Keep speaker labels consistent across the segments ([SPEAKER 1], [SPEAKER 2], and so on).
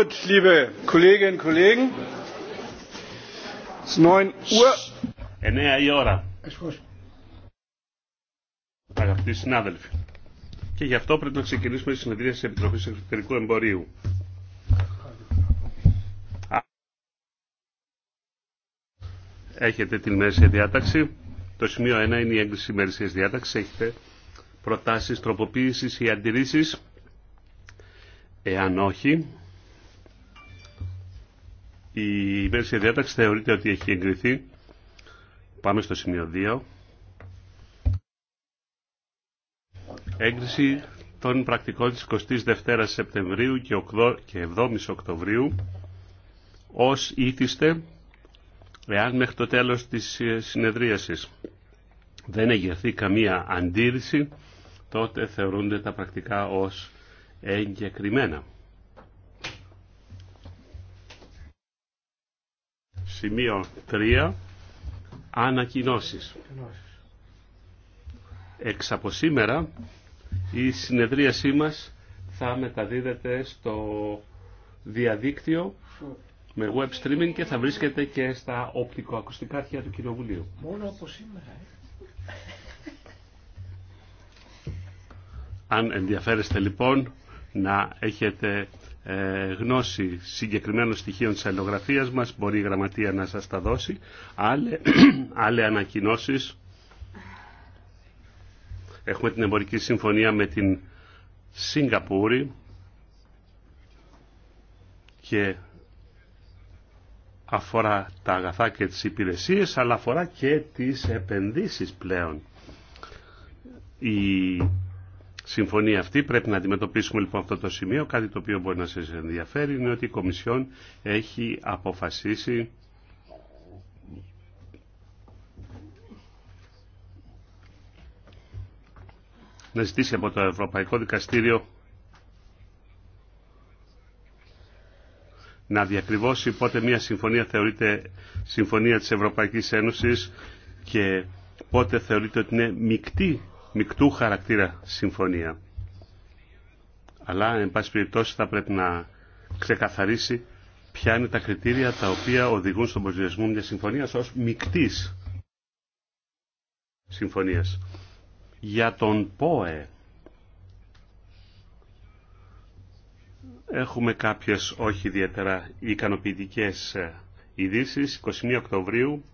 [SPEAKER 1] Gut, liebe Kolleginnen und Kollegen, es ist 9 Uhr. η ώρα. Αγαπητοί συνάδελφοι, και γι' αυτό πρέπει να ξεκινήσουμε τη συνεδρία τη Επιτροπή Εξωτερικού Εμπορίου. Έχετε την μέση διάταξη. Το σημείο 1 είναι η έγκριση ημερησία διάταξη. Έχετε προτάσει τροποποίηση ή αντιρρήσει. Εάν όχι, η ημέρησια διάταξη θεωρείται ότι έχει εγκριθεί. Πάμε στο σημείο 2. Έγκριση των πρακτικών της 22 Σεπτεμβρίου και 7 η Οκτωβρίου ως ήθιστε εάν μέχρι το τέλος της ε, συνεδρίασης δεν εγερθεί καμία αντίρρηση τότε θεωρούνται τα πρακτικά ως εγκεκριμένα. Σημείο 3. Ανακοινώσεις. Εξ από σήμερα η συνεδρίασή μας θα μεταδίδεται στο διαδίκτυο με web streaming και θα βρίσκεται και στα οπτικοακουστικά αρχεία του Κοινοβουλίου.
[SPEAKER 2] Μόνο από σήμερα. Ε.
[SPEAKER 1] Αν ενδιαφέρεστε λοιπόν να έχετε ε, γνώση συγκεκριμένων στοιχείων της αλληλογραφίας μας μπορεί η γραμματεία να σας τα δώσει άλλε, άλλε ανακοινώσεις έχουμε την εμπορική συμφωνία με την Σιγκαπούρη και αφορά τα αγαθά και τις υπηρεσίες αλλά αφορά και τις επενδύσεις πλέον συμφωνία αυτή. Πρέπει να αντιμετωπίσουμε λοιπόν αυτό το σημείο. Κάτι το οποίο μπορεί να σας ενδιαφέρει είναι ότι η Κομισιόν έχει αποφασίσει να ζητήσει από το Ευρωπαϊκό Δικαστήριο να διακριβώσει πότε μια συμφωνία θεωρείται συμφωνία της Ευρωπαϊκής Ένωσης και πότε θεωρείται ότι είναι μεικτή μικτού χαρακτήρα συμφωνία. Αλλά, εν πάση περιπτώσει, θα πρέπει να ξεκαθαρίσει ποια είναι τα κριτήρια τα οποία οδηγούν στον προσδιορισμό μιας συμφωνίας ως μικτής συμφωνίας. Για τον ΠΟΕ έχουμε κάποιες όχι ιδιαίτερα ικανοποιητικές ειδήσει. 21 Οκτωβρίου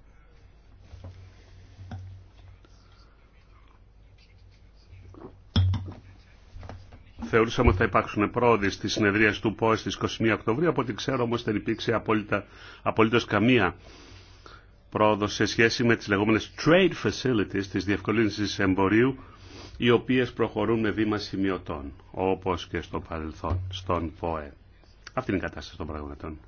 [SPEAKER 1] Θεωρούσαμε ότι θα υπάρξουν πρόοδοι στη συνεδρία του ΠΟΕ στις 21 Οκτωβρίου, από ό,τι ξέρω όμως δεν υπήρξε απόλυτα, απολύτως καμία πρόοδο σε σχέση με τις λεγόμενες trade facilities, τις διευκολύνσεις εμπορίου, οι οποίες προχωρούν με βήμα σημειωτών, όπως και στο παρελθόν, στον ΠΟΕ. Αυτή είναι η κατάσταση των πραγματών.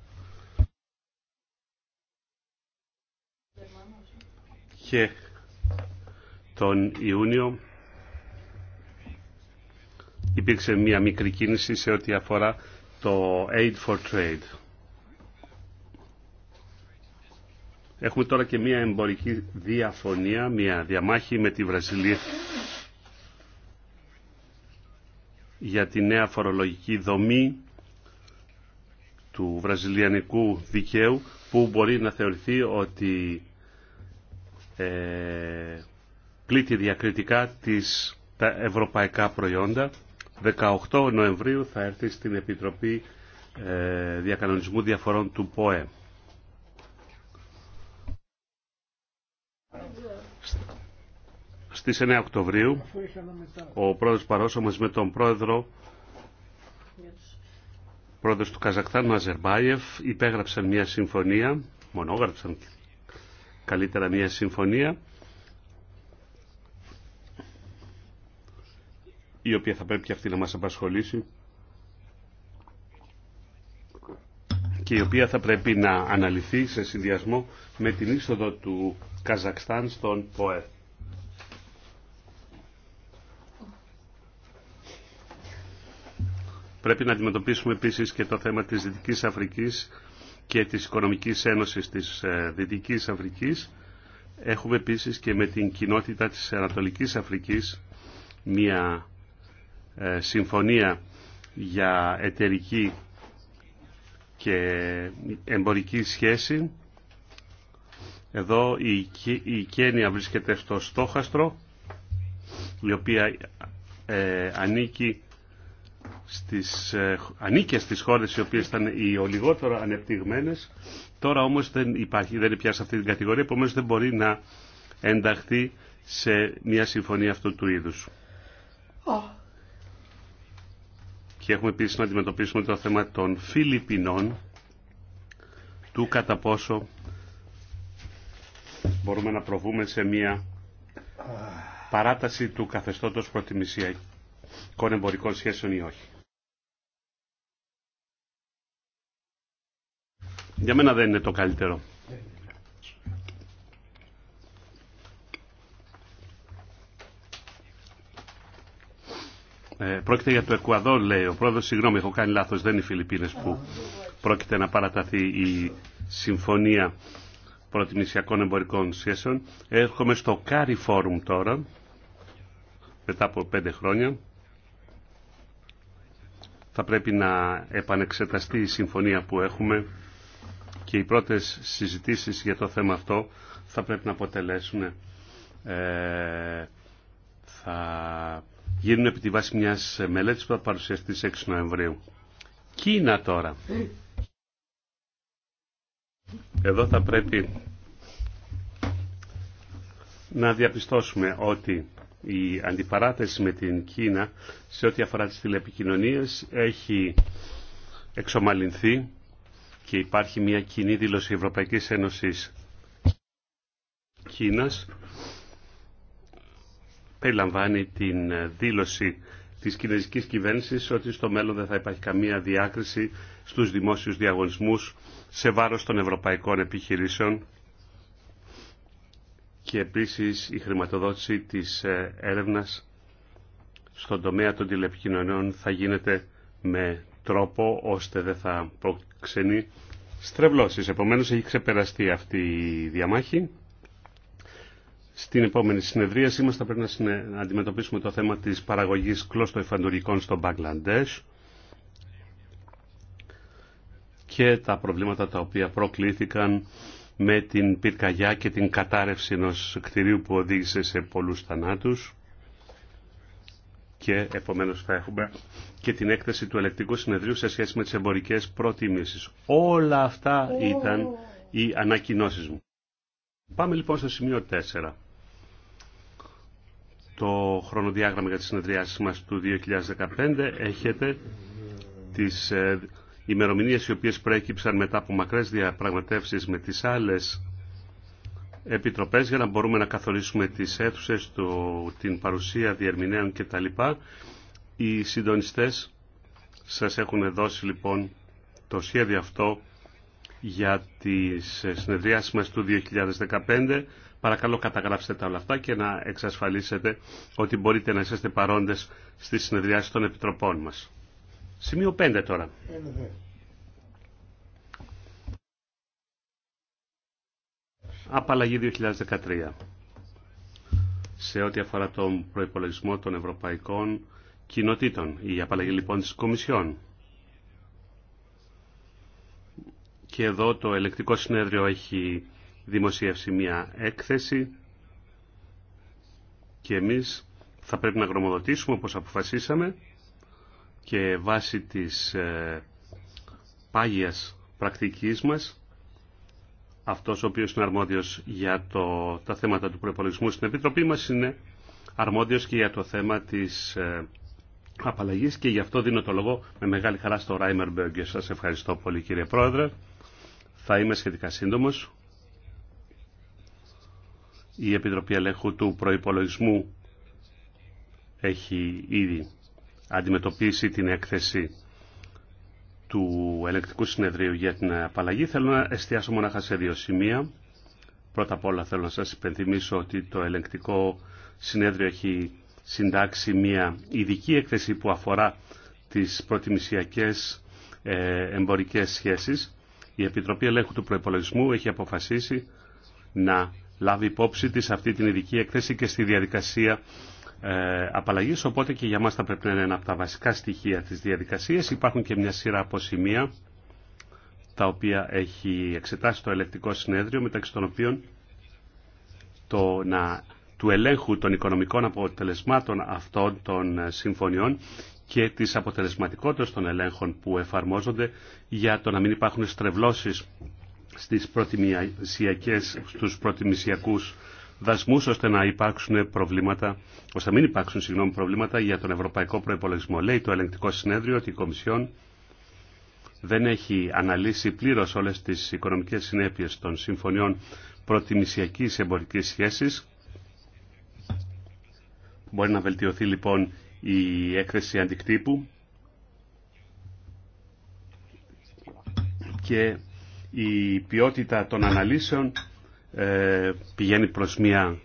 [SPEAKER 1] Και τον Ιούνιο υπήρξε μια μικρή κίνηση σε ό,τι αφορά το Aid for Trade. Έχουμε τώρα και μια εμπορική διαφωνία, μια διαμάχη με τη Βραζιλία για τη νέα φορολογική δομή του βραζιλιανικού δικαίου που μπορεί να θεωρηθεί ότι ε, πλήττει διακριτικά τις, τα ευρωπαϊκά προϊόντα 18 Νοεμβρίου θα έρθει στην Επιτροπή ε, Διακανονισμού Διαφορών του ΠΟΕ. Στις 9 Οκτωβρίου ο πρόεδρος Παρόσο με τον πρόεδρο πρόεδρος του Καζακθάνου Αζερμπάιεφ υπέγραψαν μια συμφωνία, μονόγραψαν καλύτερα μια συμφωνία η οποία θα πρέπει και αυτή να μας απασχολήσει και η οποία θα πρέπει να αναλυθεί σε συνδυασμό με την είσοδο του Καζακστάν στον ΠΟΕ. Πρέπει να αντιμετωπίσουμε επίσης και το θέμα της Δυτικής Αφρικής και της Οικονομικής Ένωσης της ε, Δυτικής Αφρικής. Έχουμε επίσης και με την κοινότητα της Ανατολικής Αφρικής μια ε, συμφωνία για εταιρική και εμπορική σχέση. Εδώ η Κένια βρίσκεται στο στόχαστρο, η οποία ε, ανήκει στις, ε, στις χώρες οι οποίες ήταν οι λιγότερο ανεπτυγμένες. Τώρα όμως δεν υπάρχει, δεν είναι πια σε αυτή την κατηγορία, επομένως δεν μπορεί να ενταχθεί σε μια συμφωνία αυτού του είδους και έχουμε επίσης να αντιμετωπίσουμε το θέμα των Φιλιππινών του κατά πόσο μπορούμε να προβούμε σε μια παράταση του καθεστώτος προτιμησιακών εμπορικών σχέσεων ή όχι. Για μένα δεν είναι το καλύτερο Ε, πρόκειται για το Εκουαδόρ, λέει ο πρόεδρος. Συγγνώμη, έχω κάνει λάθος, δεν είναι οι Φιλιππίνες που πρόκειται να παραταθεί η συμφωνία προτιμησιακών εμπορικών σχέσεων. Έρχομαι στο Κάρι Φόρουμ τώρα, μετά από πέντε χρόνια. Θα πρέπει να επανεξεταστεί η συμφωνία που έχουμε και οι πρώτες συζητήσεις για το θέμα αυτό θα πρέπει να αποτελέσουν ε, θα γίνουν επί τη βάση μιας μελέτης που θα παρουσιαστεί στις 6 Νοεμβρίου. Κίνα τώρα. Εδώ θα πρέπει να διαπιστώσουμε ότι η αντιπαράθεση με την Κίνα σε ό,τι αφορά τις τηλεπικοινωνίες έχει εξομαλυνθεί και υπάρχει μια κοινή δήλωση Ευρωπαϊκής Ένωσης Κίνας περιλαμβάνει την ε, δήλωση της κινέζικης κυβέρνησης ότι στο μέλλον δεν θα υπάρχει καμία διάκριση στους δημόσιους διαγωνισμούς σε βάρος των ευρωπαϊκών επιχειρήσεων και επίσης η χρηματοδότηση της ε, έρευνας στον τομέα των τηλεπικοινωνιών θα γίνεται με τρόπο ώστε δεν θα προξενεί στρεβλώσεις. Επομένως έχει ξεπεραστεί αυτή η διαμάχη στην επόμενη συνεδρία μας θα πρέπει να αντιμετωπίσουμε το θέμα της παραγωγής κλώστο-εφαντουργικών στο Μπαγκλαντές και τα προβλήματα τα οποία προκλήθηκαν με την πυρκαγιά και την κατάρρευση ενός κτηρίου που οδήγησε σε πολλούς θανάτους και επομένως θα έχουμε και την έκθεση του ελεκτικού συνεδρίου σε σχέση με τις εμπορικές προτιμήσεις. Όλα αυτά ήταν οι ανακοινώσεις μου. Πάμε λοιπόν στο σημείο 4 το χρονοδιάγραμμα για τις συνεδριάσεις μας του 2015. Έχετε τις ε, ημερομηνίες οι οποίες προέκυψαν μετά από μακρές διαπραγματεύσεις με τις άλλες επιτροπές για να μπορούμε να καθορίσουμε τις αίθουσε την παρουσία διερμηνέων κτλ. Οι συντονιστές σας έχουν δώσει λοιπόν το σχέδιο αυτό για τις ε, συνεδριάσεις μας του 2015 Παρακαλώ καταγράψτε τα όλα αυτά και να εξασφαλίσετε ότι μπορείτε να είσαστε παρόντες στη συνεδριάση των επιτροπών μας. Σημείο 5 τώρα. Απαλλαγή 2013 σε ό,τι αφορά τον προϋπολογισμό των ευρωπαϊκών κοινοτήτων, η απαλλαγή λοιπόν της Κομισιόν. Και εδώ το ελεκτικό συνέδριο έχει δημοσίευσει μια έκθεση και εμείς θα πρέπει να γνωμοδοτήσουμε όπως αποφασίσαμε και βάσει της ε, πάγιας πρακτικής μας αυτός ο οποίος είναι αρμόδιος για το, τα θέματα του προπολογισμού στην Επιτροπή μας είναι αρμόδιος και για το θέμα της ε, απαλλαγής και γι' αυτό δίνω το λόγο με μεγάλη χαρά στο Ράιμερ Μπέγκε. Σας ευχαριστώ πολύ κύριε Πρόεδρε. Θα είμαι σχετικά σύντομος. Η Επιτροπή Ελέγχου του Προϋπολογισμού έχει ήδη αντιμετωπίσει την έκθεση του Ελεκτικού Συνεδρίου για την απαλλαγή. Θέλω να εστιάσω μονάχα σε δύο σημεία. Πρώτα απ' όλα θέλω να σας υπενθυμίσω ότι το Ελεκτικό Συνέδριο έχει συντάξει μια ειδική έκθεση που αφορά τις προτιμησιακές ε, εμπορικές σχέσεις. Η Επιτροπή Ελέγχου του Προϋπολογισμού έχει αποφασίσει να λάβει υπόψη της αυτή την ειδική έκθεση και στη διαδικασία ε, απαλλαγής, οπότε και για μας θα πρέπει να είναι ένα από τα βασικά στοιχεία της διαδικασίας. Υπάρχουν και μια σειρά από σημεία τα οποία έχει εξετάσει το ελεκτικό συνέδριο, μεταξύ των οποίων το να του ελέγχου των οικονομικών αποτελεσμάτων αυτών των ε, συμφωνιών και της αποτελεσματικότητας των ελέγχων που εφαρμόζονται για το να μην υπάρχουν στρεβλώσεις στις στους προτιμησιακούς δασμούς ώστε να υπάρξουν προβλήματα, ώστε να μην υπάρξουν συγγνώμη, προβλήματα για τον ευρωπαϊκό προϋπολογισμό. Λέει το ελεγκτικό συνέδριο ότι η Κομισιόν δεν έχει αναλύσει πλήρως όλες τις οικονομικές συνέπειες των συμφωνιών προτιμησιακής εμπορικής σχέσης. Μπορεί να βελτιωθεί λοιπόν η έκθεση αντικτύπου και η ποιότητα των αναλύσεων ε, πηγαίνει προς μια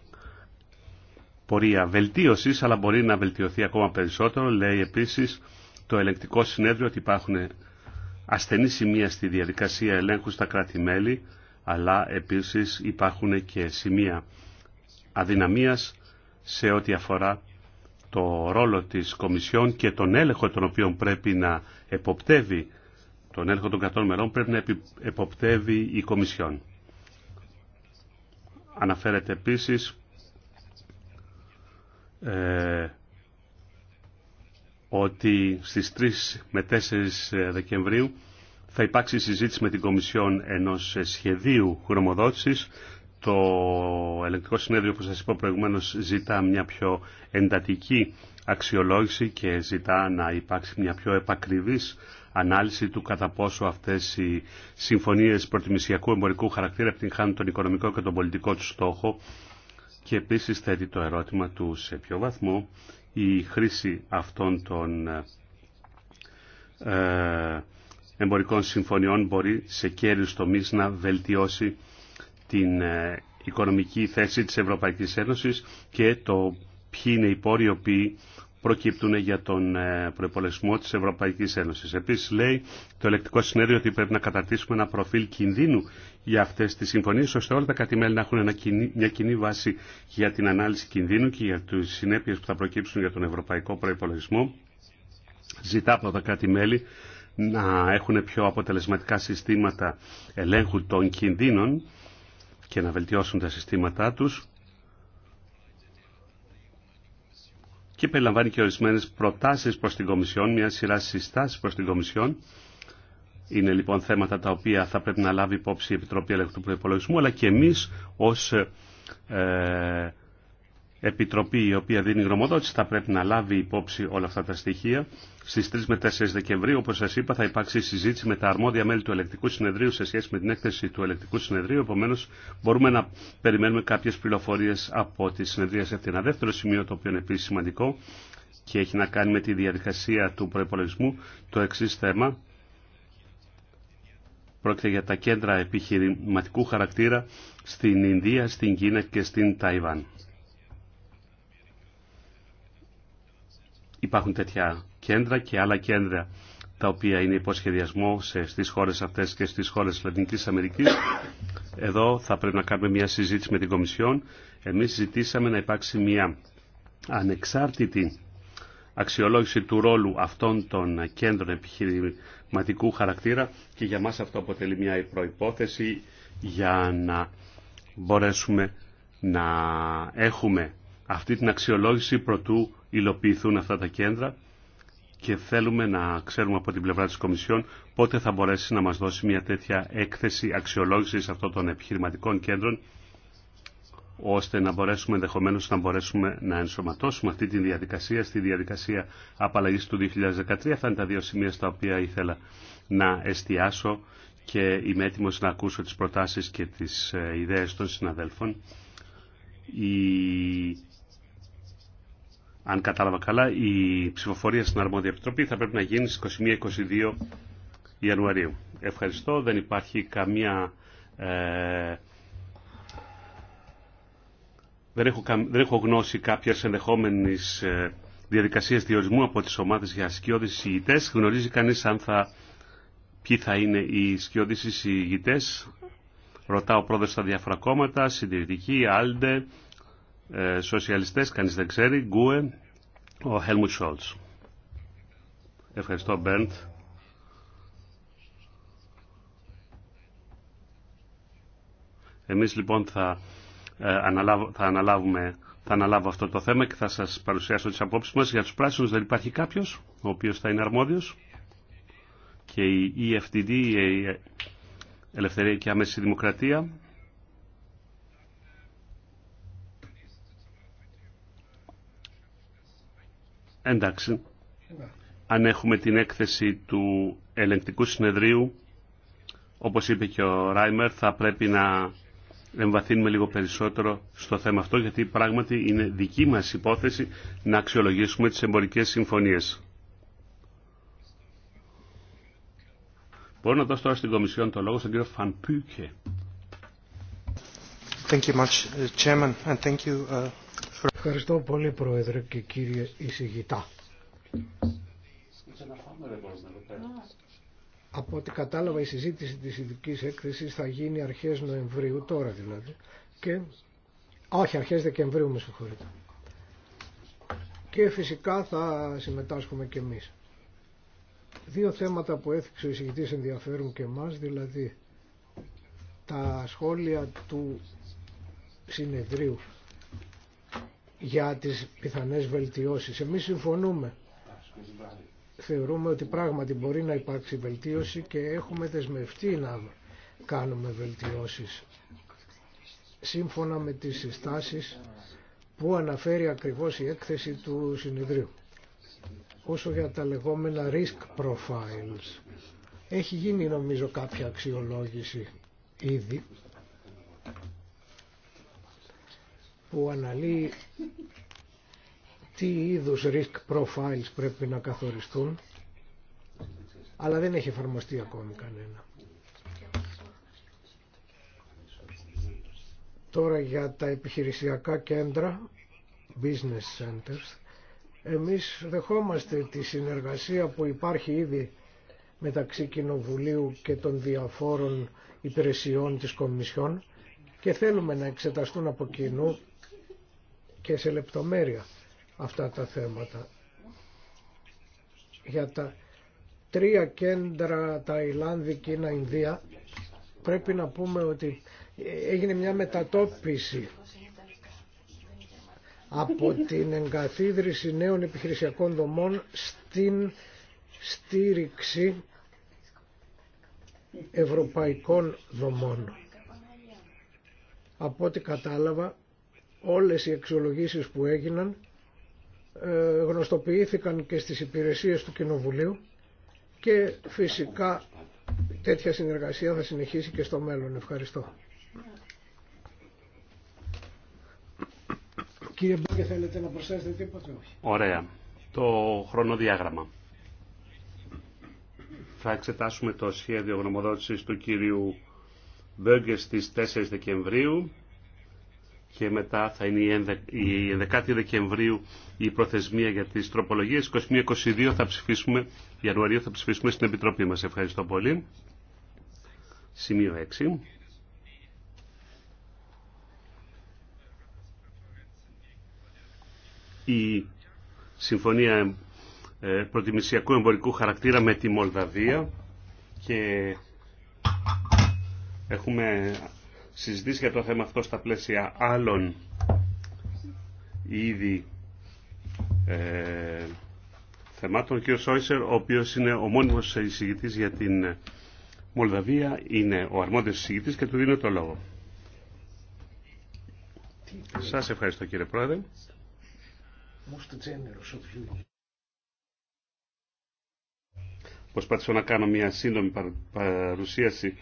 [SPEAKER 1] πορεία βελτίωσης, αλλά μπορεί να βελτιωθεί ακόμα περισσότερο. Λέει επίσης το ελεγκτικό συνέδριο ότι υπάρχουν ασθενή σημεία στη διαδικασία ελέγχου στα κράτη-μέλη, αλλά επίσης υπάρχουν και σημεία αδυναμίας σε ό,τι αφορά το ρόλο της Κομισιόν και τον έλεγχο τον οποίο πρέπει να εποπτεύει τον έλεγχο των κρατών μερών πρέπει να εποπτεύει η Κομισιόν. Αναφέρεται επίσης ε, ότι στις 3 με 4 ε, Δεκεμβρίου θα υπάρξει συζήτηση με την Κομισιόν ενός ε, σχεδίου χρωμοδότησης. Το ελεγκτικό συνέδριο όπως σας είπα προηγουμένως ζητά μια πιο εντατική αξιολόγηση και ζητά να υπάρξει μια πιο επακριβής ανάλυση του κατά πόσο αυτές οι συμφωνίες προτιμησιακού εμπορικού χαρακτήρα επιτυγχάνουν τον οικονομικό και τον πολιτικό του στόχο και επίσης θέτει το ερώτημα του σε ποιο βαθμό η χρήση αυτών των ε, εμπορικών συμφωνιών μπορεί σε κέριους τομείς να βελτιώσει την ε, οικονομική θέση της Ευρωπαϊκής Ένωσης και το ποιοι είναι οι πόροι οποίοι προκύπτουν για τον ε, προπολογισμό της Ευρωπαϊκής Ένωσης. Επίσης λέει το ελεκτικό συνέδριο ότι πρέπει να καταρτήσουμε ένα προφίλ κινδύνου για αυτές τις συμφωνίε, ώστε όλα τα κατημέλη να έχουν μια κοινή βάση για την ανάλυση κινδύνου και για τις συνέπειες που θα προκύψουν για τον ευρωπαϊκό προπολογισμό. Ζητά από τα κατημέλη να έχουν πιο αποτελεσματικά συστήματα ελέγχου των κινδύνων και να βελτιώσουν τα συστήματά τους και περιλαμβάνει και ορισμένε προτάσει προ την Κομισιόν, μια σειρά συστάσει προ την Κομισιόν. Είναι λοιπόν θέματα τα οποία θα πρέπει να λάβει υπόψη η Επιτροπή Ελέγχου Προπολογισμού, αλλά και εμεί ω Επιτροπή η οποία δίνει γνωμοδότηση θα πρέπει να λάβει υπόψη όλα αυτά τα στοιχεία. Στι 3 με 4 Δεκεμβρίου, όπω σα είπα, θα υπάρξει συζήτηση με τα αρμόδια μέλη του Ελεκτικού Συνεδρίου σε σχέση με την έκθεση του Ελεκτικού Συνεδρίου. Επομένω, μπορούμε να περιμένουμε κάποιε πληροφορίε από τη συνεδρία σε αυτήν. Ένα δεύτερο σημείο, το οποίο είναι επίση σημαντικό και έχει να κάνει με τη διαδικασία του προπολογισμού, το εξή θέμα. Πρόκειται για τα κέντρα επιχειρηματικού χαρακτήρα στην Ινδία, στην Κίνα και στην Ταϊβάν. υπάρχουν τέτοια κέντρα και άλλα κέντρα τα οποία είναι υποσχεδιασμό σε, στις χώρες αυτές και στις χώρες της Λατινικής Αμερικής. Εδώ θα πρέπει να κάνουμε μια συζήτηση με την Κομισιόν. Εμείς ζητήσαμε να υπάρξει μια ανεξάρτητη αξιολόγηση του ρόλου αυτών των κέντρων επιχειρηματικού χαρακτήρα και για μας αυτό αποτελεί μια προϋπόθεση για να μπορέσουμε να έχουμε αυτή την αξιολόγηση προτού υλοποιηθούν αυτά τα κέντρα και θέλουμε να ξέρουμε από την πλευρά της Κομισιόν πότε θα μπορέσει να μας δώσει μια τέτοια έκθεση αξιολόγησης αυτών των επιχειρηματικών κέντρων ώστε να μπορέσουμε ενδεχομένω να μπορέσουμε να ενσωματώσουμε αυτή τη διαδικασία στη διαδικασία απαλλαγή του 2013. Αυτά είναι τα δύο σημεία στα οποία ήθελα να εστιάσω και είμαι έτοιμο να ακούσω τι προτάσει και τι ε, ιδέε των συναδέλφων. Η αν κατάλαβα καλά, η ψηφοφορία στην Αρμόδια Επιτροπή θα πρέπει να γίνει στις 21-22 Ιανουαρίου. Ευχαριστώ. Δεν υπάρχει καμία... Ε, δεν, έχω, δεν έχω γνώση κάποιας ενδεχόμενης ε, διορισμού από τις ομάδες για σκιώδεις συγητές. Γνωρίζει κανείς αν θα, ποιοι θα είναι οι σκιώδεις συγητές. Ρωτάω πρόεδρος στα διάφορα κόμματα, συντηρητική, άλντε, ε, σοσιαλιστές, κανείς δεν ξέρει, Γκούε, ο Χέλμουτ Σόλτς. Ευχαριστώ, Μπέρντ. Εμείς λοιπόν θα, ε, θα, αναλάβουμε, θα αναλάβω αυτό το θέμα και θα σας παρουσιάσω τις απόψεις μας για τους πράσινους. Δεν υπάρχει κάποιος ο οποίος θα είναι αρμόδιος και η EFTD, η Ελευθερία και Άμεση Δημοκρατία, Εντάξει. Ναι. Αν έχουμε την έκθεση του ελεγκτικού συνεδρίου, όπως είπε και ο Ράιμερ, θα πρέπει να εμβαθύνουμε λίγο περισσότερο στο θέμα αυτό, γιατί πράγματι είναι δική μας υπόθεση να αξιολογήσουμε τις εμπορικές συμφωνίες. Μπορώ να δώσω τώρα στην Κομισιόν το λόγο στον κύριο Φανπούκε.
[SPEAKER 2] Thank you much, uh, Chairman, and thank you uh, Ευχαριστώ πολύ Πρόεδρε και κύριε Ισηγητά. Από ό,τι κατάλαβα η συζήτηση της ειδική έκθεσης θα γίνει αρχές Νοεμβρίου, τώρα δηλαδή, και... Όχι, αρχές Δεκεμβρίου, με συγχωρείτε. Και φυσικά θα συμμετάσχουμε και εμείς. Δύο θέματα που έθιξε ο εισηγητής ενδιαφέρουν και εμάς, δηλαδή τα σχόλια του συνεδρίου για τις πιθανές βελτιώσεις. Εμείς συμφωνούμε. Θεωρούμε ότι πράγματι μπορεί να υπάρξει βελτίωση και έχουμε δεσμευτεί να κάνουμε βελτιώσεις. Σύμφωνα με τις συστάσεις που αναφέρει ακριβώς η έκθεση του συνεδρίου. Όσο για τα λεγόμενα risk profiles, έχει γίνει νομίζω κάποια αξιολόγηση ήδη που αναλύει τι είδους risk profiles πρέπει να καθοριστούν αλλά δεν έχει εφαρμοστεί ακόμη κανένα. Τώρα για τα επιχειρησιακά κέντρα, business centers, εμείς δεχόμαστε τη συνεργασία που υπάρχει ήδη μεταξύ Κοινοβουλίου και των διαφόρων υπηρεσιών της Κομισιόν και θέλουμε να εξεταστούν από κοινού και σε λεπτομέρεια αυτά τα θέματα. Για τα τρία κέντρα Ταϊλάνδη, Κίνα, Ινδία πρέπει να πούμε ότι έγινε μια μετατόπιση από την εγκαθίδρυση νέων επιχειρησιακών δομών στην στήριξη ευρωπαϊκών δομών. Από ό,τι κατάλαβα όλες οι αξιολογήσεις που έγιναν ε, γνωστοποιήθηκαν και στις υπηρεσίες του Κοινοβουλίου και φυσικά τέτοια συνεργασία θα συνεχίσει και στο μέλλον. Ευχαριστώ. Κύριε Μπέγκε, θέλετε να προσθέσετε τίποτα. Όχι.
[SPEAKER 1] Ωραία. Το χρονοδιάγραμμα. Θα εξετάσουμε το σχέδιο γνωμοδότησης του κύριου Μπέγκε στις 4 Δεκεμβρίου και μετά θα είναι η 11η Δεκεμβρίου η προθεσμία για τις τροπολογίες. 21-22 θα ψηφίσουμε, Ιανουαρίου θα ψηφίσουμε στην Επιτροπή μας. Ευχαριστώ πολύ. Σημείο 6. Η Συμφωνία ε, Προτιμησιακού Εμπορικού Χαρακτήρα με τη Μολδαβία και έχουμε συζητήσει για το θέμα αυτό στα πλαίσια άλλων ήδη ε, θεμάτων. Ο κ. Σόισερ, ο οποίο είναι ο μόνιμο εισηγητή για την Μολδαβία, είναι ο αρμόδιος εισηγητή και του δίνω το λόγο. Σα ευχαριστώ κύριε Πρόεδρε. Προσπαθήσω να κάνω μια σύντομη παρουσίαση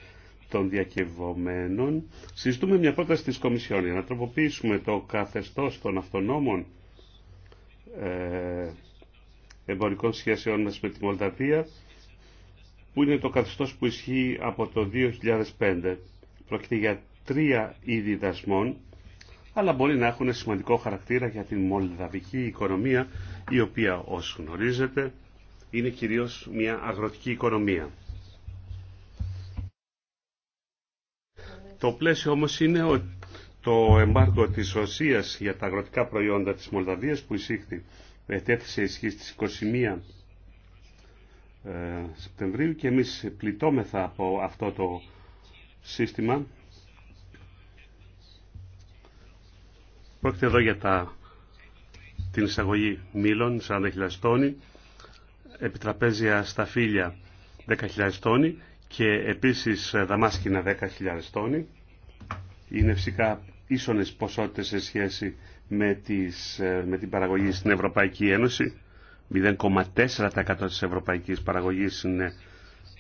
[SPEAKER 1] των διακευωμένων συζητούμε μια πρόταση της Κομισιόν για να τροποποιήσουμε το καθεστώς των αυτονόμων ε, εμπορικών σχέσεών μας με τη Μολδαβία, που είναι το καθεστώς που ισχύει από το 2005. Πρόκειται για τρία είδη δασμών, αλλά μπορεί να έχουν σημαντικό χαρακτήρα για την μολδαβική οικονομία, η οποία, όσο γνωρίζετε, είναι κυρίως μια αγροτική οικονομία. Το πλαίσιο όμως είναι ότι το εμπάργκο της Ρωσίας για τα αγροτικά προϊόντα της Μολδαβίας που εισήχθη ετέθησε ισχύ στις 21 ε, Σεπτεμβρίου και εμείς πληττόμεθα από αυτό το σύστημα. Πρόκειται εδώ για τα, την εισαγωγή μήλων, 40.000 τόνοι, επιτραπέζια σταφύλια 10.000 τόνοι και επίσης ε, δαμάσκηνα 10.000 τόνοι. Είναι φυσικά ίσονες ποσότητες σε σχέση με, τις, ε, με την παραγωγή στην Ευρωπαϊκή Ένωση. 0,4% της ευρωπαϊκής παραγωγής είναι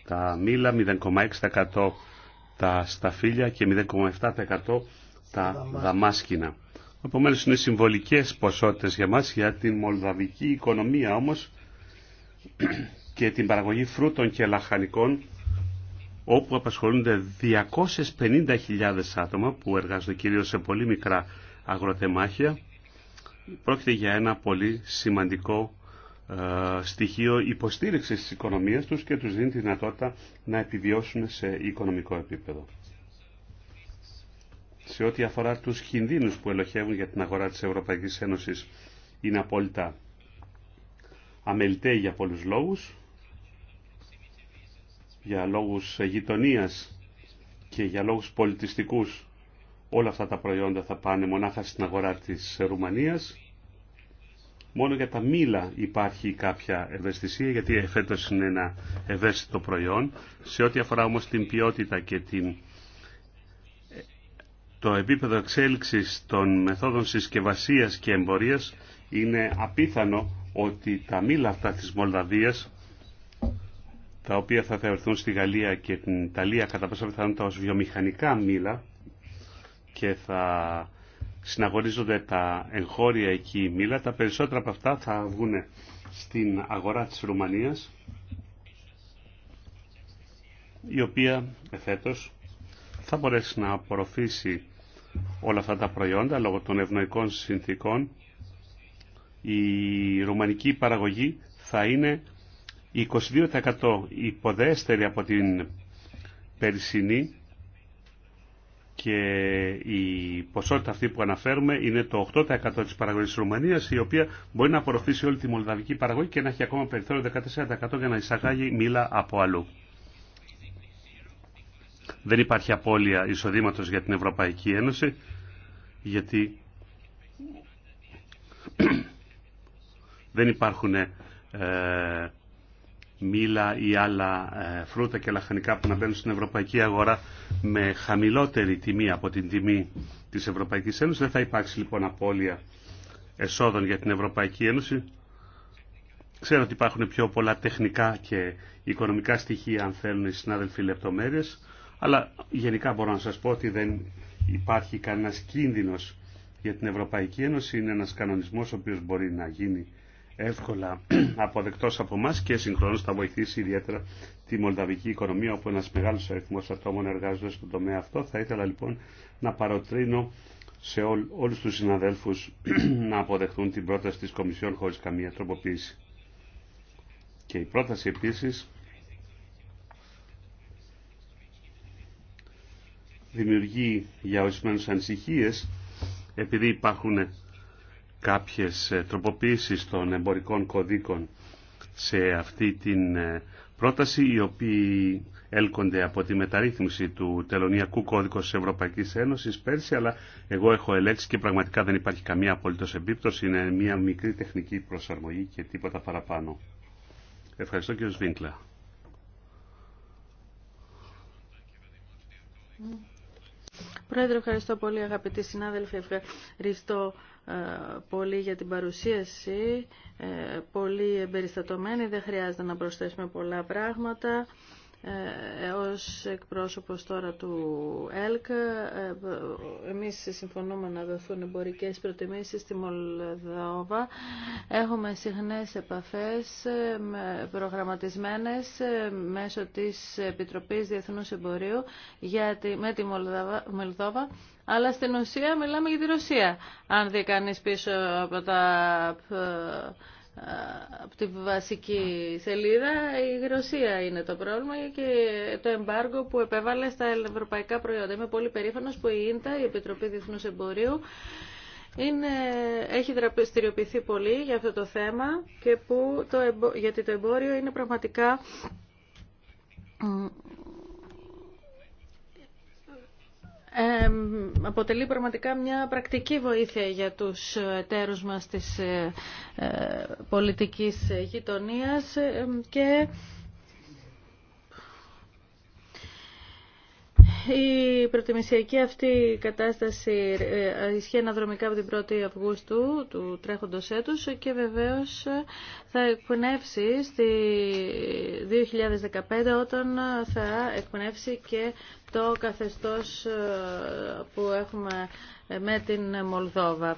[SPEAKER 1] τα μήλα, 0,6% τα σταφύλια και 0,7% τα δαμάσκηνα. Επομένω είναι συμβολικές ποσότητες για μας, για την μολδαβική οικονομία όμως και την παραγωγή φρούτων και λαχανικών όπου απασχολούνται 250.000 άτομα που εργάζονται κυρίως σε πολύ μικρά αγροτεμάχια. Πρόκειται για ένα πολύ σημαντικό ε, στοιχείο υποστήριξης της οικονομίας τους και τους δίνει τη δυνατότητα να επιβιώσουν σε οικονομικό επίπεδο. Σε ό,τι αφορά τους κινδύνους που ελοχεύουν για την αγορά της Ευρωπαϊκής Ένωσης είναι απόλυτα αμεληταίοι για πολλούς λόγους για λόγους γειτονία και για λόγους πολιτιστικούς όλα αυτά τα προϊόντα θα πάνε μονάχα στην αγορά της Ρουμανίας. Μόνο για τα μήλα υπάρχει κάποια ευαισθησία, γιατί φέτος είναι ένα ευαίσθητο προϊόν. Σε ό,τι αφορά όμως την ποιότητα και την... το επίπεδο εξέλιξης των μεθόδων συσκευασίας και εμπορίας, είναι απίθανο ότι τα μήλα αυτά της Μολδαβίας τα οποία θα θεωρηθούν στη Γαλλία και την Ιταλία κατά πάσα πιθανότητα ως βιομηχανικά μήλα και θα συναγορίζονται τα εγχώρια εκεί μήλα. Τα περισσότερα από αυτά θα βγουν στην αγορά της Ρουμανίας η οποία εφέτος θα μπορέσει να απορροφήσει όλα αυτά τα προϊόντα λόγω των ευνοϊκών συνθήκων η ρουμανική παραγωγή θα είναι 22% υποδέστερη από την περσινή και η ποσότητα αυτή που αναφέρουμε είναι το 8% της παραγωγής της Ρουμανίας η οποία μπορεί να απορροφήσει όλη τη μολδαβική παραγωγή και να έχει ακόμα περιθώριο 14% για να εισαγάγει μήλα από αλλού. Δεν υπάρχει απώλεια εισοδήματος για την Ευρωπαϊκή Ένωση γιατί δεν υπάρχουν ε, μήλα ή άλλα ε, φρούτα και λαχανικά που να μπαίνουν στην ευρωπαϊκή αγορά με χαμηλότερη τιμή από την τιμή της Ευρωπαϊκής Ένωσης. Δεν θα υπάρξει λοιπόν απώλεια εσόδων για την Ευρωπαϊκή Ένωση. Ξέρω ότι υπάρχουν πιο πολλά τεχνικά και οικονομικά στοιχεία αν θέλουν οι συνάδελφοι λεπτομέρειες, αλλά γενικά μπορώ να σας πω ότι δεν υπάρχει κανένας κίνδυνος για την Ευρωπαϊκή Ένωση. Είναι ένας κανονισμός ο οποίος μπορεί να γίνει εύκολα αποδεκτός από εμά και συγχρόνως θα βοηθήσει ιδιαίτερα τη μολδαβική οικονομία όπου ένας μεγάλος αριθμός ατόμων εργάζονται στον τομέα αυτό. Θα ήθελα λοιπόν να παροτρύνω σε όλου όλους τους συναδέλφους να αποδεχτούν την πρόταση της Κομισιόν χωρίς καμία τροποποίηση. Και η πρόταση επίσης δημιουργεί για ορισμένου ανησυχίες επειδή υπάρχουν κάποιες ε, τροποποίησεις των εμπορικών κωδίκων σε αυτή την ε, πρόταση, οι οποίοι έλκονται από τη μεταρρύθμιση του τελωνιακού κώδικου της Ευρωπαϊκής Ένωσης πέρσι, αλλά εγώ έχω ελέξει και πραγματικά δεν υπάρχει καμία απολύτως εμπίπτωση. είναι μια μικρή τεχνική προσαρμογή και τίποτα παραπάνω. Ευχαριστώ κύριο Σβίνκλα.
[SPEAKER 3] Πρόεδρε, ευχαριστώ πολύ αγαπητοί συνάδελφοι. Ευχαριστώ ε, πολύ για την παρουσίαση. Ε, πολύ εμπεριστατωμένη. Δεν χρειάζεται να προσθέσουμε πολλά πράγματα. Ε, ως εκπρόσωπος τώρα του ΕΛΚ ε, εμείς συμφωνούμε να δοθούν εμπορικές προτιμήσεις στη Μολδόβα έχουμε συχνές επαφές ε, προγραμματισμένες μέσω της Επιτροπής Διεθνούς Εμπορίου για τη, με τη Μολδόβα αλλά στην ουσία μιλάμε για τη Ρωσία αν δει κανείς πίσω από τα από τη βασική σελίδα η Γροσία είναι το πρόβλημα και το εμπάργο που επέβαλε στα ευρωπαϊκά προϊόντα. Είμαι πολύ περήφανος που η ΙΝΤΑ, η Επιτροπή Διεθνούς Εμπορίου, είναι, έχει δραστηριοποιηθεί πολύ για αυτό το θέμα και που γιατί το εμπόριο είναι πραγματικά αποτελεί πραγματικά μια πρακτική βοήθεια για τους εταίρους μας της ε, ε πολιτικής γειτονίας και η προτιμησιακή αυτή κατάσταση ε, ισχύει αναδρομικά από την 1η Αυγούστου του τρέχοντος έτους και βεβαίως θα εκπνεύσει στη 2015 όταν θα εκπνεύσει και το καθεστώς ε, που έχουμε ε, με την Μολδόβα.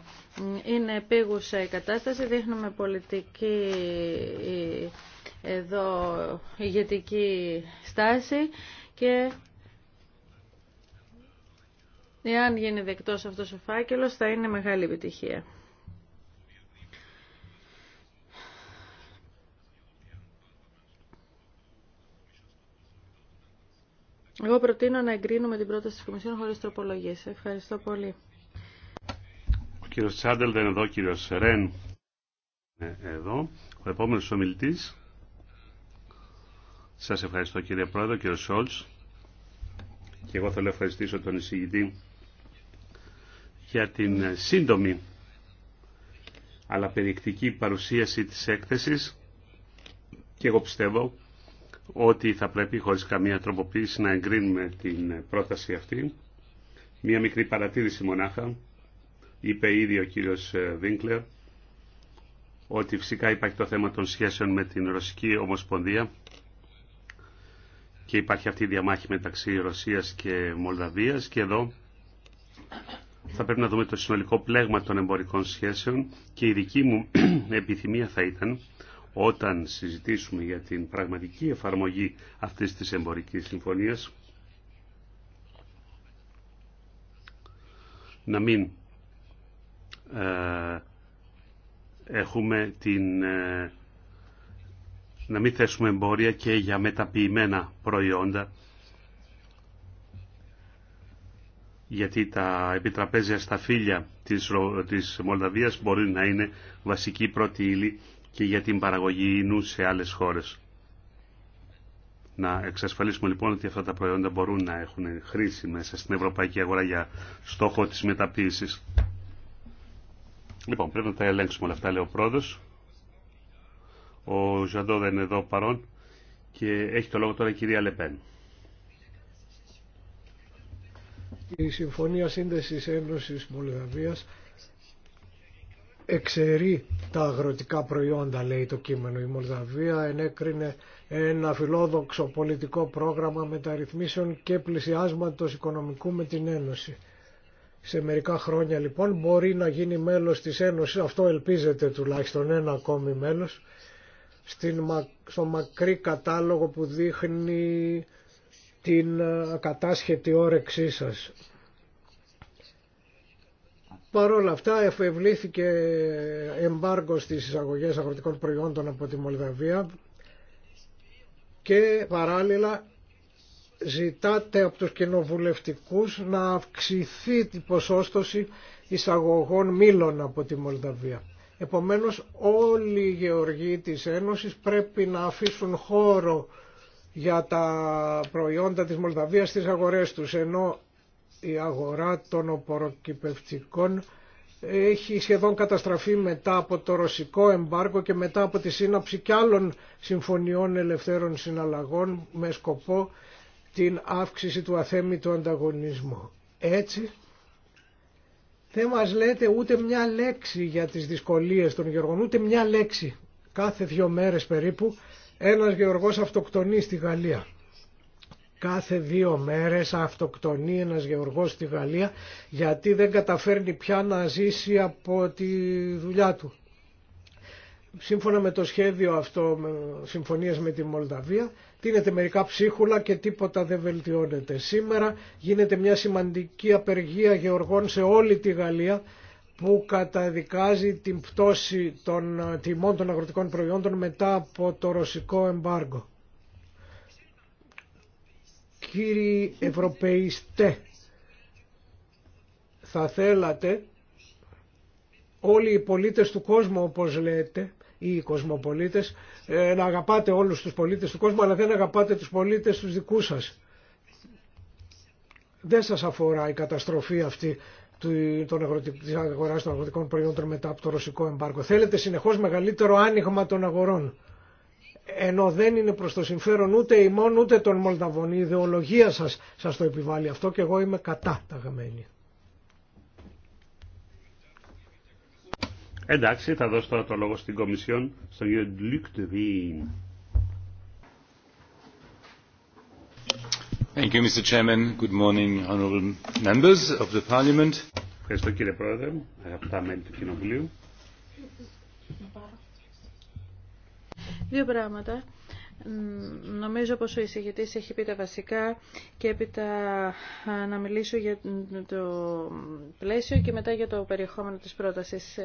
[SPEAKER 3] Είναι επίγουσα η κατάσταση, δείχνουμε πολιτική εδώ ηγετική στάση και Εάν γίνει δεκτός αυτός ο φάκελος θα είναι μεγάλη επιτυχία. Εγώ προτείνω να εγκρίνουμε την πρόταση της Κομισιόν χωρίς τροπολογίες. Ευχαριστώ πολύ.
[SPEAKER 1] Ο κύριος Τσάντελ δεν είναι εδώ, ο κύριος Ρεν είναι εδώ. Ο επόμενος ομιλητής. Σας ευχαριστώ κύριε Πρόεδρο, κύριο Σόλτς. Και εγώ θέλω να ευχαριστήσω τον εισηγητή για την ε, σύντομη αλλά περιεκτική παρουσίαση της έκθεσης και εγώ πιστεύω ότι θα πρέπει χωρίς καμία τροποποίηση να εγκρίνουμε την ε, πρόταση αυτή. Μία μικρή παρατήρηση μονάχα. Είπε ήδη ο κύριος Βίνκλερ ότι φυσικά υπάρχει το θέμα των σχέσεων με την Ρωσική Ομοσπονδία και υπάρχει αυτή η διαμάχη μεταξύ Ρωσίας και Μολδαβίας και εδώ θα πρέπει να δούμε το συνολικό πλέγμα των εμπορικών σχέσεων και η δική μου επιθυμία θα ήταν όταν συζητήσουμε για την πραγματική εφαρμογή αυτής της εμπορικής συμφωνίας να μην ε, έχουμε την ε, να μην θέσουμε εμπόρια και για μεταποιημένα προϊόντα γιατί τα επιτραπέζια σταφύλια της, της Μολδαβίας μπορεί να είναι βασική πρώτη ύλη και για την παραγωγή ίνου σε άλλες χώρες. Να εξασφαλίσουμε λοιπόν ότι αυτά τα προϊόντα μπορούν να έχουν χρήση μέσα στην ευρωπαϊκή αγορά για στόχο της μεταποίησης. Λοιπόν, πρέπει να τα ελέγξουμε όλα αυτά, λέει ο πρόεδρος. Ο Ζαντό δεν είναι εδώ παρόν και έχει το λόγο τώρα η κυρία Λεπέν.
[SPEAKER 2] Η Συμφωνία Σύνδεσης Ένωσης Μολδαβίας εξαιρεί τα αγροτικά προϊόντα, λέει το κείμενο. Η Μολδαβία ενέκρινε ένα φιλόδοξο πολιτικό πρόγραμμα μεταρρυθμίσεων και πλησιάσματος οικονομικού με την Ένωση. Σε μερικά χρόνια λοιπόν μπορεί να γίνει μέλος της Ένωσης, αυτό ελπίζεται τουλάχιστον ένα ακόμη μέλος, στο μακρύ κατάλογο που δείχνει την ε, κατάσχετη όρεξή σας. Παρ' όλα αυτά εφευλήθηκε εμπάργκο στις εισαγωγές αγροτικών προϊόντων από τη Μολδαβία και παράλληλα ζητάτε από τους κοινοβουλευτικούς να αυξηθεί την ποσόστοση εισαγωγών μήλων από τη Μολδαβία. Επομένως όλοι οι γεωργοί της Ένωσης πρέπει να αφήσουν χώρο για τα προϊόντα της Μολδαβίας στις αγορές τους, ενώ η αγορά των οποροκυπευτικών έχει σχεδόν καταστραφεί μετά από το ρωσικό εμπάρκο και μετά από τη σύναψη και άλλων συμφωνιών ελευθέρων συναλλαγών με σκοπό την αύξηση του αθέμητου ανταγωνισμού. Έτσι, δεν μας λέτε ούτε μια λέξη για τις δυσκολίες των Γεωργών, ούτε μια λέξη κάθε δύο μέρες περίπου ένας γεωργός αυτοκτονεί στη Γαλλία. Κάθε δύο μέρες αυτοκτονεί ένας γεωργός στη Γαλλία γιατί δεν καταφέρνει πια να ζήσει από τη δουλειά του. Σύμφωνα με το σχέδιο αυτό, με με τη Μολδαβία, τίνεται μερικά ψίχουλα και τίποτα δεν βελτιώνεται. Σήμερα γίνεται μια σημαντική απεργία γεωργών σε όλη τη Γαλλία που καταδικάζει την πτώση των ε, τιμών των αγροτικών προϊόντων μετά από το ρωσικό εμπάργκο. Κύριοι Ευρωπαϊστέ, θα θέλατε όλοι οι πολίτες του κόσμου όπως λέτε ή οι κοσμοπολίτες ε, να αγαπάτε όλους τους πολίτες του κόσμου αλλά δεν αγαπάτε τους πολίτες τους δικούς σας. Δεν σας αφορά η καταστροφή αυτή της αγοράς των αγροτικών προϊόντων μετά από το ρωσικό εμπάρκο. Θέλετε συνεχώς μεγαλύτερο άνοιγμα των αγορών. Ενώ δεν είναι προς το συμφέρον ούτε ημών ούτε των Μολδαβών. Η ιδεολογία σας σας το επιβάλλει αυτό και εγώ είμαι κατά τα
[SPEAKER 1] Εντάξει, θα δώσω τώρα το λόγο στην Κομισιόν, στον κύριο Ντλουκ Ευχαριστώ κύριε Πρόεδρε, αγαπητά μέλη του Κοινοβουλίου.
[SPEAKER 3] Δύο πράγματα. Νομίζω πως ο εισηγητής έχει πει τα βασικά και έπειτα να μιλήσω για το πλαίσιο και μετά για το περιεχόμενο της πρότασης.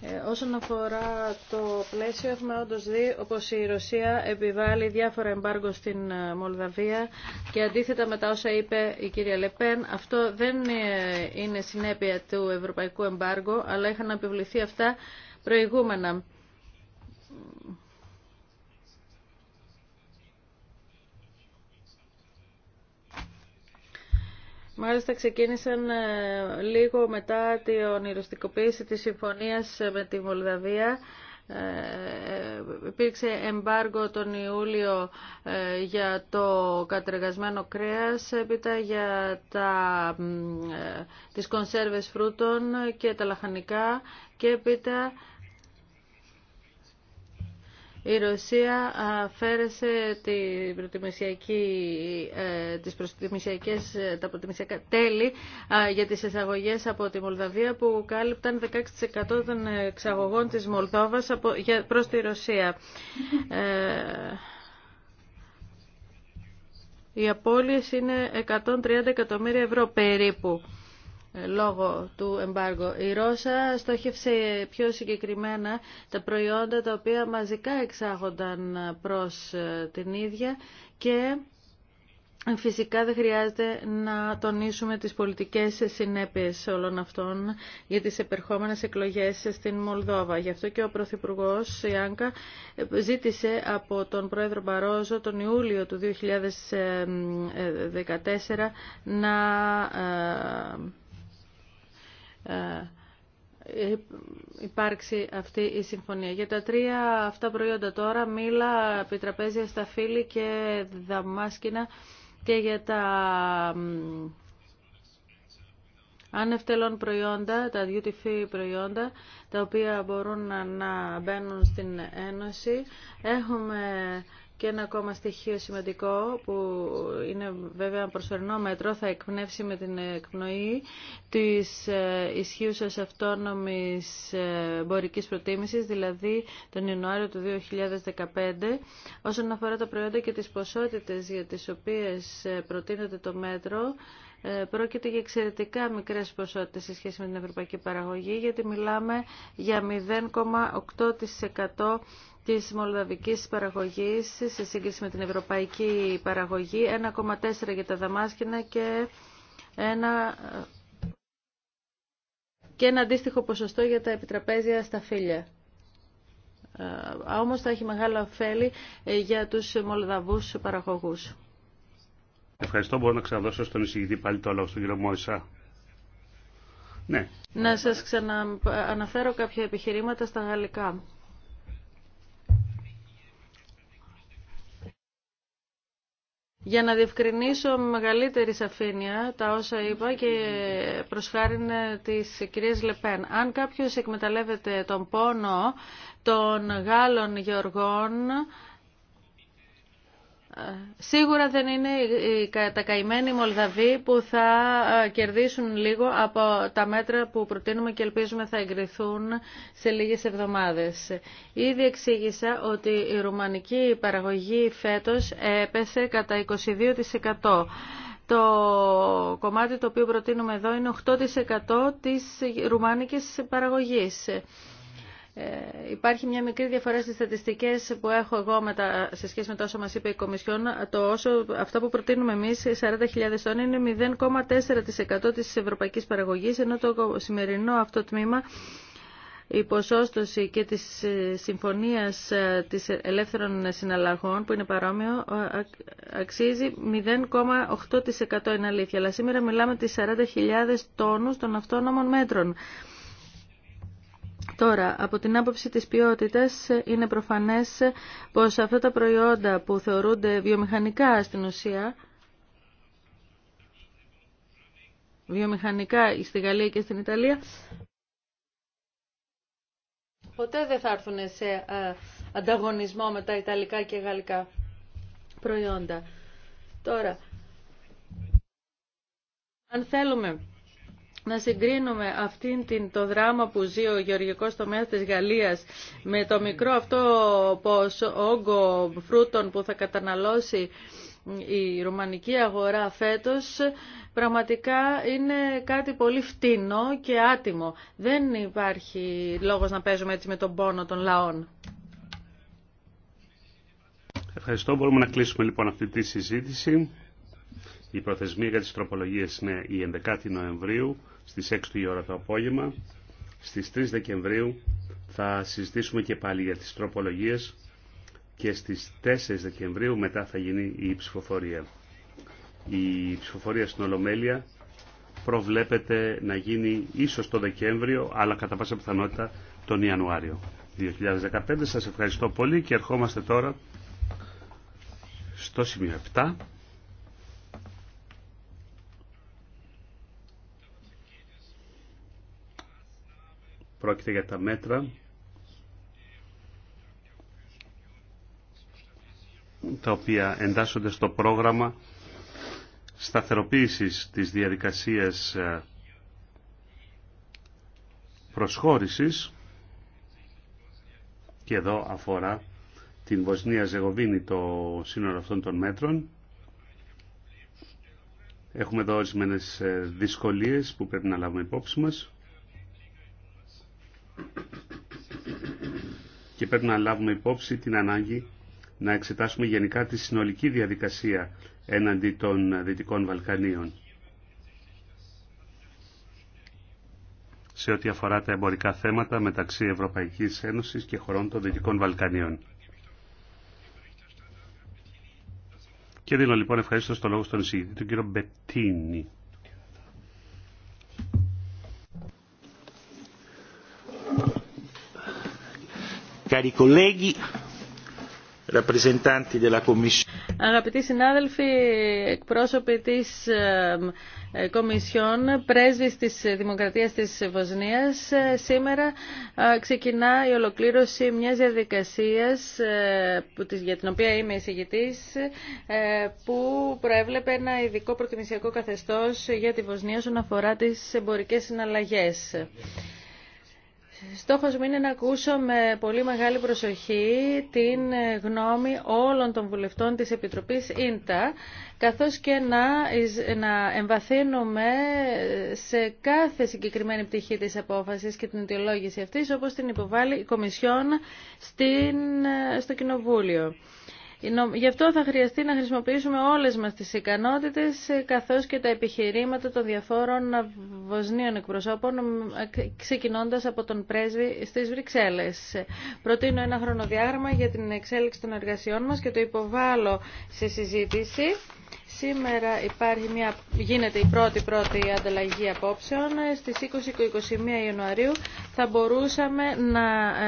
[SPEAKER 3] Ε, όσον αφορά το πλαίσιο έχουμε όντως δει όπως η Ρωσία επιβάλλει διάφορα εμπάργκο στην ε, Μολδαβία και αντίθετα με τα όσα είπε η κυρία Λεπέν αυτό δεν ε, είναι συνέπεια του ευρωπαϊκού εμπάργου αλλά είχαν επιβληθεί αυτά προηγούμενα. Μάλιστα ξεκίνησαν ε, λίγο μετά την ονειροστικοποίηση της συμφωνίας ε, με τη Μολδαβία. Ε, ε υπήρξε εμπάργο τον Ιούλιο για το κατεργασμένο κρέας, έπειτα για τα, ε, τις κονσέρβες φρούτων και τα λαχανικά και έπειτα η Ρωσία αφαίρεσε την ε, τις προτιμησιακές, τα προτιμησιακά τέλη για τις εισαγωγές από τη Μολδαβία που κάλυπταν 16% των εξαγωγών της Μολδόβας από, προς τη Ρωσία. Ε, οι απώλειες είναι 130 εκατομμύρια ευρώ περίπου. Ε, λόγω του εμπάργου. Η Ρώσα στόχευσε πιο συγκεκριμένα τα προϊόντα τα οποία μαζικά εξάγονταν προς ε, την ίδια και ε, Φυσικά δεν χρειάζεται να τονίσουμε τις πολιτικές συνέπειες όλων αυτών για τις επερχόμενες εκλογές στην Μολδόβα. Γι' αυτό και ο Πρωθυπουργό Ιάνκα ζήτησε από τον Πρόεδρο Μπαρόζο τον Ιούλιο του 2014 να ε, υπάρξει αυτή η συμφωνία. Για τα τρία αυτά προϊόντα τώρα, μήλα, στα σταφύλι και δαμάσκηνα και για τα ανευτελών προϊόντα, τα duty προϊόντα, τα οποία μπορούν να μπαίνουν στην Ένωση. Έχουμε και ένα ακόμα στοιχείο σημαντικό που είναι βέβαια προσωρινό μέτρο θα εκπνεύσει με την εκπνοή της ε, ισχύουσα αυτόνομης ε, μπορική προτίμησης, δηλαδή τον Ιανουάριο του 2015. Όσον αφορά τα προϊόντα και τις ποσότητες για τις οποίες ε, προτείνεται το μέτρο, ε, πρόκειται για εξαιρετικά μικρές ποσότητες σε σχέση με την ευρωπαϊκή παραγωγή, γιατί μιλάμε για 0,8% της μολδαβικής παραγωγής σε σύγκριση με την ευρωπαϊκή παραγωγή, 1,4% για τα δαμάσκηνα και ένα και ένα αντίστοιχο ποσοστό για τα επιτραπέζια στα φύλλα. Ε, όμως θα έχει μεγάλο ωφέλη για τους Μολδαβούς παραγωγούς.
[SPEAKER 1] Ευχαριστώ. Μπορώ να ξαναδώσω στον εισηγητή πάλι το λόγο στον κύριο Ναι.
[SPEAKER 3] Να σας ξανααναφέρω κάποια επιχειρήματα στα γαλλικά. Για να διευκρινίσω με μεγαλύτερη σαφήνεια τα όσα είπα και προσχάριν της κυρίας Λεπέν. Αν κάποιος εκμεταλλεύεται τον πόνο των Γάλλων γεωργών, Σίγουρα δεν είναι οι κατακαημένοι Μολδαβοί που θα ε, κερδίσουν λίγο από τα μέτρα που προτείνουμε και ελπίζουμε θα εγκριθούν σε λίγες εβδομάδες. Ήδη εξήγησα ότι η ρουμανική παραγωγή φέτος έπεσε κατά 22%. Το κομμάτι το οποίο προτείνουμε εδώ είναι 8% της ρουμάνικης παραγωγής. Ε, υπάρχει μια μικρή διαφορά στις στατιστικές που έχω εγώ με τα, σε σχέση με το όσο μας είπε η Κομισιόν. Το όσο, αυτά που προτείνουμε εμείς, 40.000 τόνοι, είναι 0,4% της ευρωπαϊκής παραγωγής, ενώ το σημερινό αυτό τμήμα η ποσόστοση και της ε, συμφωνίας ε, της ελεύθερων συναλλαγών που είναι παρόμοιο αξίζει 0,8% είναι αλήθεια. Αλλά σήμερα μιλάμε τις 40.000 τόνους των αυτόνομων μέτρων. Τώρα, από την άποψη της ποιότητας είναι προφανές πως αυτά τα προϊόντα που θεωρούνται βιομηχανικά στην ουσία βιομηχανικά στη Γαλλία και στην Ιταλία ποτέ δεν θα έρθουν σε ε, ανταγωνισμό με τα Ιταλικά και Γαλλικά προϊόντα. Τώρα, αν θέλουμε να συγκρίνουμε αυτήν την, το δράμα που ζει ο γεωργικός τομέας της Γαλλίας με το μικρό αυτό πως όγκο φρούτων που θα καταναλώσει η ρουμανική αγορά φέτος πραγματικά είναι κάτι πολύ φτηνό και άτιμο. Δεν υπάρχει λόγος να παίζουμε έτσι με τον πόνο των λαών.
[SPEAKER 1] Ευχαριστώ. Μπορούμε να κλείσουμε λοιπόν αυτή τη συζήτηση. Η προθεσμία για τις τροπολογίες είναι η 11η Νοεμβρίου στις 6 η ώρα το απόγευμα. Στις 3 Δεκεμβρίου θα συζητήσουμε και πάλι για τις τροπολογίες και στις 4 Δεκεμβρίου μετά θα γίνει η ψηφοφορία. Η ψηφοφορία στην Ολομέλεια προβλέπεται να γίνει ίσως το Δεκέμβριο, αλλά κατά πάσα πιθανότητα τον Ιανουάριο 2015. Σας ευχαριστώ πολύ και ερχόμαστε τώρα στο σημείο 7. Πρόκειται για τα μέτρα τα οποία εντάσσονται στο πρόγραμμα σταθεροποίησης της διαδικασίας ε, προσχώρησης και εδώ αφορά την Βοσνία Ζεγοβίνη το σύνολο αυτών των μέτρων. Έχουμε εδώ ορισμένε ε, δυσκολίες που πρέπει να λάβουμε υπόψη μας. Και πρέπει να λάβουμε υπόψη την ανάγκη να εξετάσουμε γενικά τη συνολική διαδικασία έναντι των Δυτικών Βαλκανίων. σε ό,τι αφορά τα εμπορικά θέματα μεταξύ Ευρωπαϊκής Ένωσης και χωρών των Δυτικών Βαλκανίων. Και δίνω λοιπόν ευχαριστώ στο λόγο στον εισηγητή, του κύριο Μπετίνη. cari colleghi, rappresentanti della Commissione.
[SPEAKER 3] Αγαπητοί συνάδελφοι, εκπρόσωποι της ε, Κομισιόν, πρέσβης της Δημοκρατίας της Βοσνίας, ε, σήμερα ε, ξεκινά η ολοκλήρωση μιας διαδικασίας για την οποία είμαι εισηγητής που προέβλεπε ένα ειδικό προτιμησιακό καθεστώς για τη Βοσνία όσον αφορά τις εμπορικές συναλλαγές. Στόχος μου είναι να ακούσω με πολύ μεγάλη προσοχή την γνώμη όλων των βουλευτών της Επιτροπής ΙΝΤΑ, καθώς και να, να εμβαθύνουμε σε κάθε συγκεκριμένη πτυχή της απόφασης και την αιτιολόγηση αυτής, όπως την υποβάλλει η Κομισιόν στην, στο Κοινοβούλιο. Γι' αυτό θα χρειαστεί να χρησιμοποιήσουμε όλες μας τις ικανότητες ε, καθώς και τα επιχειρήματα των διαφόρων ε, βοσνίων εκπροσώπων ε, ξεκινώντας από τον πρέσβη στις Βρυξέλλες. Προτείνω ένα χρονοδιάγραμμα για την εξέλιξη των εργασιών μας και το υποβάλλω σε συζήτηση. Σήμερα υπάρχει μια, γίνεται η πρώτη πρώτη ανταλλαγή απόψεων. Στις 20-21 Ιανουαρίου θα μπορούσαμε να,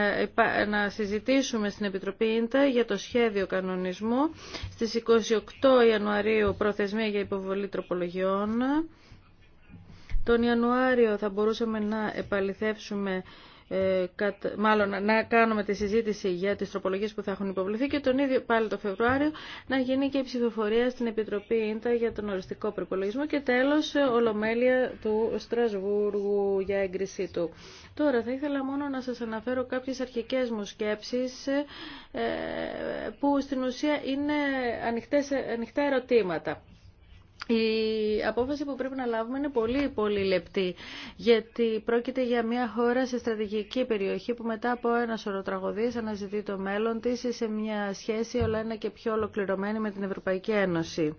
[SPEAKER 3] ε, να συζητήσουμε στην Επιτροπή Ίντα για το σχέδιο κανονισμού. Στις 28 Ιανουαρίου προθεσμία για υποβολή τροπολογιών. Τον Ιανουάριο θα μπορούσαμε να επαληθεύσουμε ε, μάλλον να κάνουμε τη συζήτηση για τις τροπολογίες που θα έχουν υποβληθεί και τον ίδιο πάλι το Φεβρουάριο να γίνει και η ψηφοφορία στην Επιτροπή Ίντα για τον οριστικό προπολογισμό και τέλος ολομέλεια του Στρασβούργου για έγκρισή του. Τώρα θα ήθελα μόνο να σας αναφέρω κάποιες αρχικές μου σκέψεις ε, που στην ουσία είναι ανοιχτά ερωτήματα. Η απόφαση που πρέπει να λάβουμε είναι πολύ πολύ λεπτή, γιατί πρόκειται για μια χώρα σε στρατηγική περιοχή που μετά από ένα σωρό τραγωδίες αναζητεί το μέλλον της σε μια σχέση όλα ένα και πιο ολοκληρωμένη με την Ευρωπαϊκή Ένωση.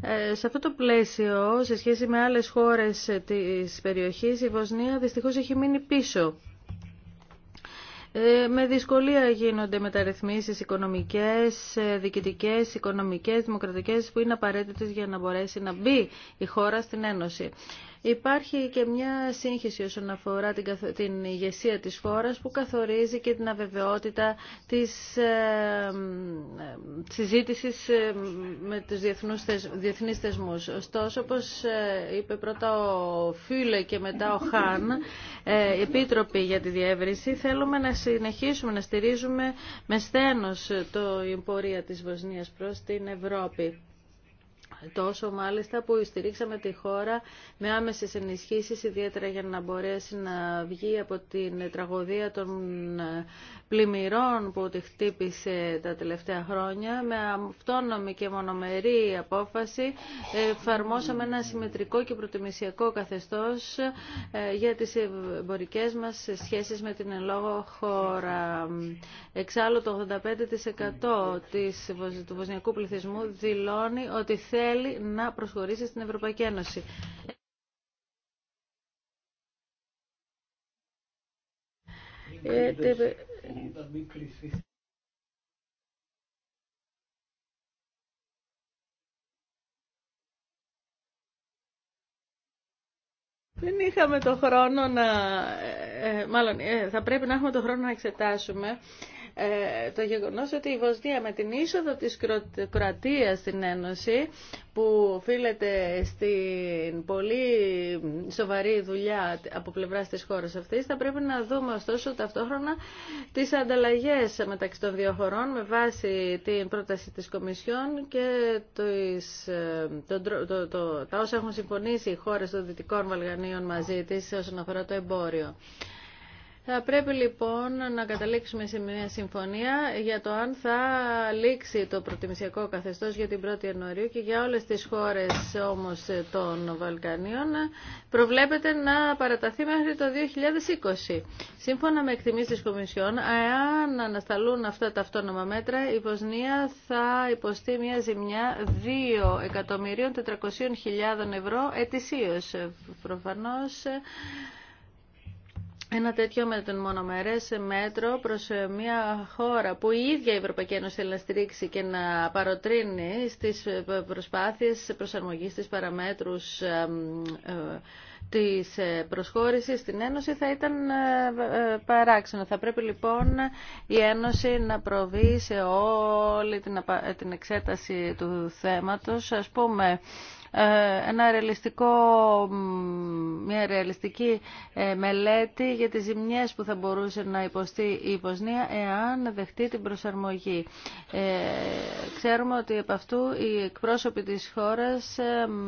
[SPEAKER 3] Ε, σε αυτό το πλαίσιο, σε σχέση με άλλες χώρες της περιοχής, η Βοσνία δυστυχώς έχει μείνει πίσω. Ε, με δυσκολία γίνονται μεταρρυθμίσεις οικονομικές, ε, διοικητικές, οικονομικές, δημοκρατικές που είναι απαραίτητες για να μπορέσει να μπει η χώρα στην Ένωση. Υπάρχει και μια σύγχυση όσον αφορά την, την ηγεσία της χώρας που καθορίζει και την αβεβαιότητα της ε, ε, συζήτησης ε, με τους διεθνούς, διεθνείς θεσμούς. Ωστόσο, όπως είπε πρώτα ο Φίλε και μετά ο Χάν, ε, επίτροποι για τη διεύρυνση, θέλουμε να συνεχίσουμε να στηρίζουμε με στένος το πορεία της Βοσνίας προς την Ευρώπη. Τόσο μάλιστα που στηρίξαμε τη χώρα με άμεσες ενισχύσεις, ιδιαίτερα για να μπορέσει να βγει από την τραγωδία των πλημμυρών που τη χτύπησε τα τελευταία χρόνια. Με αυτόνομη και μονομερή απόφαση εφαρμόσαμε ένα συμμετρικό και προτιμησιακό καθεστώς ε, για τις εμπορικές μας σχέσεις με την ελόγω χώρα. Εξάλλου το 85% του βοσνιακού πληθυσμού δηλώνει ότι θέλει θέλει να προσχωρήσει στην Ευρωπαϊκή Ένωση. Ε, Δεν είχαμε το χρόνο να... Ε, ε, μάλλον θα πρέπει να έχουμε το χρόνο να εξετάσουμε ε, το γεγονός ότι η Βοσνία με την είσοδο της Κροατίας στην Ένωση που οφείλεται στην πολύ σοβαρή δουλειά από πλευρά της χώρας αυτής θα πρέπει να δούμε ωστόσο ταυτόχρονα τις ανταλλαγές μεταξύ των δύο χωρών με βάση την πρόταση της Κομισιόν και ε, το, τα όσα έχουν συμφωνήσει οι χώρες των Δυτικών Βαλγανίων μαζί της όσον αφορά το εμπόριο. Θα πρέπει λοιπόν να καταλήξουμε σε μια συμφωνία για το αν θα λήξει το προτιμησιακό καθεστώς για την 1η Ιανουαρίου και για όλες τις χώρες όμως των Βαλκανίων προβλέπεται να παραταθεί μέχρι το 2020. Σύμφωνα με εκτιμήσεις της Κομισιόν, αν ανασταλούν αυτά τα αυτόνομα μέτρα, η Βοσνία θα υποστεί μια ζημιά 2.400.000 ευρώ ετησίως. Προφανώς ένα τέτοιο με τον μονομερές μέτρο προ ε, μια χώρα που η ίδια η Ευρωπαϊκή Ένωση θέλει να στηρίξει και να παροτρύνει στις ε, προσπάθειες προσαρμογής στις παραμέτρους ε, της προσχώρησης στην Ένωση θα ήταν παράξενο. Θα πρέπει λοιπόν η Ένωση να προβεί σε όλη την εξέταση του θέματος. Ας πούμε, ε, ένα ρεαλιστικό, μια ρεαλιστική ε, μελέτη για τις ζημιές που θα μπορούσε να υποστεί η Βοσνία εάν δεχτεί την προσαρμογή. Ε, ξέρουμε ότι από αυτού οι εκπρόσωποι της χώρας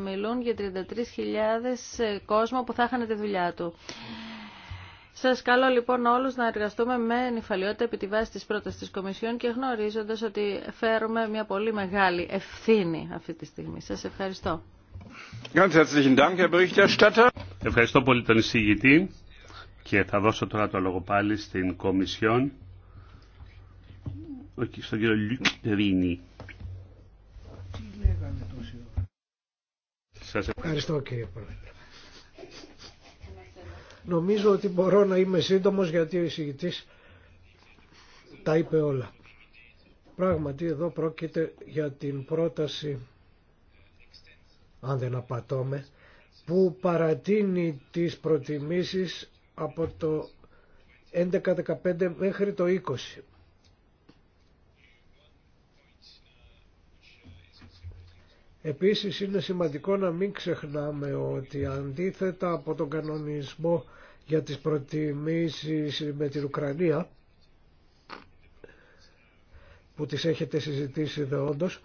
[SPEAKER 3] μιλούν για 33.000 κόσμο που θα χάνε τη δουλειά του. Σας καλώ λοιπόν όλους να εργαστούμε με νυφαλιότητα επί τη βάση της πρότασης της Κομισιόν και γνωρίζοντας ότι φέρουμε μια πολύ μεγάλη ευθύνη αυτή τη στιγμή. Σας ευχαριστώ.
[SPEAKER 1] Ευχαριστώ πολύ τον εισηγητή και θα δώσω τώρα το λόγο πάλι στην Κομισιόν όχι στον κύριο Λουκρίνη. Σας
[SPEAKER 2] ευχαριστώ κύριε Πρόεδρε. Νομίζω ότι μπορώ να είμαι σύντομος γιατί ο εισηγητής τα είπε όλα. Πράγματι εδώ πρόκειται για την πρόταση αν δεν απατώμε, που παρατείνει τις προτιμήσεις από το 11-15 μέχρι το 20. Επίσης είναι σημαντικό να μην ξεχνάμε ότι αντίθετα από τον κανονισμό για τις προτιμήσεις με την Ουκρανία που τις έχετε συζητήσει δεόντως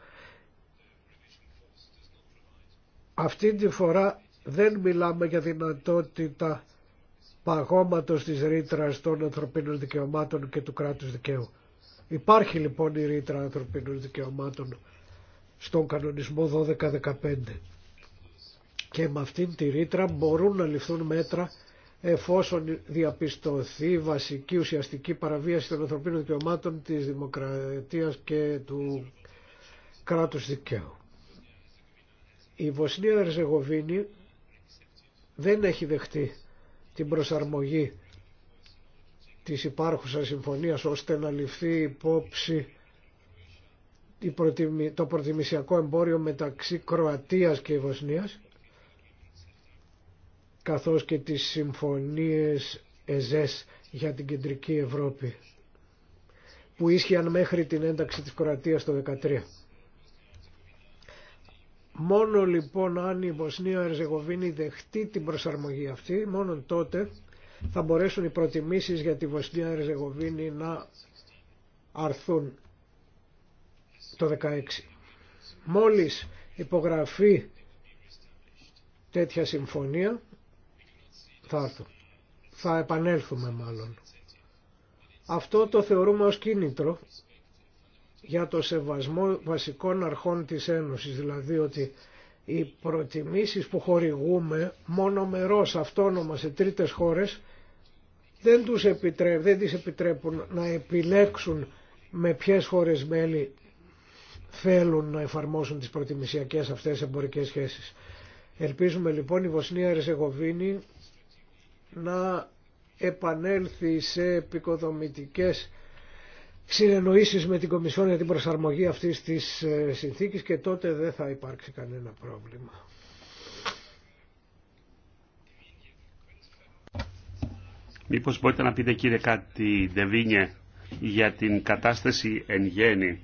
[SPEAKER 2] Αυτή τη φορά δεν μιλάμε για δυνατότητα παγώματος της ρήτρα των ανθρωπίνων δικαιωμάτων και του κράτους δικαίου. Υπάρχει λοιπόν η ρήτρα ανθρωπίνων δικαιωμάτων στον κανονισμό 12-15 και με αυτήν τη ρήτρα μπορούν να ληφθούν μέτρα εφόσον διαπιστωθεί βασική ουσιαστική παραβίαση των ανθρωπίνων δικαιωμάτων της δημοκρατίας και του κράτους δικαίου. Η Βοσνία Ερζεγοβίνη δεν έχει δεχτεί την προσαρμογή της υπάρχουσας συμφωνίας ώστε να ληφθεί υπόψη το προτιμησιακό εμπόριο μεταξύ Κροατίας και Βοσνίας καθώς και τις συμφωνίες ΕΖΕΣ για την Κεντρική Ευρώπη που ίσχυαν μέχρι την ένταξη της Κροατίας το 2013. Μόνο λοιπόν αν η Βοσνία Ερζεγοβίνη δεχτεί την προσαρμογή αυτή, μόνο τότε θα μπορέσουν οι προτιμήσεις για τη Βοσνία Ερζεγοβίνη να αρθούν το 16. Μόλις υπογραφεί τέτοια συμφωνία θα έρθουν. Θα επανέλθουμε μάλλον. Αυτό το θεωρούμε ως κίνητρο για το σεβασμό βασικών αρχών της Ένωσης, δηλαδή ότι οι προτιμήσεις που χορηγούμε μόνο μερός αυτόνομα σε τρίτες χώρες δεν, τους επιτρέπουν, δεν τις επιτρέπουν να επιλέξουν με ποιες χώρες μέλη θέλουν να εφαρμόσουν τις προτιμησιακές αυτές εμπορικές σχέσεις. Ελπίζουμε λοιπόν η Βοσνία Ρεσεγοβίνη να επανέλθει σε επικοδομητικές συνεννοήσεις με την Κομισιόν για την προσαρμογή αυτής της ε, συνθήκης και τότε δεν θα υπάρξει κανένα πρόβλημα.
[SPEAKER 1] Μήπως μπορείτε να πείτε κύριε κάτι Ντεβίνιε για την κατάσταση εν γέννη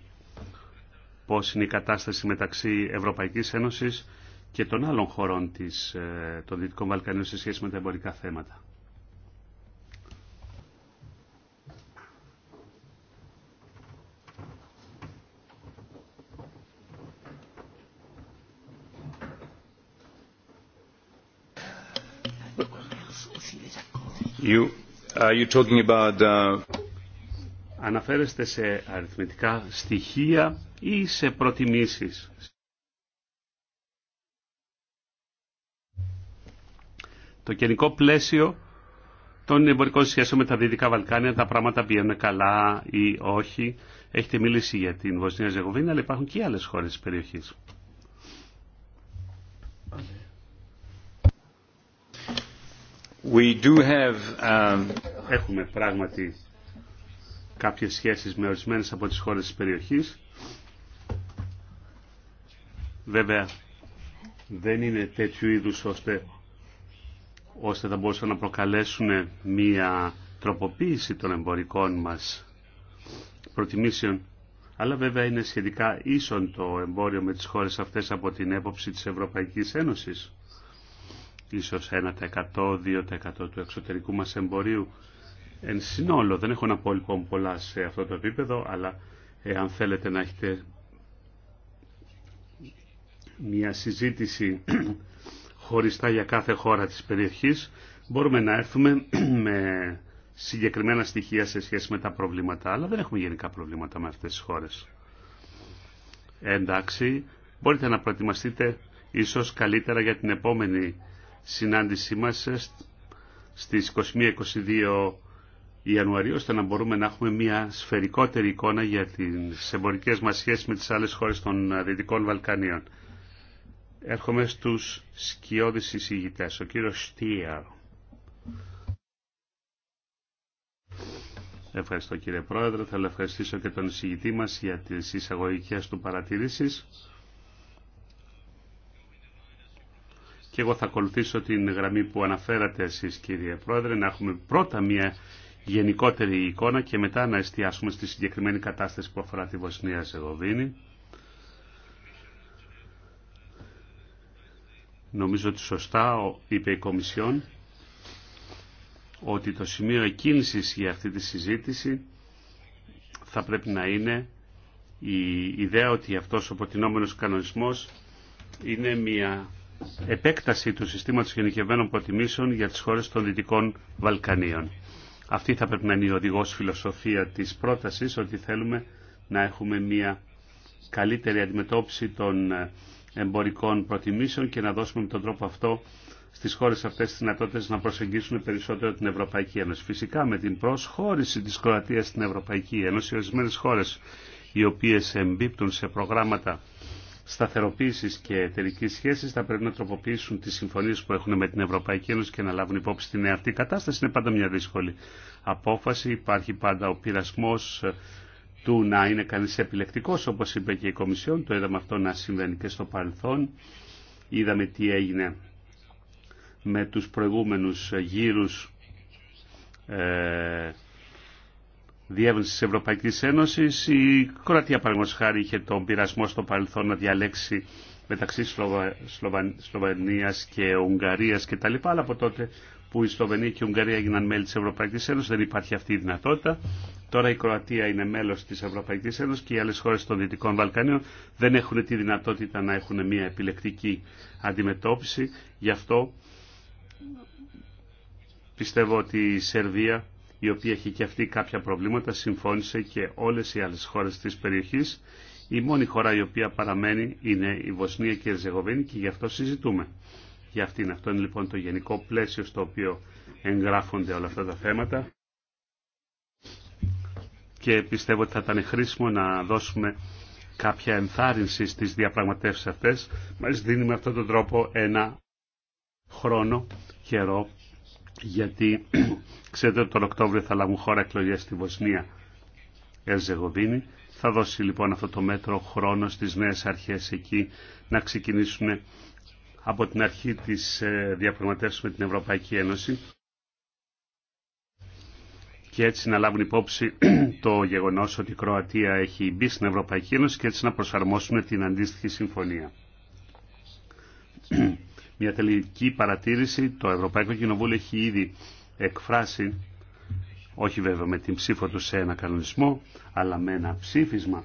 [SPEAKER 1] πώς είναι η κατάσταση μεταξύ Ευρωπαϊκής Ένωσης και των άλλων χωρών της, ε, των Δυτικών Βαλκανίων σε σχέση με τα εμπορικά θέματα. you talking about, uh, Αναφέρεστε σε αριθμητικά στοιχεία ή σε προτιμήσεις. Το γενικό πλαίσιο των εμπορικών σχέσεων με τα Δυτικά Βαλκάνια, τα πράγματα πηγαίνουν καλά ή όχι. Έχετε μιλήσει για την Βοσνία Ζεγοβίνη αλλά υπάρχουν και άλλες χώρες της περιοχής. Um, Έχουμε πράγματι κάποιες σχέσεις με ορισμένες από τις χώρες της περιοχής. Βέβαια, δεν είναι τέτοιου είδους ώστε, ώστε θα μπορούσαν να προκαλέσουν μία τροποποίηση των εμπορικών μας προτιμήσεων. Αλλά βέβαια είναι σχετικά ίσον το εμπόριο με τις χώρες αυτές από την έποψη της Ευρωπαϊκής Ένωσης ίσως 1%, 2% του εξωτερικού μας εμπορίου εν συνόλο. Δεν έχω να πω λοιπόν πολλά σε αυτό το επίπεδο, αλλά ε, αν θέλετε να έχετε μια συζήτηση χωριστά για κάθε χώρα της περιοχής, μπορούμε να έρθουμε με συγκεκριμένα στοιχεία σε σχέση με τα προβλήματα, αλλά δεν έχουμε γενικά προβλήματα με αυτές τις χώρες. Ε, εντάξει, μπορείτε να προετοιμαστείτε ίσως καλύτερα για την επόμενη συνάντησή μας ε, στις 21-22 Ιανουαρίου, ώστε να μπορούμε να έχουμε μια σφαιρικότερη εικόνα για τις εμπορικέ μας σχέσεις με τις άλλες χώρες των ε, Δυτικών Βαλκανίων. Έρχομαι στους σκιώδεις εισηγητές, ο κύριος Στίαρ. Ευχαριστώ κύριε Πρόεδρε, θέλω να ευχαριστήσω και τον εισηγητή μας για τις εισαγωγικές του παρατηρήσεις. και εγώ θα ακολουθήσω την γραμμή που αναφέρατε εσείς κύριε Πρόεδρε, να έχουμε πρώτα μια γενικότερη εικόνα και μετά να εστιάσουμε στη συγκεκριμένη κατάσταση που αφορά τη Βοσνία Ζεγοβίνη. Νομίζω ότι σωστά είπε η Κομισιόν ότι το σημείο εκκίνησης για αυτή τη συζήτηση θα πρέπει να είναι η ιδέα ότι αυτός ο κανονισμός είναι μια επέκταση του συστήματος γενικευμένων προτιμήσεων για τις χώρες των Δυτικών Βαλκανίων. Αυτή θα πρέπει να είναι η οδηγός φιλοσοφία της πρότασης ότι θέλουμε να έχουμε μια καλύτερη αντιμετώπιση των ε, εμπορικών προτιμήσεων και να δώσουμε με τον τρόπο αυτό στις χώρες αυτές τις δυνατότητες να προσεγγίσουν περισσότερο την Ευρωπαϊκή Ένωση. Φυσικά με την προσχώρηση της Κροατίας στην Ευρωπαϊκή Ένωση, ορισμένε χώρες οι οποίες εμπίπτουν σε προγράμματα σταθεροποίησης και εταιρική σχέσης θα πρέπει να τροποποιήσουν τις συμφωνίες που έχουν με την Ευρωπαϊκή Ένωση και να λάβουν υπόψη την νέα αυτή κατάσταση. Είναι πάντα μια δύσκολη απόφαση. Υπάρχει πάντα ο πειρασμός ε, του να είναι κανείς επιλεκτικός, όπως είπε και η Κομισιόν. Το είδαμε αυτό να συμβαίνει και στο παρελθόν. Είδαμε τι έγινε με τους προηγούμενους γύρους ε, διεύρυνση τη Ευρωπαϊκή Ένωση. Η Κροατία, παραδείγματο χάρη, είχε τον πειρασμό στο παρελθόν να διαλέξει μεταξύ Σλοβα... Σλοβα... Σλοβενία και Ουγγαρία κτλ. Αλλά από τότε που η Σλοβενία και η Ουγγαρία έγιναν μέλη τη Ευρωπαϊκή Ένωση δεν υπάρχει αυτή η δυνατότητα. Τώρα η Κροατία είναι μέλο τη Ευρωπαϊκή Ένωση και οι άλλε χώρε των Δυτικών Βαλκανίων δεν έχουν τη δυνατότητα να έχουν μια επιλεκτική αντιμετώπιση. Γι' αυτό πιστεύω ότι η Σερβία η οποία έχει και αυτή κάποια προβλήματα, συμφώνησε και όλες οι άλλες χώρες της περιοχής. Η μόνη χώρα η οποία παραμένει είναι η Βοσνία και η Ερζεγοβίνη και γι' αυτό συζητούμε. Για αυτήν. Αυτό είναι λοιπόν το γενικό πλαίσιο στο οποίο εγγράφονται όλα αυτά τα θέματα και πιστεύω ότι θα ήταν χρήσιμο να δώσουμε κάποια ενθάρρυνση στις διαπραγματεύσεις αυτές. Μας δίνει με αυτόν τον τρόπο ένα χρόνο καιρό γιατί ξέρετε ότι τον Οκτώβριο θα λάβουν χώρα εκλογέ στη Βοσνία Ερζεγοβίνη. Θα δώσει λοιπόν αυτό το μέτρο χρόνο στις νέες αρχές εκεί να ξεκινήσουν από την αρχή της ε, διαπραγματεύσεως με την Ευρωπαϊκή Ένωση και έτσι να λάβουν υπόψη το γεγονός ότι η Κροατία έχει μπει στην Ευρωπαϊκή Ένωση και έτσι να προσαρμόσουν την αντίστοιχη συμφωνία. Μια τελική παρατήρηση, το Ευρωπαϊκό Κοινοβούλιο έχει ήδη εκφράσει, όχι βέβαια με την ψήφο του σε ένα κανονισμό, αλλά με ένα ψήφισμα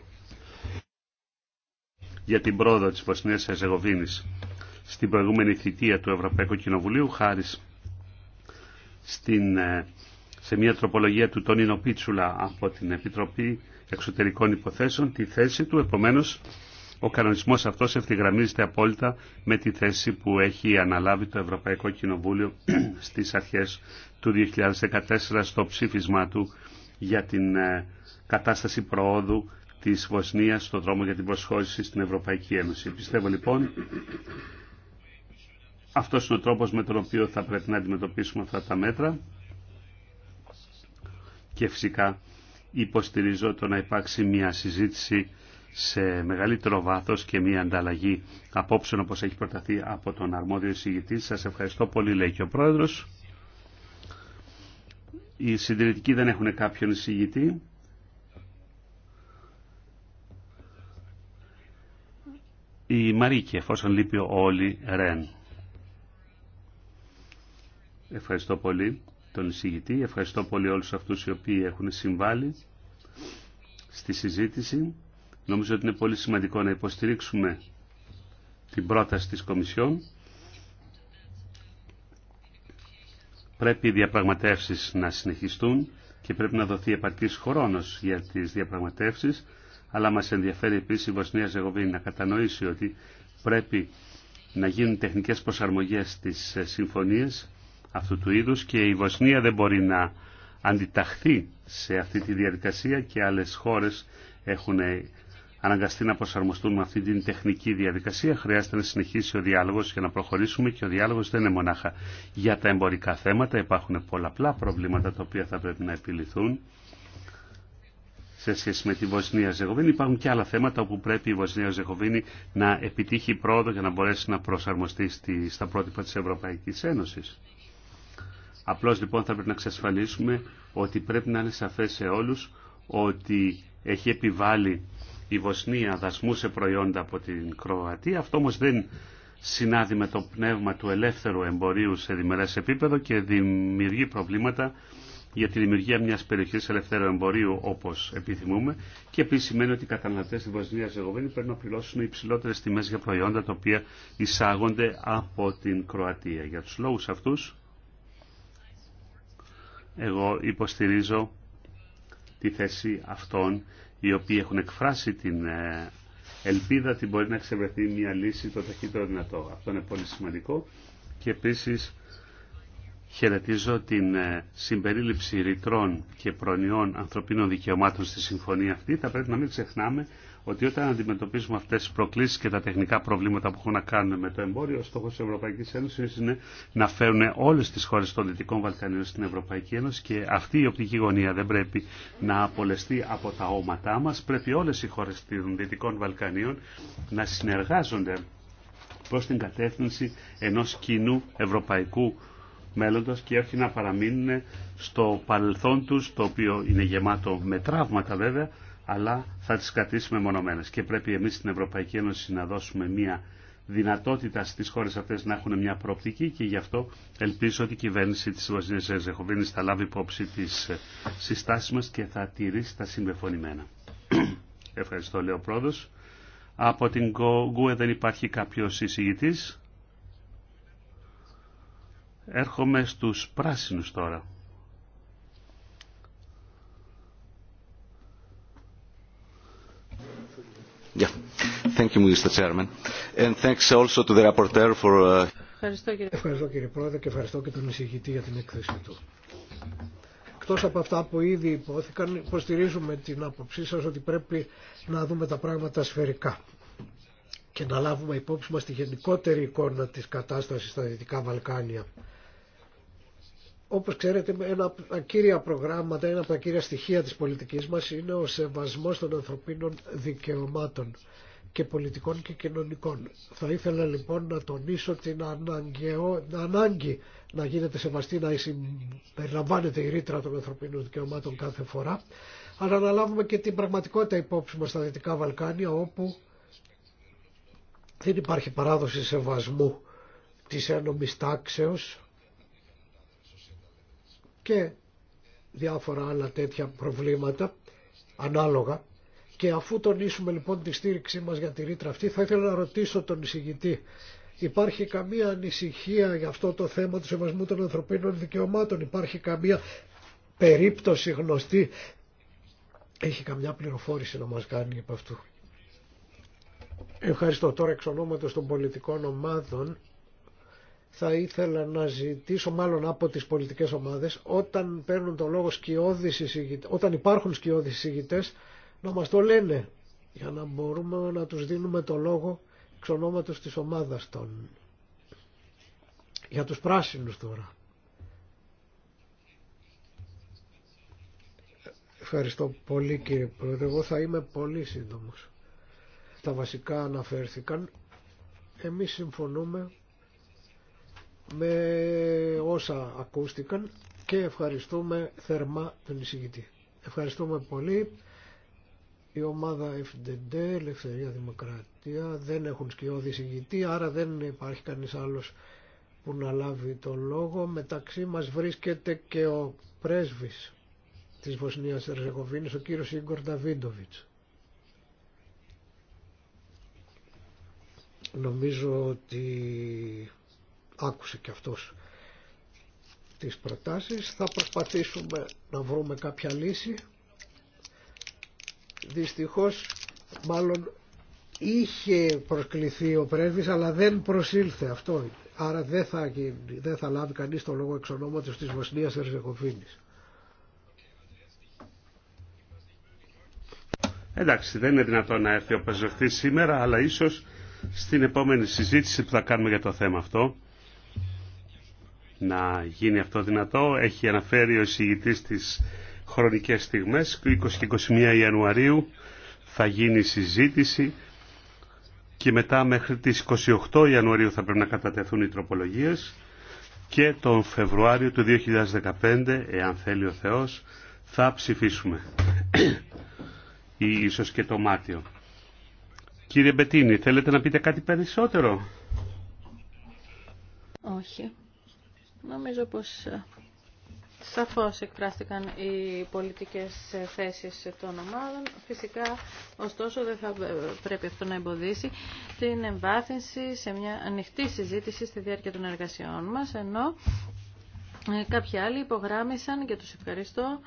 [SPEAKER 1] για την πρόοδο της Βοσνίας Αζεγοβίνης στην προηγούμενη θητεία του Ευρωπαϊκού Κοινοβουλίου, χάρη στην, ε, σε μια τροπολογία του Τονίνο Πίτσουλα από την Επιτροπή Εξωτερικών Υποθέσεων, τη θέση του, επομένως, ο κανονισμό αυτός ευθυγραμμίζεται απόλυτα με τη θέση που έχει αναλάβει το Ευρωπαϊκό Κοινοβούλιο στις αρχές του 2014 στο ψήφισμά του για την ε, κατάσταση προόδου της Βοσνίας στον δρόμο για την προσχώρηση στην Ευρωπαϊκή Ένωση. Πιστεύω λοιπόν αυτός είναι ο τρόπος με τον οποίο θα πρέπει να αντιμετωπίσουμε αυτά τα μέτρα και φυσικά υποστηρίζω το να υπάρξει μια συζήτηση σε μεγαλύτερο βάθος και μια ανταλλαγή απόψεων όπως έχει προταθεί από τον αρμόδιο εισηγητή. Σας ευχαριστώ πολύ λέει και ο Πρόεδρος. Οι συντηρητικοί δεν έχουν κάποιον εισηγητή. Η Μαρίκη εφόσον λείπει όλοι, Ρεν. Ευχαριστώ πολύ τον εισηγητή, ευχαριστώ πολύ όλους αυτούς οι οποίοι έχουν συμβάλει στη συζήτηση. Νομίζω ότι είναι πολύ σημαντικό να υποστηρίξουμε την πρόταση της Κομισιόν. Πρέπει οι διαπραγματεύσεις να συνεχιστούν και πρέπει να δοθεί επαρκής χρόνος για τις διαπραγματεύσεις, αλλά μας ενδιαφέρει επίσης η Βοσνία Ζεγοβίνη να κατανοήσει ότι πρέπει να γίνουν τεχνικές προσαρμογές στις ε, συμφωνίες αυτού του είδους και η Βοσνία δεν μπορεί να αντιταχθεί σε αυτή τη διαδικασία και άλλες χώρες έχουν ε, αναγκαστεί να προσαρμοστούν με αυτή την τεχνική διαδικασία. Χρειάζεται να συνεχίσει ο διάλογο για να προχωρήσουμε και ο διάλογο δεν είναι μονάχα για τα εμπορικά θέματα. Υπάρχουν πολλαπλά προβλήματα τα οποία θα πρέπει να επιληθούν σε σχέση με τη Βοσνία Ζεγοβίνη. Υπάρχουν και άλλα θέματα όπου πρέπει η Βοσνία Ζεγοβίνη να επιτύχει πρόοδο για να μπορέσει να προσαρμοστεί στη, στα πρότυπα τη Ευρωπαϊκή Ένωση. Απλώ λοιπόν θα πρέπει να εξασφαλίσουμε ότι πρέπει να είναι σαφέ σε όλου ότι έχει επιβάλει η Βοσνία δασμούσε προϊόντα από την Κροατία. Αυτό όμως δεν συνάδει με το πνεύμα του ελεύθερου εμπορίου σε διμερές επίπεδο και δημιουργεί προβλήματα για τη δημιουργία μια περιοχή ελευθέρου εμπορίου όπω επιθυμούμε και επίση σημαίνει ότι οι καταναλωτέ στη Βοσνία Ζεγοβίνη πρέπει να πληρώσουν υψηλότερε τιμέ για προϊόντα τα οποία εισάγονται από την Κροατία. Για του λόγου αυτού, εγώ υποστηρίζω τη θέση αυτών οι οποίοι έχουν εκφράσει την ε, ελπίδα ότι μπορεί να εξευρεθεί μια λύση το ταχύτερο δυνατό. Αυτό είναι πολύ σημαντικό και επίσης χαιρετίζω την ε, συμπερίληψη ρητρών και προνοιών ανθρωπίνων δικαιωμάτων στη συμφωνία αυτή. Θα πρέπει να μην ξεχνάμε ότι όταν αντιμετωπίζουμε αυτέ τι προκλήσει και τα τεχνικά προβλήματα που έχουν να κάνουν με το εμπόριο, ο στόχο τη Ευρωπαϊκή Ένωση είναι να φέρουν όλε τι χώρε των Δυτικών Βαλκανίων στην Ευρωπαϊκή Ένωση και αυτή η οπτική γωνία δεν πρέπει να απολεστεί από τα όματά μα. Πρέπει όλε οι χώρε των Δυτικών Βαλκανίων να συνεργάζονται προ την κατεύθυνση ενό κοινού ευρωπαϊκού μέλλοντος και όχι να παραμείνουν στο παρελθόν τους, το οποίο είναι γεμάτο με τραύματα βέβαια, αλλά θα τις κρατήσουμε μονομένες. Και πρέπει εμείς στην Ευρωπαϊκή Ένωση να δώσουμε μια δυνατότητα στις χώρες αυτές να έχουν μια προοπτική και γι' αυτό ελπίζω ότι η κυβέρνηση της Βοσνίας Ζεχοβίνης θα λάβει υπόψη τις ε, συστάσεις μας και θα τηρήσει τα συμπεφωνημένα. Ευχαριστώ, λέω Από την ΚΟΓΟΕ δεν υπάρχει κάποιος εισηγητής. Έρχομαι στους πράσινους τώρα. Ευχαριστώ
[SPEAKER 2] κύριε. ευχαριστώ κύριε Πρόεδρε και ευχαριστώ και τον εισηγητή για την έκθεση του. Εκτός από αυτά που ήδη υπόθηκαν, υποστηρίζουμε την άποψή σας ότι πρέπει να δούμε τα πράγματα σφαιρικά και να λάβουμε υπόψη μας τη γενικότερη εικόνα της κατάστασης στα Δυτικά Βαλκάνια. Όπως ξέρετε, ένα από τα κύρια προγράμματα, ένα από τα κύρια στοιχεία της πολιτικής μας είναι ο σεβασμός των ανθρωπίνων δικαιωμάτων και πολιτικών και κοινωνικών. Θα ήθελα λοιπόν να τονίσω την ανάγκη να γίνεται σεβαστή, να περιλαμβάνεται η ρήτρα των ανθρωπίνων δικαιωμάτων κάθε φορά, αλλά να λάβουμε και την πραγματικότητα υπόψη μας στα Δυτικά Βαλκάνια, όπου δεν υπάρχει παράδοση σεβασμού της ένομης τάξεως και διάφορα άλλα τέτοια προβλήματα ανάλογα και αφού τονίσουμε λοιπόν τη στήριξή μας για τη ρήτρα αυτή θα ήθελα να ρωτήσω τον εισηγητή υπάρχει καμία ανησυχία για αυτό το θέμα του σεβασμού των ανθρωπίνων δικαιωμάτων υπάρχει καμία περίπτωση γνωστή έχει καμιά πληροφόρηση να μας κάνει από αυτού. Ευχαριστώ τώρα εξ ονόματος των πολιτικών ομάδων θα ήθελα να ζητήσω μάλλον από τις πολιτικές ομάδες όταν παίρνουν το λόγο σκιώδεις όταν υπάρχουν σκιώδεις εισηγητές να μας το λένε για να μπορούμε να τους δίνουμε το λόγο εξ ονόματος της ομάδας των για τους πράσινους τώρα Ευχαριστώ πολύ κύριε Πρόεδρε εγώ θα είμαι πολύ σύντομος τα βασικά αναφέρθηκαν εμείς συμφωνούμε με όσα ακούστηκαν και ευχαριστούμε θερμά τον εισηγητή. Ευχαριστούμε πολύ. Η ομάδα FDD, Ελευθερία Δημοκρατία, δεν έχουν σκιώδη εισηγητή, άρα δεν υπάρχει κανείς άλλος που να λάβει το λόγο. Μεταξύ μας βρίσκεται και ο πρέσβης της Βοσνίας Ερζεγοβίνης, ο κύριος Ίγκορ Νταβίντοβιτς. Νομίζω ότι άκουσε και αυτός τις προτάσεις. Θα προσπαθήσουμε να βρούμε κάποια λύση. Δυστυχώς μάλλον είχε προσκληθεί ο πρέσβης αλλά δεν προσήλθε αυτό. Άρα δεν θα, λάβει κανείς το λόγο εξ ονόματος της Βοσνίας Ερζεγοβίνης.
[SPEAKER 1] Εντάξει, δεν είναι δυνατόν να έρθει ο Πεζοχτής σήμερα, αλλά ίσως στην επόμενη συζήτηση που θα κάνουμε για το θέμα αυτό να γίνει αυτό δυνατό. Έχει αναφέρει ο εισηγητής τις χρονικές στιγμές. 20 και 21 Ιανουαρίου θα γίνει συζήτηση και μετά μέχρι τις 28 Ιανουαρίου θα πρέπει να κατατεθούν οι τροπολογίες και τον Φεβρουάριο του 2015, εάν θέλει ο Θεός, θα ψηφίσουμε ή ίσως και το Μάτιο Κύριε Μπετίνη, θέλετε να πείτε κάτι περισσότερο?
[SPEAKER 3] Όχι. Νομίζω πως ε, σαφώς εκφράστηκαν οι πολιτικές θέσεις των ομάδων. Φυσικά, ωστόσο, δεν θα ε, πρέπει αυτό να εμποδίσει την εμβάθυνση σε μια ανοιχτή συζήτηση στη διάρκεια των εργασιών μας, ενώ ε, κάποιοι άλλοι υπογράμμισαν και του ευχαριστώ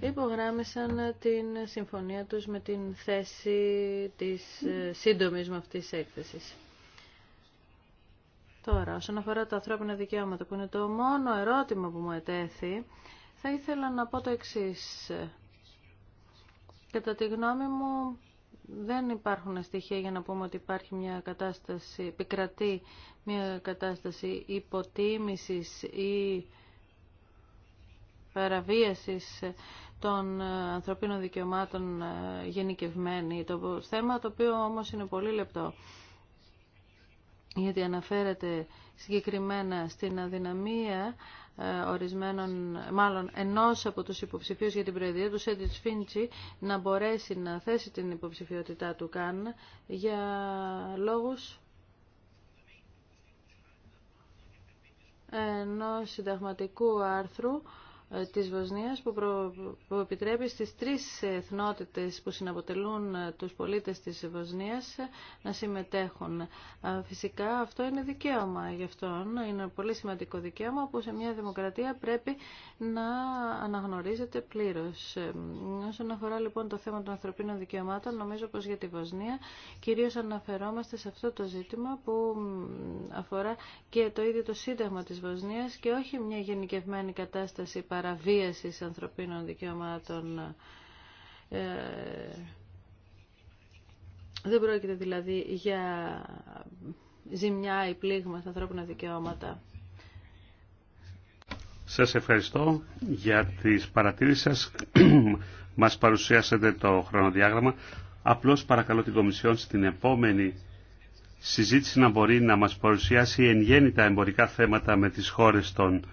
[SPEAKER 3] υπογράμμισαν την συμφωνία τους με την θέση της σύντομης με αυτής έκθεσης. Τώρα, όσον αφορά τα ανθρώπινα δικαιώματα, που είναι το μόνο ερώτημα που μου ετέθη, θα ήθελα να πω το εξή. Κατά τη γνώμη μου, δεν υπάρχουν στοιχεία για να πούμε ότι υπάρχει μια κατάσταση, επικρατεί μια κατάσταση υποτίμησης ή παραβίασης των ανθρωπίνων δικαιωμάτων ε, γενικευμένη. Το θέμα το οποίο όμως είναι πολύ λεπτό γιατί αναφέρεται συγκεκριμένα στην αδυναμία ε, ορισμένων, μάλλον ενός από τους υποψηφίους για την Προεδρία του Σέντιτ Φίντσι να μπορέσει να θέσει την υποψηφιότητά του καν για λόγους ενός συνταγματικού άρθρου της Βοσνίας που, που επιτρέπει στις τρεις εθνότητες που συναποτελούν τους πολίτες της Βοσνίας να συμμετέχουν. Φυσικά αυτό είναι δικαίωμα γι' αυτόν, είναι πολύ σημαντικό δικαίωμα που σε μια δημοκρατία πρέπει να αναγνωρίζεται πλήρως. Ε, όσον αφορά λοιπόν το θέμα των ανθρωπίνων δικαιωμάτων, νομίζω πως για τη Βοσνία κυρίως αναφερόμαστε σε αυτό το ζήτημα που αφορά και το ίδιο το Σύνταγμα της Βοσνίας και όχι μια γενικευμένη κατάσταση παραβίασης ανθρωπίνων δικαιωμάτων. Ε, δεν πρόκειται δηλαδή για ζημιά ή πλήγμα στα ανθρώπινα δικαιώματα.
[SPEAKER 1] Σας ευχαριστώ για τις παρατήρησεις σας. Μας παρουσιάσατε το χρονοδιάγραμμα. Απλώς παρακαλώ την Κομισιόν στην επόμενη συζήτηση να μπορεί να μας παρουσιάσει εν τα εμπορικά θέματα με τις χώρες των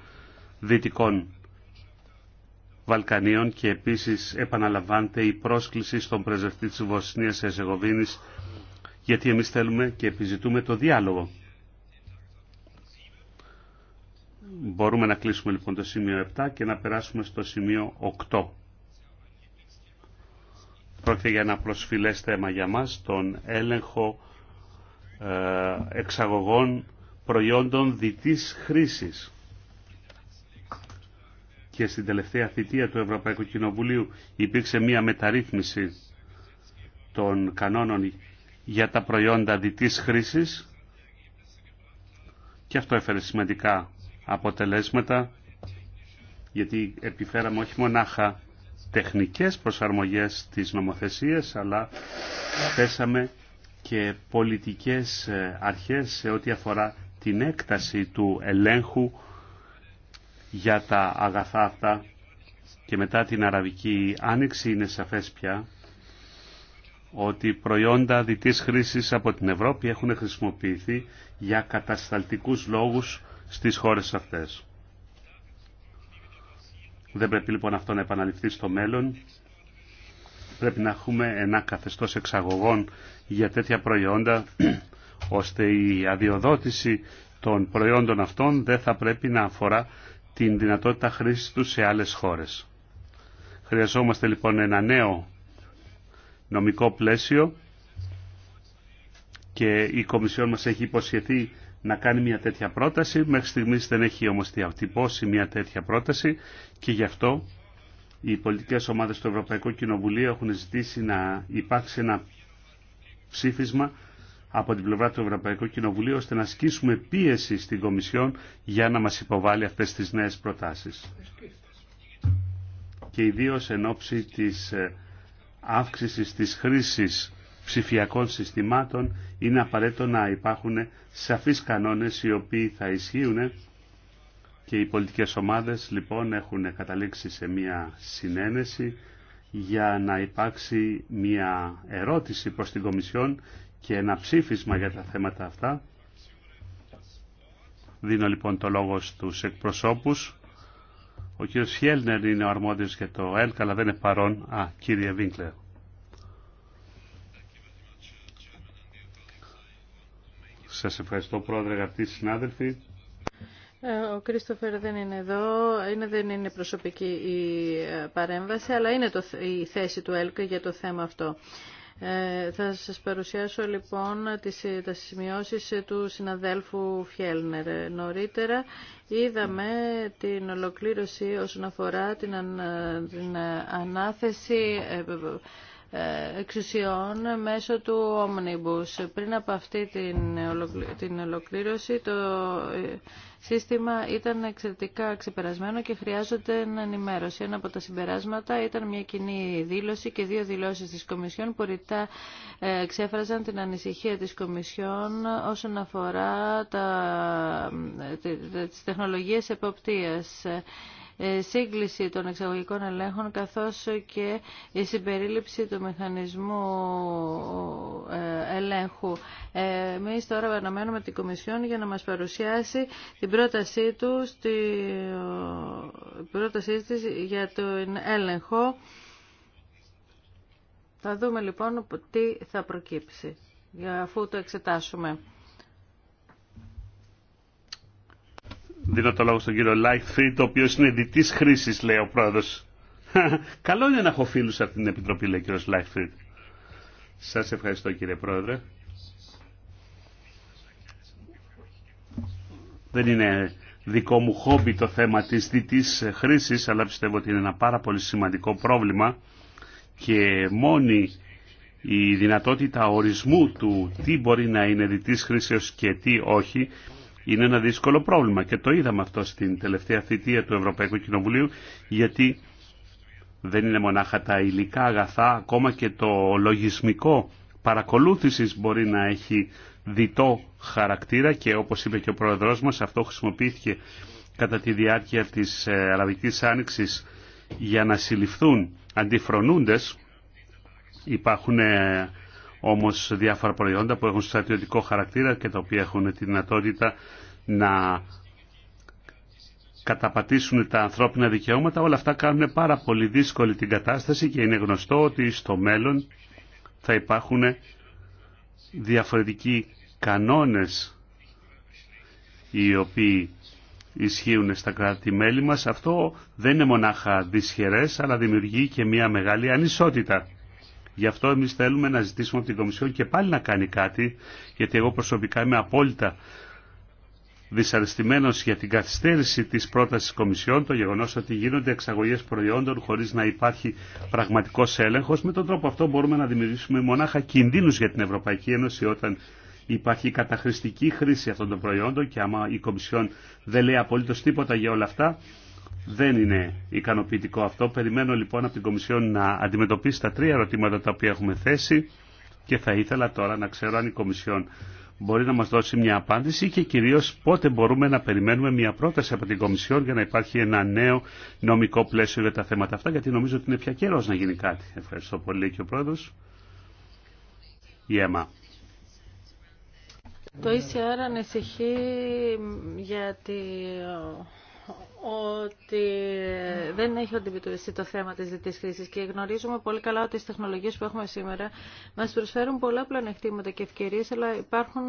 [SPEAKER 1] Δυτικών Βαλκανίων και επίσης επαναλαμβάνεται η πρόσκληση στον πρεσβευτή της Βοσνίας Εζεγοβίνης γιατί εμείς θέλουμε και επιζητούμε το διάλογο. Μπορούμε να κλείσουμε λοιπόν το σημείο 7 και να περάσουμε στο σημείο 8. Πρόκειται για ένα προσφυλές θέμα για μας, τον έλεγχο ε, εξαγωγών προϊόντων διτής χρήσης και στην τελευταία θητεία του Ευρωπαϊκού Κοινοβουλίου υπήρξε μια μεταρρύθμιση των κανόνων για τα προϊόντα διτής χρήσης και αυτό έφερε σημαντικά αποτελέσματα γιατί επιφέραμε όχι μονάχα τεχνικές προσαρμογές της νομοθεσίας αλλά θέσαμε και πολιτικές ε, αρχές σε ό,τι αφορά την έκταση του ελέγχου για τα αγαθά αυτά και μετά την Αραβική Άνοιξη είναι σαφές πια ότι προϊόντα διτής χρήσης από την Ευρώπη έχουν χρησιμοποιηθεί για κατασταλτικούς λόγους στις χώρες αυτές. Δεν πρέπει λοιπόν αυτό να επαναληφθεί στο μέλλον. Πρέπει να έχουμε ένα καθεστώς εξαγωγών για τέτοια προϊόντα, ώστε η αδειοδότηση των προϊόντων αυτών δεν θα πρέπει να αφορά την δυνατότητα χρήσης του σε άλλες χώρες. Χρειαζόμαστε λοιπόν ένα νέο νομικό πλαίσιο και η Κομισιόν μας έχει υποσχεθεί να κάνει μια τέτοια πρόταση. Μέχρι στιγμής δεν έχει όμως διατυπώσει μια τέτοια πρόταση και γι' αυτό οι πολιτικές ομάδες του Ευρωπαϊκού Κοινοβουλίου έχουν ζητήσει να υπάρξει ένα ψήφισμα από την πλευρά του Ευρωπαϊκού Κοινοβουλίου ώστε να ασκήσουμε πίεση στην Κομισιόν για να μας υποβάλει αυτές τις νέες προτάσεις. Και ιδίως εν ώψη της ε, αύξησης της χρήσης ψηφιακών συστημάτων είναι απαραίτητο να υπάρχουν σαφείς κανόνες οι οποίοι θα ισχύουν και οι πολιτικές ομάδες λοιπόν έχουν καταλήξει σε μια συνένεση για να υπάρξει μια ερώτηση προς την Κομισιόν και ένα ψήφισμα για τα θέματα αυτά. Δίνω λοιπόν το λόγο στους εκπροσώπους. Ο κύριος Χιέλνερ είναι ο αρμόδιος για το ΕΛΚ, αλλά δεν είναι παρόν. Α, κύριε Βίνκλερ. Σας ευχαριστώ πρόεδρε αγαπητοί συνάδελφοι.
[SPEAKER 3] Ε, ο Κρίστοφερ δεν είναι εδώ, είναι, δεν είναι προσωπική η ε, παρέμβαση, αλλά είναι το, η θέση του ΕΛΚ για το θέμα αυτό. Ε, θα σας παρουσιάσω λοιπόν τις, τα σημειώσεις του συναδέλφου Φιέλνερ. Νωρίτερα είδαμε την ολοκλήρωση όσον αφορά την, ανάθεση ε, εξουσιών μέσω του Omnibus. Πριν από αυτή την ολοκλήρωση το ε, σύστημα ήταν εξαιρετικά ξεπερασμένο και χρειάζονται ενημέρωση. Ένα από τα συμπεράσματα ήταν μια κοινή δήλωση και δύο δηλώσεις της Κομισιόν που ρητά ε, εξέφραζαν την ανησυχία της Κομισιόν όσον αφορά τα, ε, τις τεχνολογίες εποπτείας. Ε, σύγκληση των εξαγωγικών ελέγχων καθώς και η συμπερίληψη του μηχανισμού ε, ελέγχου. Εμεί τώρα αναμένουμε την Κομισιόν για να μας παρουσιάσει την πρότασή του στη πρότασή της για τον έλεγχο. Θα δούμε λοιπόν τι θα προκύψει αφού το εξετάσουμε.
[SPEAKER 1] Δίνω το λόγο στον κύριο Λάιφρυντ, ο οποίο είναι διτή χρήση, λέει ο πρόεδρο. Καλό είναι να έχω φίλου από την Επιτροπή, λέει ο κύριο Λάιφρυντ. Σα ευχαριστώ κύριε πρόεδρε. Δεν είναι δικό μου χόμπι το θέμα της διτής χρήσης, αλλά πιστεύω ότι είναι ένα πάρα πολύ σημαντικό πρόβλημα και μόνη η δυνατότητα ορισμού του τι μπορεί να είναι διτής χρήσης και τι όχι είναι ένα δύσκολο πρόβλημα και το είδαμε αυτό στην τελευταία θητεία του Ευρωπαϊκού Κοινοβουλίου γιατί δεν είναι μονάχα τα υλικά αγαθά, ακόμα και το λογισμικό παρακολούθησης μπορεί να έχει διτό χαρακτήρα και όπως είπε και ο Πρόεδρός μας αυτό χρησιμοποιήθηκε κατά τη διάρκεια της ε, Αραβικής Άνοιξης για να συλληφθούν αντιφρονούντες υπάρχουν ε, όμως διάφορα προϊόντα που έχουν στρατιωτικό χαρακτήρα και τα οποία έχουν τη δυνατότητα να καταπατήσουν τα ανθρώπινα δικαιώματα, όλα αυτά κάνουν πάρα πολύ δύσκολη την κατάσταση και είναι γνωστό ότι στο μέλλον θα υπάρχουν διαφορετικοί κανόνες οι οποίοι ισχύουν στα κράτη-μέλη μας. Αυτό δεν είναι μονάχα δυσχερές, αλλά δημιουργεί και μια μεγάλη ανισότητα. Γι' αυτό εμεί θέλουμε να ζητήσουμε από την Κομισιόν και πάλι να κάνει κάτι, γιατί εγώ προσωπικά είμαι απόλυτα δυσαρεστημένο για την καθυστέρηση τη πρόταση Κομισιόν, το γεγονό ότι γίνονται εξαγωγέ προϊόντων χωρί να υπάρχει πραγματικό έλεγχο. Με τον τρόπο αυτό μπορούμε να δημιουργήσουμε μονάχα κινδύνου για την Ευρωπαϊκή Ένωση όταν υπάρχει καταχρηστική χρήση αυτών των προϊόντων και άμα η Κομισιόν δεν λέει απολύτω τίποτα για όλα αυτά, δεν είναι ικανοποιητικό αυτό. Περιμένω λοιπόν από την Κομισιόν να αντιμετωπίσει τα τρία ερωτήματα τα οποία έχουμε θέσει και θα ήθελα τώρα να ξέρω αν η Κομισιόν μπορεί να μας δώσει μια απάντηση και κυρίως πότε μπορούμε να περιμένουμε μια πρόταση από την Κομισιόν για να υπάρχει ένα νέο νομικό πλαίσιο για τα θέματα αυτά γιατί νομίζω ότι είναι πια καιρό να γίνει κάτι. Ευχαριστώ πολύ και ο Πρόεδρος. Η Έμα. Το
[SPEAKER 3] ECR ανησυχεί γιατί ότι δεν έχει αντιμετωπιστεί το θέμα της διετής χρήσης και γνωρίζουμε πολύ καλά ότι οι τεχνολογίες που έχουμε σήμερα μας προσφέρουν πολλά πλανεκτήματα και ευκαιρίες, αλλά υπάρχουν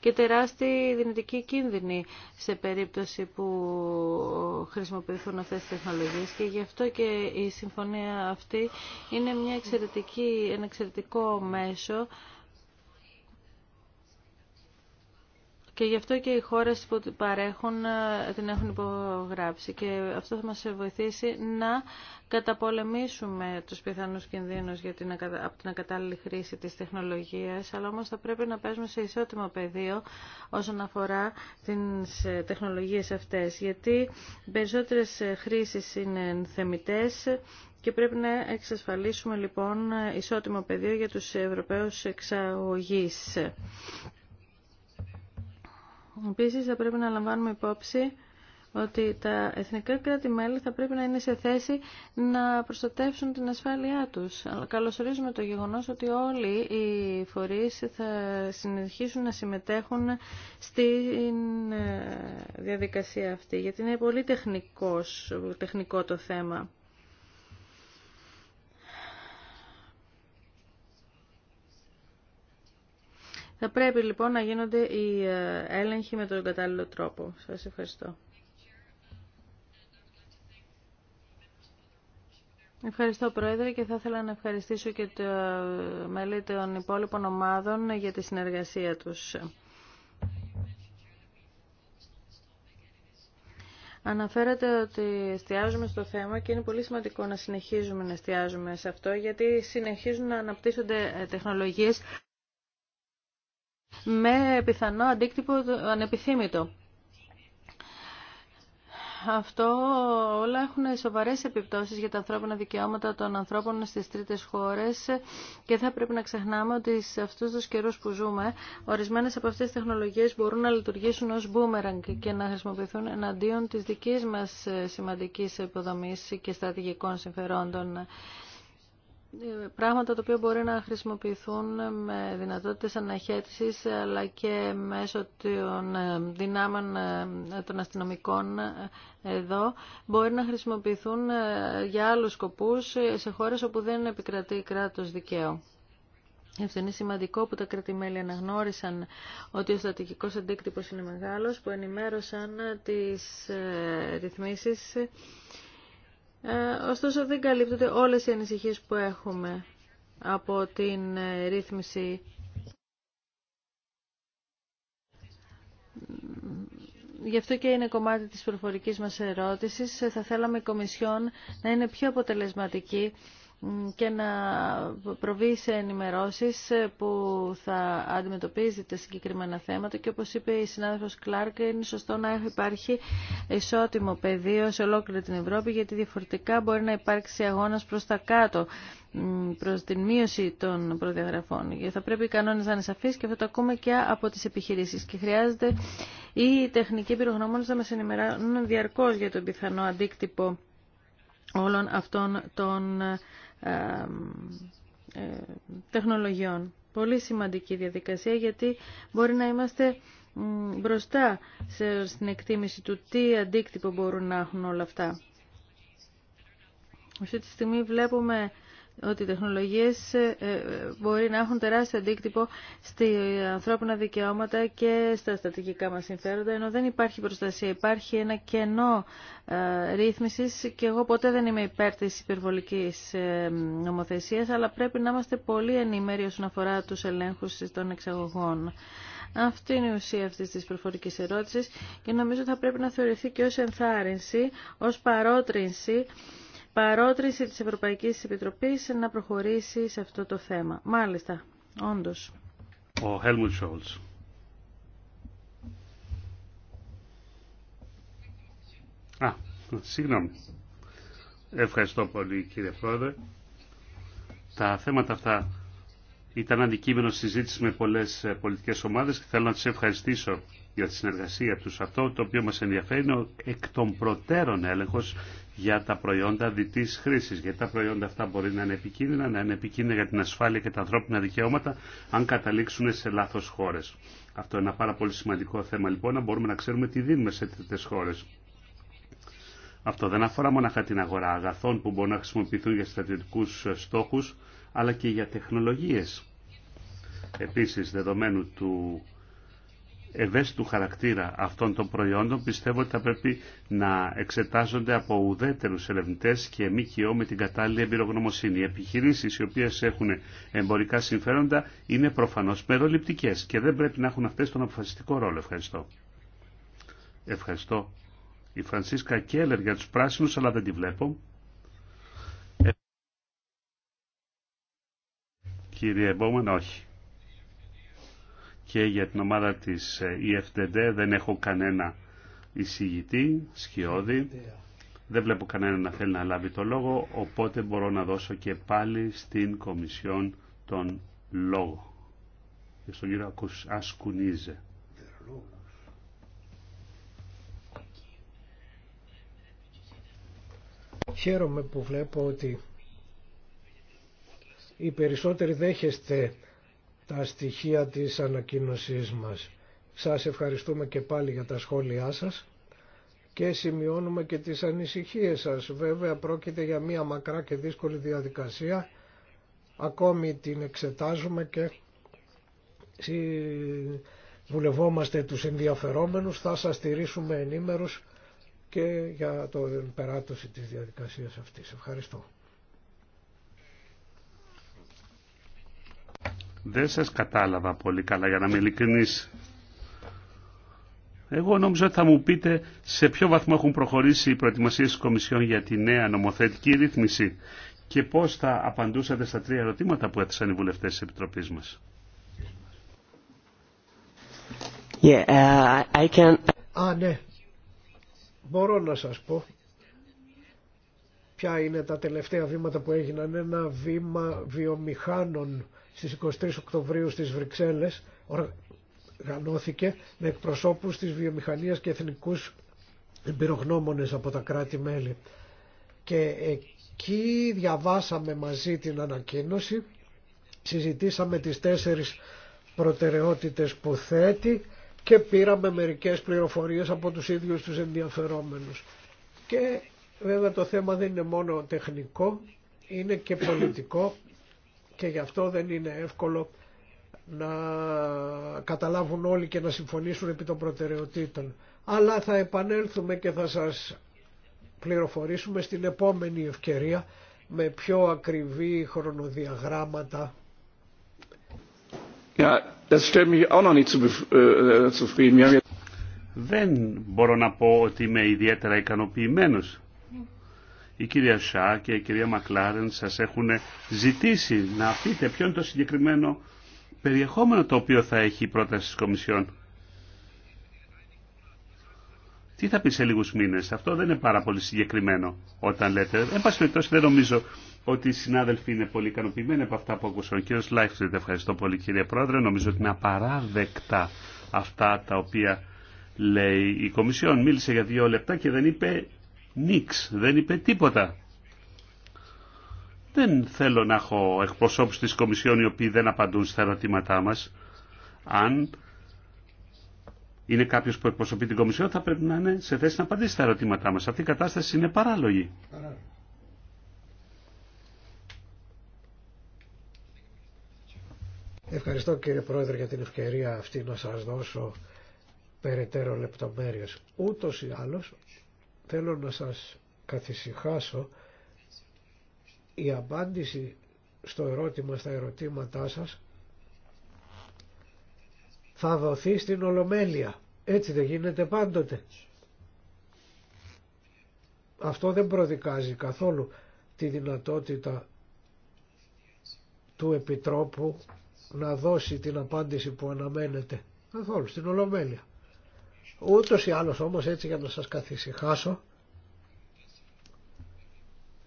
[SPEAKER 3] και τεράστιοι δυνητικοί κίνδυνοι σε περίπτωση που χρησιμοποιηθούν αυτές τις τεχνολογίες και γι' αυτό και η συμφωνία αυτή είναι μια ένα εξαιρετικό μέσο Και γι' αυτό και οι χώρες που παρέχουν ε, την έχουν υπογράψει. Και αυτό θα μας βοηθήσει να καταπολεμήσουμε τους πιθανούς κινδύνους από την ακατάλληλη χρήση της τεχνολογίας, αλλά όμως θα πρέπει να παίζουμε σε ισότιμο πεδίο όσον αφορά τις ε, τεχνολογίες αυτές, γιατί περισσότερε ε, χρήσει είναι θεμητέ και πρέπει να εξασφαλίσουμε λοιπόν ισότιμο πεδίο για τους Ευρωπαίους εξαγωγείς. Επίσης θα πρέπει να λαμβάνουμε υπόψη ότι τα εθνικά κράτη-μέλη θα πρέπει να είναι σε θέση να προστατεύσουν την ασφάλειά τους. Καλωσορίζουμε το γεγονός ότι όλοι οι φορείς θα συνεχίσουν να συμμετέχουν στη ε, διαδικασία αυτή, γιατί είναι πολύ τεχνικός, τεχνικό το θέμα. Θα πρέπει λοιπόν να γίνονται οι ε, έλεγχοι με τον κατάλληλο τρόπο. Σας ευχαριστώ. Ευχαριστώ Πρόεδρε και θα ήθελα να ευχαριστήσω και το μέλη των υπόλοιπων ομάδων για τη συνεργασία τους. Αναφέρατε ότι εστιάζουμε στο θέμα και είναι πολύ σημαντικό να συνεχίζουμε να εστιάζουμε σε αυτό γιατί συνεχίζουν να αναπτύσσονται τεχνολογίες με πιθανό αντίκτυπο ανεπιθύμητο. Αυτό όλα έχουν σοβαρές επιπτώσεις για τα ανθρώπινα δικαιώματα των ανθρώπων στις τρίτες χώρες και θα πρέπει να ξεχνάμε ότι σε αυτούς τους καιρούς που ζούμε, ορισμένες από αυτές τις τεχνολογίες μπορούν να λειτουργήσουν ως boomerang και να χρησιμοποιηθούν εναντίον της δικής μας σημαντικής υποδομής και στρατηγικών συμφερόντων. Ε, πράγματα τα οποία μπορεί να χρησιμοποιηθούν με δυνατότητες αναχέτησης αλλά και μέσω των ε, δυνάμων ε, των αστυνομικών εδώ μπορεί να χρησιμοποιηθούν για άλλους σκοπούς σε χώρες όπου δεν επικρατεί κράτος δικαίου. Αυτό είναι σημαντικό που τα κρατημέλη αναγνώρισαν ότι ο στρατηγικός αντίκτυπος είναι μεγάλος, που ενημέρωσαν τις ρυθμίσεις ε, ωστόσο δεν καλύπτονται όλες οι ανησυχίες που έχουμε από την ε, ρύθμιση Γι' αυτό και είναι κομμάτι της προφορικής μας ερώτησης. Θα θέλαμε η Κομισιόν να είναι πιο αποτελεσματική και να προβεί σε ενημερώσεις ε, που θα αντιμετωπίζει τα συγκεκριμένα θέματα και όπως είπε η συνάδελφος Κλάρκ είναι σωστό να υπάρχει ισότιμο πεδίο σε ολόκληρη την Ευρώπη γιατί διαφορετικά μπορεί να υπάρξει αγώνας προς τα κάτω προς την μείωση των προδιαγραφών. Γιατί θα πρέπει οι κανόνες να είναι σαφείς και αυτό το ακούμε και από τις επιχειρήσεις και χρειάζεται η τεχνική πυρογνώμονε να μας ενημερώνουν διαρκώς για τον πιθανό αντίκτυπο όλων αυτών των ε, ε, τεχνολογιών. Πολύ σημαντική διαδικασία γιατί μπορεί να είμαστε μπροστά στην εκτίμηση του τι αντίκτυπο μπορούν να έχουν όλα αυτά. Αυτή τη στιγμή βλέπουμε ότι οι τεχνολογίες ε, ε, μπορεί να έχουν τεράστιο αντίκτυπο στα ανθρώπινα δικαιώματα και στα στατικικά μας συμφέροντα, ενώ δεν υπάρχει προστασία, υπάρχει ένα κενό ε, ρύθμισης και εγώ ποτέ δεν είμαι υπέρ της υπερβολικής νομοθεσίας, αλλά πρέπει να είμαστε πολύ ενημέροι όσον αφορά τους ελέγχους των εξαγωγών. Αυτή είναι η ουσία αυτή τη προφορική ερώτηση και νομίζω θα πρέπει να θεωρηθεί και ω ενθάρρυνση, ω παρότρινση παρότριση της Ευρωπαϊκής Επιτροπής να προχωρήσει σε αυτό το θέμα. Μάλιστα, όντως.
[SPEAKER 1] Ο Χέλμουντ Scholz. Α, συγγνώμη. Ευχαριστώ πολύ κύριε Πρόεδρε. Τα θέματα αυτά ήταν αντικείμενο συζήτηση με πολλές ε, πολιτικές ομάδες και θέλω να τις ευχαριστήσω για τη συνεργασία τους. Αυτό το οποίο μας ενδιαφέρει είναι ο εκ των προτέρων έλεγχος για τα προϊόντα διτή χρήση. Γιατί τα προϊόντα αυτά μπορεί να είναι επικίνδυνα, να είναι επικίνδυνα για την ασφάλεια και τα ανθρώπινα δικαιώματα, αν καταλήξουν σε λάθο χώρε. Αυτό είναι ένα πάρα πολύ σημαντικό θέμα λοιπόν, να μπορούμε να ξέρουμε τι δίνουμε σε τέτοιε χώρε. Αυτό δεν αφορά μόνο την αγορά αγαθών που μπορούν να χρησιμοποιηθούν για στρατιωτικού στόχου, αλλά και για τεχνολογίε. Επίση, δεδομένου του ευαίσθητου χαρακτήρα αυτών των προϊόντων πιστεύω ότι θα πρέπει να εξετάζονται από ουδέτερους ερευνητές και ΜΚΟ με την κατάλληλη εμπειρογνωμοσύνη. Οι επιχειρήσεις οι οποίες έχουν εμπορικά συμφέροντα είναι προφανώς μεροληπτικές και δεν πρέπει να έχουν αυτές τον αποφασιστικό ρόλο. Ευχαριστώ. Ευχαριστώ. Η Φρανσίσκα Κέλλερ για τους πράσινους αλλά δεν τη βλέπω. Ε, κύριε Μπόμαν, όχι και για την ομάδα της ε, EFTD δεν έχω κανένα εισηγητή, σκιώδη. Δεν βλέπω κανέναν να θέλει να λάβει το λόγο, οπότε μπορώ να δώσω και πάλι στην Κομισιόν τον λόγο. Και στον κύριο Ασκουνίζε.
[SPEAKER 2] Χαίρομαι που βλέπω ότι οι περισσότεροι δέχεστε τα στοιχεία της ανακοίνωσής μας. Σας ευχαριστούμε και πάλι για τα σχόλιά σας και σημειώνουμε και τις ανησυχίες σας. Βέβαια πρόκειται για μια μακρά και δύσκολη διαδικασία. Ακόμη την εξετάζουμε και βουλευόμαστε τους ενδιαφερόμενους. Θα σας στηρίσουμε ενήμερους και για την περάτωση της διαδικασίας αυτής. Ευχαριστώ.
[SPEAKER 1] Δεν σας κατάλαβα πολύ καλά για να με Εγώ νόμιζα ότι θα μου πείτε σε ποιο βαθμό έχουν προχωρήσει οι προετοιμασίες της Κομισιόν για τη νέα νομοθετική ρύθμιση και πώς θα απαντούσατε στα τρία ερωτήματα που έθεσαν οι βουλευτές της Επιτροπής μας.
[SPEAKER 3] Yeah,
[SPEAKER 2] uh, can... Α, ναι.
[SPEAKER 1] Μπορώ να σας πω
[SPEAKER 2] ποια είναι τα τελευταία βήματα που έγιναν. Ένα βήμα βιομηχάνων στις 23 Οκτωβρίου στις Βρυξέλλες οργανώθηκε με εκπροσώπους της βιομηχανίας και εθνικούς εμπειρογνώμονες από τα κράτη-μέλη. Και εκεί διαβάσαμε μαζί την ανακοίνωση, συζητήσαμε τις τέσσερις προτεραιότητες που θέτει και πήραμε μερικές πληροφορίες από τους ίδιους τους ενδιαφερόμενους. Και βέβαια το θέμα δεν είναι μόνο τεχνικό, είναι και πολιτικό και γι' αυτό δεν είναι εύκολο να καταλάβουν όλοι και να συμφωνήσουν επί των προτεραιοτήτων. Αλλά θα επανέλθουμε και θα σας πληροφορήσουμε στην επόμενη ευκαιρία με πιο ακριβή χρονοδιαγράμματα.
[SPEAKER 1] Δεν μπορώ να πω ότι είμαι ιδιαίτερα ικανοποιημένος η κυρία Σά και η κυρία Μακλάρεν σας έχουν ζητήσει να πείτε ποιο είναι το συγκεκριμένο περιεχόμενο το οποίο θα έχει η πρόταση της Κομισιόν. Τι θα πει σε λίγου μήνε. αυτό δεν είναι πάρα πολύ συγκεκριμένο όταν λέτε. Εν πάση περιπτώσει δεν νομίζω ότι οι συνάδελφοι είναι πολύ ικανοποιημένοι από αυτά που ακούσαν. Ο κύριο ευχαριστώ πολύ κύριε Πρόεδρε, νομίζω ότι είναι απαράδεκτα αυτά τα οποία λέει η Κομισιόν. Μίλησε για δύο λεπτά και δεν είπε Νίξ δεν είπε τίποτα. Δεν θέλω να έχω εκπροσώπους της Κομισιόν οι οποίοι δεν απαντούν στα ερωτήματά μας. Αν είναι κάποιος που εκπροσωπεί την Κομισιόν θα πρέπει να είναι σε θέση να απαντήσει στα ερωτήματά μας. Αυτή η κατάσταση είναι παράλογη.
[SPEAKER 2] Ευχαριστώ κύριε Πρόεδρε για την ευκαιρία αυτή να σας δώσω περαιτέρω λεπτομέρειες. Ούτως ή άλλως θέλω να σας καθησυχάσω η απάντηση στο ερώτημα στα ερωτήματά σας θα δοθεί στην Ολομέλεια. Έτσι δεν γίνεται πάντοτε. Αυτό δεν προδικάζει καθόλου τη δυνατότητα του Επιτρόπου να δώσει την απάντηση που αναμένεται. Καθόλου, στην Ολομέλεια. Ούτως ή άλλως όμως έτσι για να σας καθησυχάσω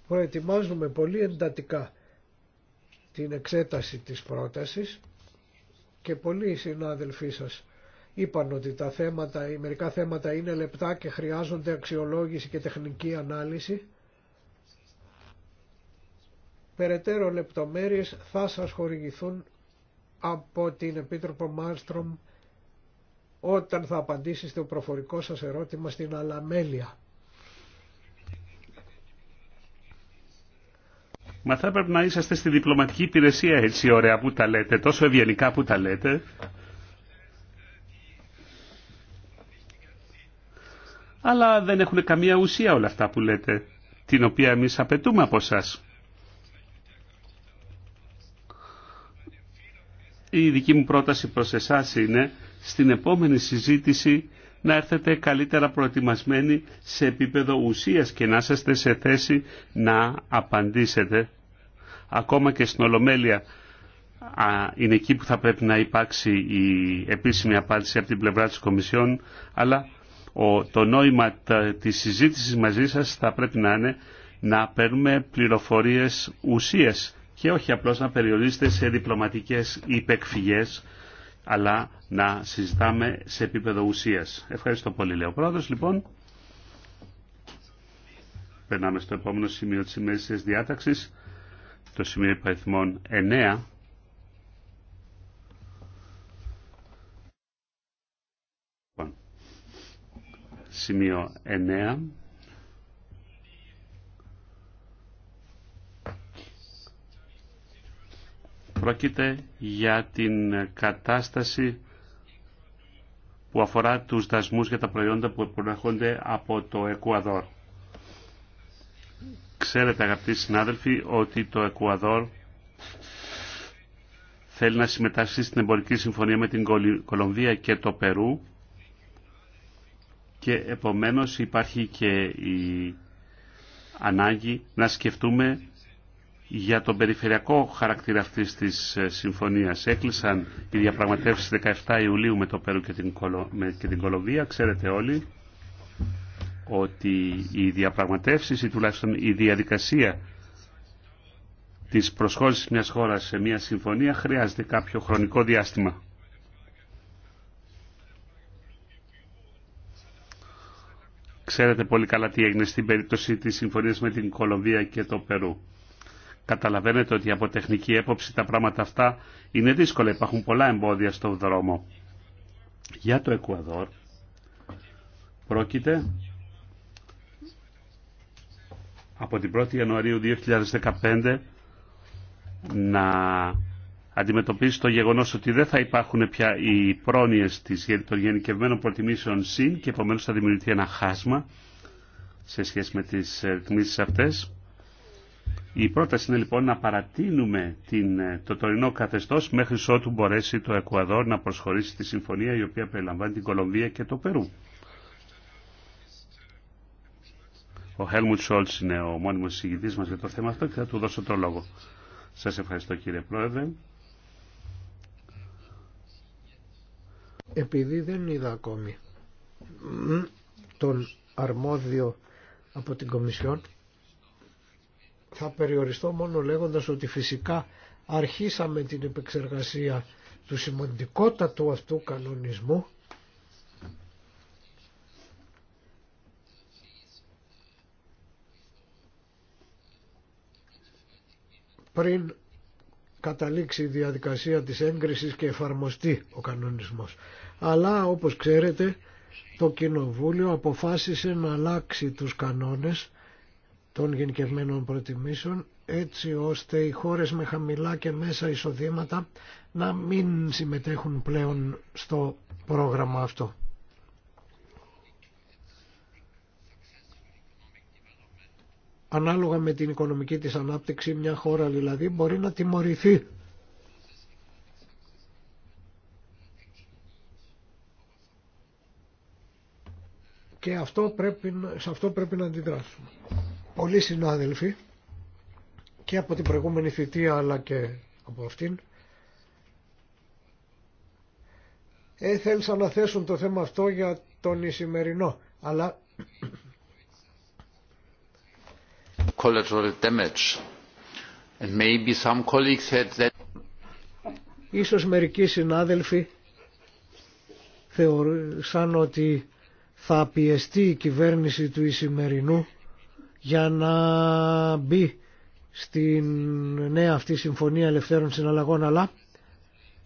[SPEAKER 2] προετοιμάζουμε πολύ εντατικά την εξέταση της πρότασης και πολλοί συνάδελφοί σας είπαν ότι τα θέματα, οι μερικά θέματα είναι λεπτά και χρειάζονται αξιολόγηση και τεχνική ανάλυση. Περαιτέρω λεπτομέρειες θα σας χορηγηθούν από την Επίτροπο Μάλστρομ όταν θα απαντήσετε... το προφορικό σας ερώτημα στην Αλαμέλεια.
[SPEAKER 1] Μα θα έπρεπε να είσαστε στη διπλωματική υπηρεσία έτσι ωραία που τα λέτε, τόσο ευγενικά που τα λέτε. Αλλά δεν έχουν καμία ουσία όλα αυτά που λέτε, την οποία εμείς απαιτούμε από σας. Η δική μου πρόταση προς εσάς είναι στην επόμενη συζήτηση να έρθετε καλύτερα προετοιμασμένοι σε επίπεδο ουσίας και να είστε σε θέση να απαντήσετε. Ακόμα και στην Ολομέλεια είναι εκεί που θα πρέπει να υπάρξει η επίσημη απάντηση από την πλευρά της Κομισιόν, αλλά το νόημα της συζήτησης μαζί σας θα πρέπει να είναι να παίρνουμε πληροφορίες ουσίας και όχι απλώς να περιορίσετε σε διπλωματικές υπεκφυγές αλλά να συζητάμε σε επίπεδο ουσίας. Ευχαριστώ πολύ, λέει Λοιπόν, περνάμε στο επόμενο σημείο της ημέρησης διάταξης, το σημείο υπαριθμών 9. Λοιπόν, σημείο 9. Πρόκειται για την κατάσταση που αφορά τους δασμούς για τα προϊόντα που προέρχονται από το Εκουαδόρ. Ξέρετε αγαπητοί συνάδελφοι ότι το Εκουαδόρ θέλει να συμμετάσχει στην εμπορική συμφωνία με την Κολομβία και το Περού και επομένως υπάρχει και η ανάγκη να σκεφτούμε για τον περιφερειακό χαρακτήρα αυτή της ε, συμφωνίας. Έκλεισαν οι διαπραγματεύσει 17 Ιουλίου με το Περού και την, Κολο... την Κολομβία. Ξέρετε όλοι ότι οι διαπραγματεύσει, η διαδικασία της προσχώρηση μια χώρας σε μια συμφωνία χρειάζεται κάποιο χρονικό διάστημα. Ξέρετε πολύ καλά τι έγινε στην περίπτωση της συμφωνίας με την Κολομβία και το Περού Καταλαβαίνετε ότι από τεχνική έποψη τα πράγματα αυτά είναι δύσκολα. Υπάρχουν πολλά εμπόδια στο δρόμο. Για το Εκουαδόρ πρόκειται από την 1η Ιανουαρίου 2015 να αντιμετωπίσει το γεγονός ότι δεν θα υπάρχουν πια οι πρόνοιες των γενικευμένων προτιμήσεων συν και επομένως θα δημιουργηθεί ένα χάσμα σε σχέση με τις ρυθμίσεις αυτές. Η πρόταση είναι λοιπόν να παρατείνουμε ε, το τωρινό καθεστώς μέχρι ότου μπορέσει το Εκουαδόρ να προσχωρήσει τη συμφωνία η οποία περιλαμβάνει την Κολομβία και το Περού. Ο Χέλμουντ Σόλτ είναι ο μόνιμο συγγητή μα για το θέμα αυτό και θα του δώσω το λόγο. Σα ευχαριστώ κύριε Πρόεδρε.
[SPEAKER 2] Επειδή δεν είδα ακόμη τον αρμόδιο από την Κομισιόν, θα περιοριστώ μόνο λέγοντας ότι φυσικά αρχίσαμε την επεξεργασία του σημαντικότατου αυτού κανονισμού πριν καταλήξει η διαδικασία της έγκρισης και εφαρμοστεί ο κανονισμός. Αλλά όπως ξέρετε το Κοινοβούλιο αποφάσισε να αλλάξει τους κανόνες των γενικευμένων προτιμήσεων έτσι ώστε οι χώρες με χαμηλά και μέσα εισοδήματα να μην συμμετέχουν πλέον στο πρόγραμμα αυτό. Ανάλογα με την οικονομική της ανάπτυξη μια χώρα δηλαδή μπορεί να τιμωρηθεί και αυτό πρέπει, σε αυτό πρέπει να αντιδράσουμε πολλοί συνάδελφοι και από την προηγούμενη θητεία αλλά και από αυτήν έθελσαν να θέσουν το θέμα αυτό για τον Ισημερινό αλλά Ίσως μερικοί συνάδελφοι θεωρούσαν ότι θα πιεστεί η κυβέρνηση του Ισημερινού για να μπει στην νέα αυτή συμφωνία ελευθέρων συναλλαγών αλλά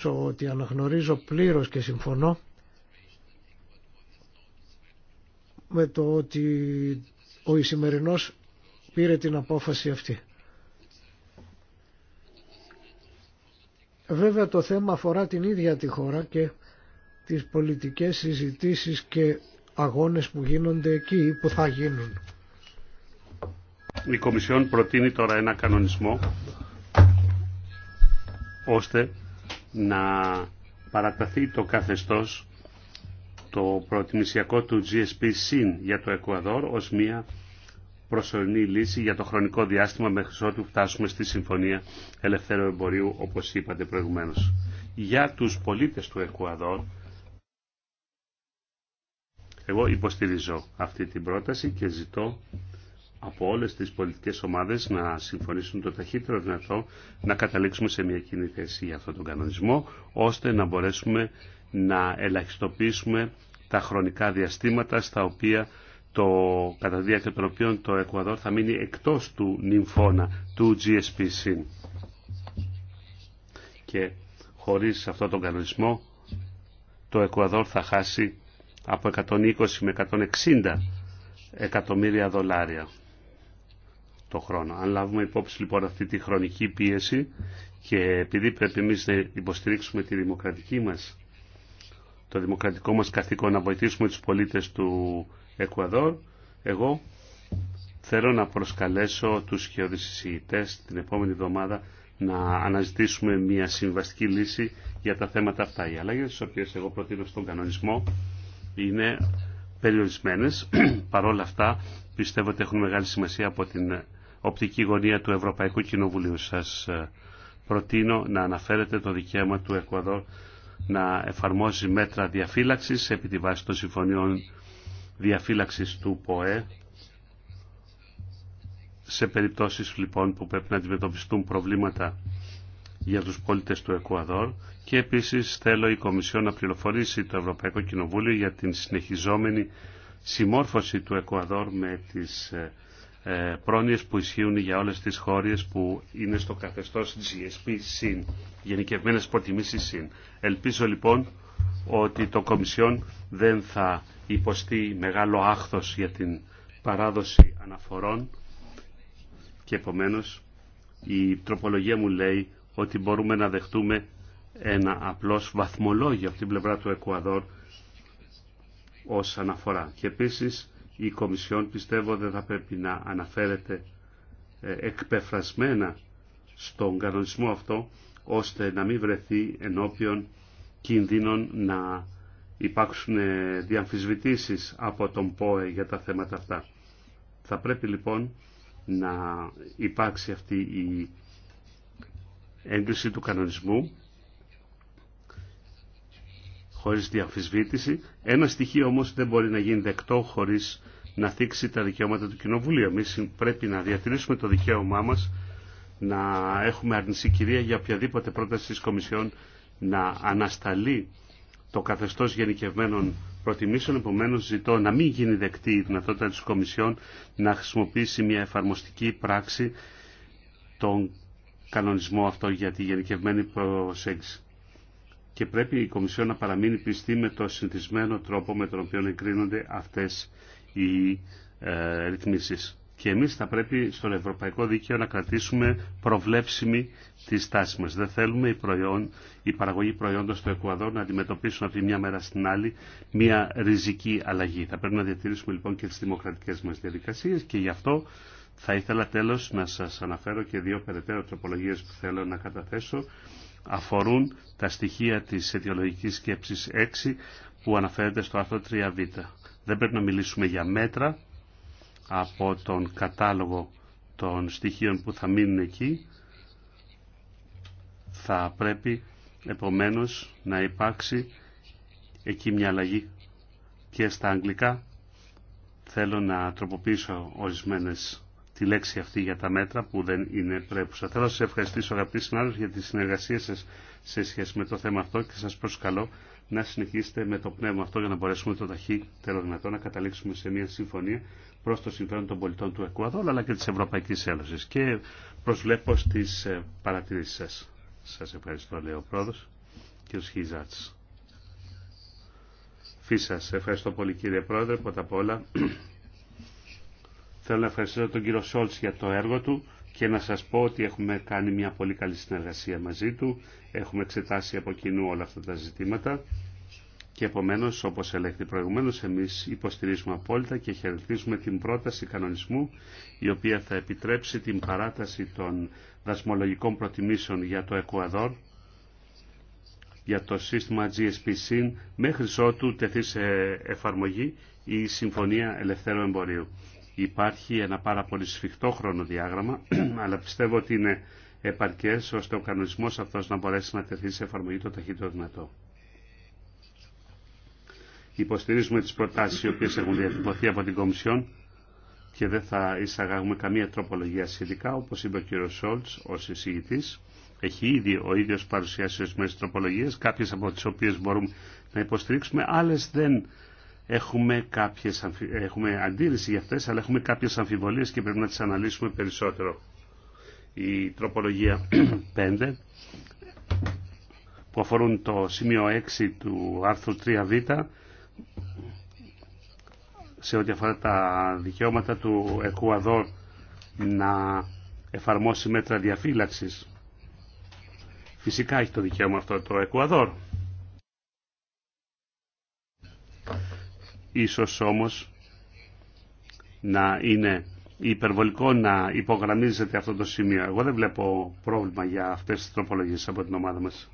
[SPEAKER 2] ότι αναγνωρίζω πλήρως και συμφωνώ με το ότι ο Ισημερινός πήρε την απόφαση αυτή. Βέβαια το θέμα αφορά την ίδια τη χώρα και τις πολιτικές συζητήσεις και αγώνες που γίνονται εκεί ή που θα γίνουν
[SPEAKER 1] η Κομισιόν προτείνει τώρα ένα κανονισμό ώστε να παραταθεί το καθεστώς το προτιμησιακό του GSP συν για το Εκουαδόρ ως μια προσωρινή λύση για το χρονικό διάστημα μέχρι ότου φτάσουμε στη Συμφωνία Ελευθέρω Εμπορίου όπως είπατε προηγουμένως. Για τους πολίτες του Εκουαδόρ εγώ υποστηρίζω αυτή την πρόταση και ζητώ από όλες τις πολιτικές ομάδες να συμφωνήσουν το ταχύτερο δυνατό να καταλήξουμε σε μια κοινή θέση για αυτόν τον κανονισμό, ώστε να μπορέσουμε να ελαχιστοποιήσουμε τα χρονικά διαστήματα στα οποία το, κατά διάρκεια των οποίων το Εκουαδόρ θα μείνει εκτός του νυμφώνα του GSPC. Και χωρίς αυτό τον κανονισμό το Εκουαδόρ θα χάσει από 120 με 160 εκατομμύρια δολάρια το χρόνο. Αν λάβουμε υπόψη λοιπόν αυτή τη χρονική πίεση και επειδή πρέπει εμείς να υποστηρίξουμε τη δημοκρατική μας, το δημοκρατικό μας καθήκον να βοηθήσουμε τους πολίτες του Εκουαδόρ, εγώ θέλω να προσκαλέσω τους σχεδοσυσιητές την επόμενη εβδομάδα να αναζητήσουμε μια συμβαστική λύση για τα θέματα αυτά. Οι αλλαγές τις οποίες εγώ προτείνω στον κανονισμό είναι περιορισμένες. Παρ' όλα αυτά πιστεύω ότι έχουν μεγάλη σημασία από την οπτική γωνία του Ευρωπαϊκού Κοινοβουλίου. Σας ε, προτείνω να αναφέρετε το δικαίωμα του Εκουαδόρ να εφαρμόζει μέτρα διαφύλαξης επί τη βάση των συμφωνιών διαφύλαξης του ΠΟΕ σε περιπτώσεις λοιπόν που πρέπει να αντιμετωπιστούν προβλήματα για τους πολίτες του Εκουαδόρ και επίσης θέλω η Κομισιόν να πληροφορήσει το Ευρωπαϊκό Κοινοβούλιο για την συνεχιζόμενη συμμόρφωση του Εκουαδόρ με τις ε, ε, πρόνοιες που ισχύουν για όλες τις χώρες που είναι στο καθεστώς GSP συν, γενικευμένες προτιμήσεις συν. Ελπίζω λοιπόν ότι το Κομισιόν δεν θα υποστεί μεγάλο άχθος για την παράδοση αναφορών και επομένως η τροπολογία μου λέει ότι μπορούμε να δεχτούμε ένα απλώς βαθμολόγιο από την πλευρά του Εκουαδόρ ως αναφορά. Και επίσης η Κομισιόν πιστεύω δεν θα πρέπει να αναφέρεται ε, εκπεφρασμένα στον κανονισμό αυτό ώστε να μην βρεθεί ενώπιον κινδύνων να υπάρξουν ε, διαμφισβητήσεις από τον ΠΟΕ για τα θέματα αυτά. Θα πρέπει λοιπόν να υπάρξει αυτή η έγκριση του κανονισμού χωρίς διαφυσβήτηση. Ένα στοιχείο όμως δεν μπορεί να γίνει δεκτό χωρίς να θίξει τα δικαιώματα του Κοινοβουλίου. Εμείς πρέπει να διατηρήσουμε το δικαίωμά μας να έχουμε αρνησή κυρία για οποιαδήποτε πρόταση της Κομισιόν να ανασταλεί το καθεστώς γενικευμένων προτιμήσεων. Επομένως ζητώ να μην γίνει δεκτή η δυνατότητα της Κομισιόν να χρησιμοποιήσει μια εφαρμοστική πράξη τον κανονισμό αυτό για τη γενικευμένη προσέγγιση και πρέπει η Κομισιόν να παραμείνει πιστή με το συνηθισμένο τρόπο με τον οποίο εγκρίνονται αυτές οι ε, ρυθμίσεις. Και εμείς θα πρέπει στον ευρωπαϊκό δίκαιο να κρατήσουμε προβλέψιμη τη στάση μας. Δεν θέλουμε η, προϊόν, παραγωγή προϊόντος στο Εκουαδόρ να αντιμετωπίσουν από τη μια μέρα στην άλλη μια ριζική αλλαγή. Θα πρέπει να διατηρήσουμε λοιπόν και τις δημοκρατικές μας διαδικασίες και γι' αυτό θα ήθελα τέλος να σας αναφέρω και δύο περαιτέρω τροπολογίε που θέλω να καταθέσω αφορούν τα στοιχεία της αιτιολογικής σκέψης 6 που αναφέρεται στο άρθρο 3β. Δεν πρέπει να μιλήσουμε για μέτρα από τον κατάλογο των στοιχείων που θα μείνουν εκεί. Θα πρέπει επομένως να υπάρξει εκεί μια αλλαγή και στα αγγλικά θέλω να τροποποιήσω ορισμένες τη λέξη αυτή για τα μέτρα που δεν είναι πρέπουσα. Θέλω να σας ευχαριστήσω αγαπητοί συνάδελφοι για τη συνεργασία σας σε σχέση με το θέμα αυτό και σας προσκαλώ να συνεχίσετε με το πνεύμα αυτό για να μπορέσουμε το ταχύτερο δυνατό να καταλήξουμε σε μια συμφωνία προς το συμφέρον των πολιτών του Εκουαδόλ αλλά και της Ευρωπαϊκής Ένωσης. Και προσβλέπω στις ε, παρατηρήσεις σας. Σας ευχαριστώ, λέει ο πρόεδρος και ο Σχίζατς. Φύσας, ευχαριστώ πολύ κύριε πρόεδρε, πρώτα απ' όλα Θέλω να ευχαριστήσω τον κύριο Σόλτς για το έργο του και να σας πω ότι έχουμε κάνει μια πολύ καλή συνεργασία μαζί του. Έχουμε εξετάσει από κοινού όλα αυτά τα ζητήματα. Και επομένω, όπω ελέγχθη προηγουμένω, εμεί υποστηρίζουμε απόλυτα και χαιρετίζουμε την πρόταση κανονισμού η οποία θα επιτρέψει την παράταση των δασμολογικών προτιμήσεων για το Εκουαδόρ για το σύστημα μέχρι ότου τεθεί σε εφαρμογή η Συμφωνία Ελευθέρω Εμπορίου. Υπάρχει ένα πάρα πολύ σφιχτό χρονοδιάγραμμα, αλλά πιστεύω ότι είναι επαρκές ώστε ο κανονισμός αυτός να μπορέσει να τεθεί σε εφαρμογή το ταχύτερο δυνατό. Υποστηρίζουμε τις προτάσεις οι οποίες έχουν διατυπωθεί από την Κομισιόν και δεν θα εισαγάγουμε καμία τροπολογία σχετικά, όπως είπε ο κ. Σόλτς ως εισηγητής. Έχει ήδη ο ίδιος παρουσιάσει ορισμένε τροπολογίες, κάποιες από τις οποίες μπορούμε να υποστηρίξουμε, άλλες δεν Έχουμε, κάποιες, έχουμε αντίρρηση για αυτές, αλλά έχουμε κάποιες αμφιβολίες και πρέπει να τις αναλύσουμε περισσότερο. Η τροπολογία 5 που αφορούν το σημείο 6 του άρθρου 3β σε ό,τι αφορά τα δικαιώματα του Εκουαδόρ να εφαρμόσει μέτρα διαφύλαξης. Φυσικά έχει το δικαίωμα αυτό το Εκουαδόρ. Ίσως όμως να είναι υπερβολικό να υπογραμμίζεται αυτό το σημείο. Εγώ δεν βλέπω πρόβλημα για αυτές τις τροπολογίες από την ομάδα μας.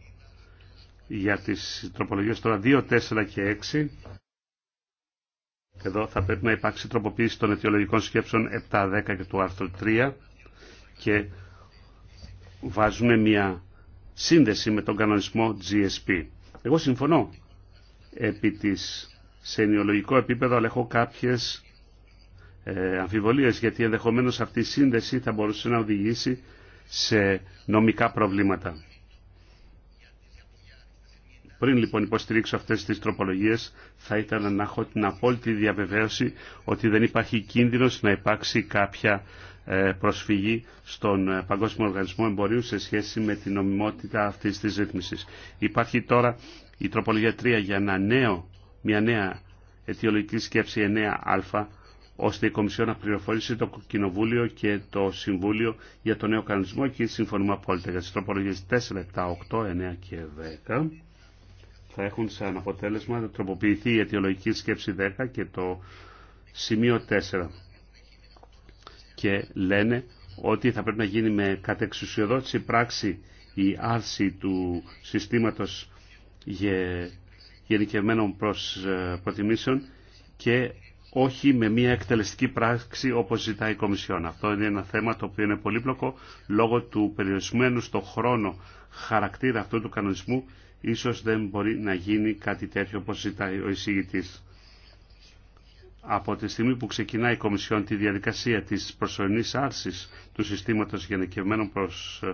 [SPEAKER 1] Για τις τροπολογίες τώρα 2, 4 και 6. Εδώ θα πρέπει να υπάρξει τροποποίηση των αιτιολογικών σκέψεων 7, 10 και του άρθρου 3 και βάζουμε μια σύνδεση με τον κανονισμό GSP. Εγώ συμφωνώ επί της σε ενοιολογικό επίπεδο, αλλά έχω κάποιε ε, αμφιβολίες, γιατί ενδεχομένως αυτή η σύνδεση θα μπορούσε να οδηγήσει σε νομικά προβλήματα. Πριν λοιπόν υποστηρίξω αυτές τις τροπολογίες, θα ήθελα να έχω την απόλυτη διαβεβαίωση ότι δεν υπάρχει κίνδυνος να υπάρξει κάποια ε, προσφυγή στον ε, Παγκόσμιο Οργανισμό Εμπορίου σε σχέση με την νομιμότητα αυτής της ρύθμισης. Υπάρχει τώρα η τροπολογία 3 για ένα νέο μια νέα αιτιολογική σκέψη 9α ώστε η Κομισιόν να πληροφορήσει το Κοινοβούλιο και το Συμβούλιο για το νέο κανονισμό και συμφωνούμε απόλυτα για τι τροπολογίε 4, 7, 8, 9 και 10 θα έχουν σαν αποτέλεσμα να τροποποιηθεί η αιτιολογική σκέψη 10 και το σημείο 4 και λένε ότι θα πρέπει να γίνει με κατεξουσιοδότηση πράξη η άρση του συστήματος γενικευμένων ε, προτιμήσεων και όχι με μια εκτελεστική πράξη όπως ζητάει η Κομισιόν. Αυτό είναι ένα θέμα το οποίο είναι πολύπλοκο λόγω του περιορισμένου στο χρόνο χαρακτήρα αυτού του κανονισμού ίσως δεν μπορεί να γίνει κάτι τέτοιο όπως ζητάει ο εισηγητής. Από τη στιγμή που ξεκινάει η Κομισιόν τη διαδικασία της προσωρινής άρσης του συστήματος γενικευμένων προς ε,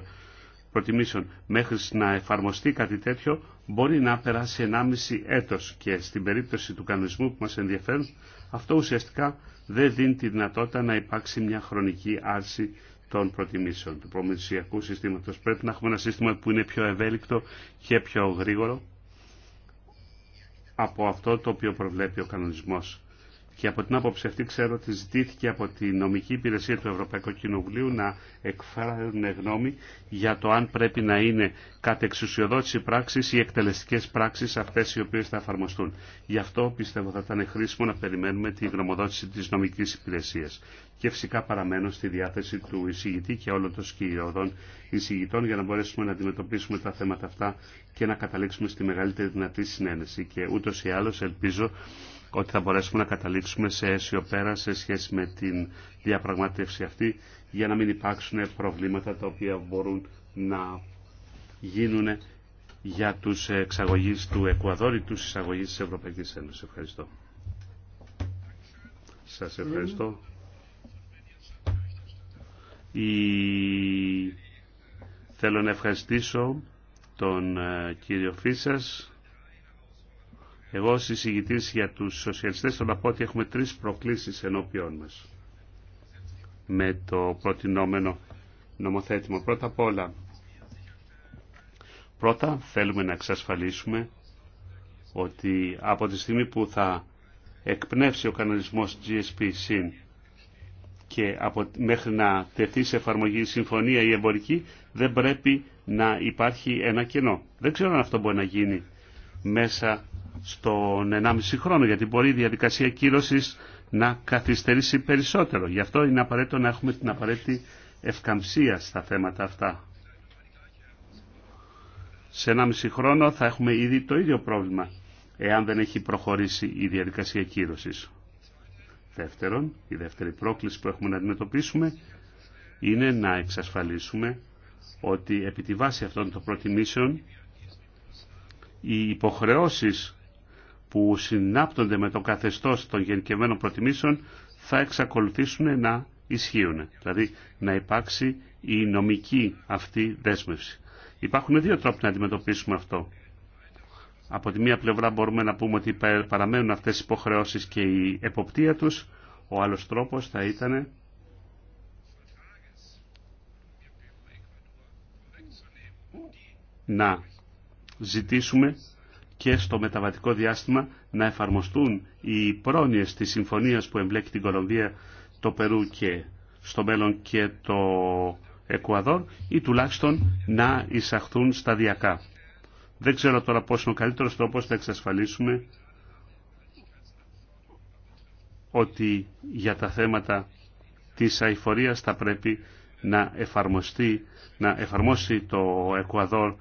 [SPEAKER 1] προτιμήσεων μέχρι να εφαρμοστεί κάτι τέτοιο μπορεί να περάσει 1,5 έτος και στην περίπτωση του κανονισμού που μας ενδιαφέρουν αυτό ουσιαστικά δεν δίνει τη δυνατότητα να υπάρξει μια χρονική άρση των προτιμήσεων του προμηθυσιακού συστήματος. Πρέπει να έχουμε ένα σύστημα που είναι πιο ευέλικτο και πιο γρήγορο από αυτό το οποίο προβλέπει ο κανονισμός. Και από την άποψη αυτή ξέρω ότι ζητήθηκε από τη νομική υπηρεσία του Ευρωπαϊκού Κοινοβουλίου να εκφράσουν γνώμη για το αν πρέπει να είναι κατ' εξουσιοδότηση ή εκτελεστικές πράξει αυτέ οι οποίε θα εφαρμοστούν. Γι' αυτό πιστεύω θα ήταν χρήσιμο να περιμένουμε τη γνωμοδότηση τη νομική υπηρεσία. Και φυσικά παραμένω στη διάθεση του εισηγητή και όλων των σκηριωδών εισηγητών για να μπορέσουμε να αντιμετωπίσουμε τα θέματα αυτά και να καταλήξουμε στη μεγαλύτερη δυνατή συνένεση. Και ούτω ή άλλω ελπίζω ότι θα μπορέσουμε να καταλήξουμε σε αίσιο πέρα σε σχέση με την διαπραγμάτευση αυτή για να μην υπάρξουν προβλήματα τα οποία μπορούν να γίνουν για τους εξαγωγείς του Εκουαδόρ ή τους εισαγωγείς της Ευρωπαϊκής Ένωσης. Ευχαριστώ. Σας ευχαριστώ. Η... Θέλω να ευχαριστήσω τον ε, κύριο Φίσας εγώ ως εισηγητής για τους σοσιαλιστές θα πω ότι έχουμε τρεις προκλήσεις ενώπιόν μας με το προτινόμενο νομοθέτημα. Πρώτα απ' όλα, πρώτα θέλουμε να εξασφαλίσουμε ότι από τη στιγμή που θα εκπνεύσει ο κανονισμός και από, μέχρι να τεθεί σε εφαρμογή η συμφωνία η εμπορική δεν πρέπει να υπάρχει ένα κενό. Δεν ξέρω αν αυτό μπορεί να γίνει μέσα στον 1,5 χρόνο, γιατί μπορεί η διαδικασία κύρωσης να καθυστερήσει περισσότερο. Γι' αυτό είναι απαραίτητο να έχουμε την απαραίτητη ευκαμψία στα θέματα αυτά. Σε 1,5 χρόνο θα έχουμε ήδη το ίδιο πρόβλημα, εάν δεν έχει προχωρήσει η διαδικασία κύρωσης. Δεύτερον, η δεύτερη πρόκληση που έχουμε να αντιμετωπίσουμε είναι να εξασφαλίσουμε ότι επί τη βάση αυτών των προτιμήσεων οι υποχρεώσεις που συνάπτονται με το καθεστώς των γενικευμένων προτιμήσεων θα εξακολουθήσουν να ισχύουν. Δηλαδή να υπάρξει η νομική αυτή δέσμευση. Υπάρχουν δύο τρόποι να αντιμετωπίσουμε αυτό. Από τη μία πλευρά μπορούμε να πούμε ότι παραμένουν αυτές οι υποχρεώσεις και η εποπτεία τους. Ο άλλος τρόπος θα ήταν να ζητήσουμε και στο μεταβατικό διάστημα να εφαρμοστούν οι πρόνοιες της συμφωνίας που εμπλέκει την Κολομβία, το Περού και στο μέλλον και το Εκουαδόρ ή τουλάχιστον να εισαχθούν σταδιακά. Δεν ξέρω τώρα πώς είναι ο καλύτερος τρόπος να εξασφαλίσουμε ότι για τα θέματα της αηφορίας θα πρέπει να εφαρμοστεί, να εφαρμόσει το Εκουαδόρ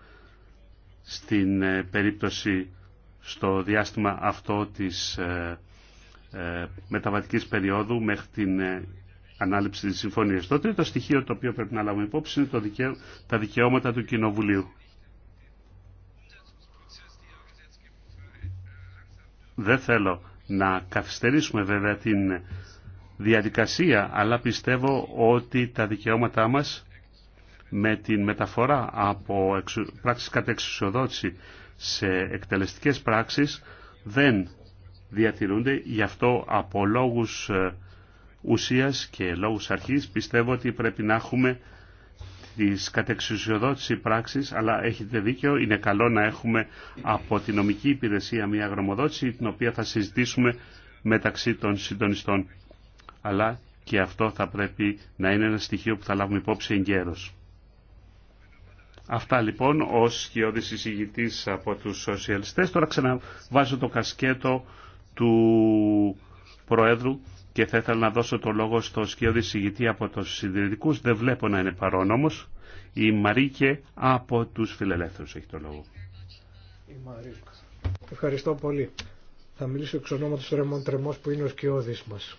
[SPEAKER 1] στην ε, περίπτωση στο διάστημα αυτό της ε, ε, μεταβατικής περίοδου μέχρι την ανάληψη της συμφωνίας. Το στοιχείο το οποίο πρέπει να λάβουμε υπόψη είναι τα δικαιώματα του Κοινοβουλίου. Δεν θέλω να καθυστερήσουμε βέβαια την διαδικασία, αλλά πιστεύω ότι τα δικαιώματά μας με την μεταφορά από πράξεις κατά σε εκτελεστικές πράξεις δεν διατηρούνται. Γι' αυτό από λόγους ε, ουσίας και λόγους αρχής πιστεύω ότι πρέπει να έχουμε τις κατεξουσιοδότηση πράξεις αλλά έχετε δίκιο, είναι καλό να έχουμε από τη νομική υπηρεσία μια γραμμοδότηση την οποία θα συζητήσουμε μεταξύ των συντονιστών. Αλλά και αυτό θα πρέπει να είναι ένα στοιχείο που θα λάβουμε υπόψη εγκαίρως. Αυτά λοιπόν ως σκιώδης εισηγητής από τους σοσιαλιστές. Τώρα ξαναβάζω το κασκέτο του Προέδρου και θα ήθελα να δώσω το λόγο στο σκιώδη εισηγητή από τους συντηρητικούς. Δεν βλέπω να είναι παρόν όμως. Η Μαρίκε από τους φιλελεύθερους έχει το λόγο.
[SPEAKER 2] Η Ευχαριστώ πολύ. Θα μιλήσω εξ ονόματος Ρεμόν Τρεμός που είναι ο σκιώδης μας.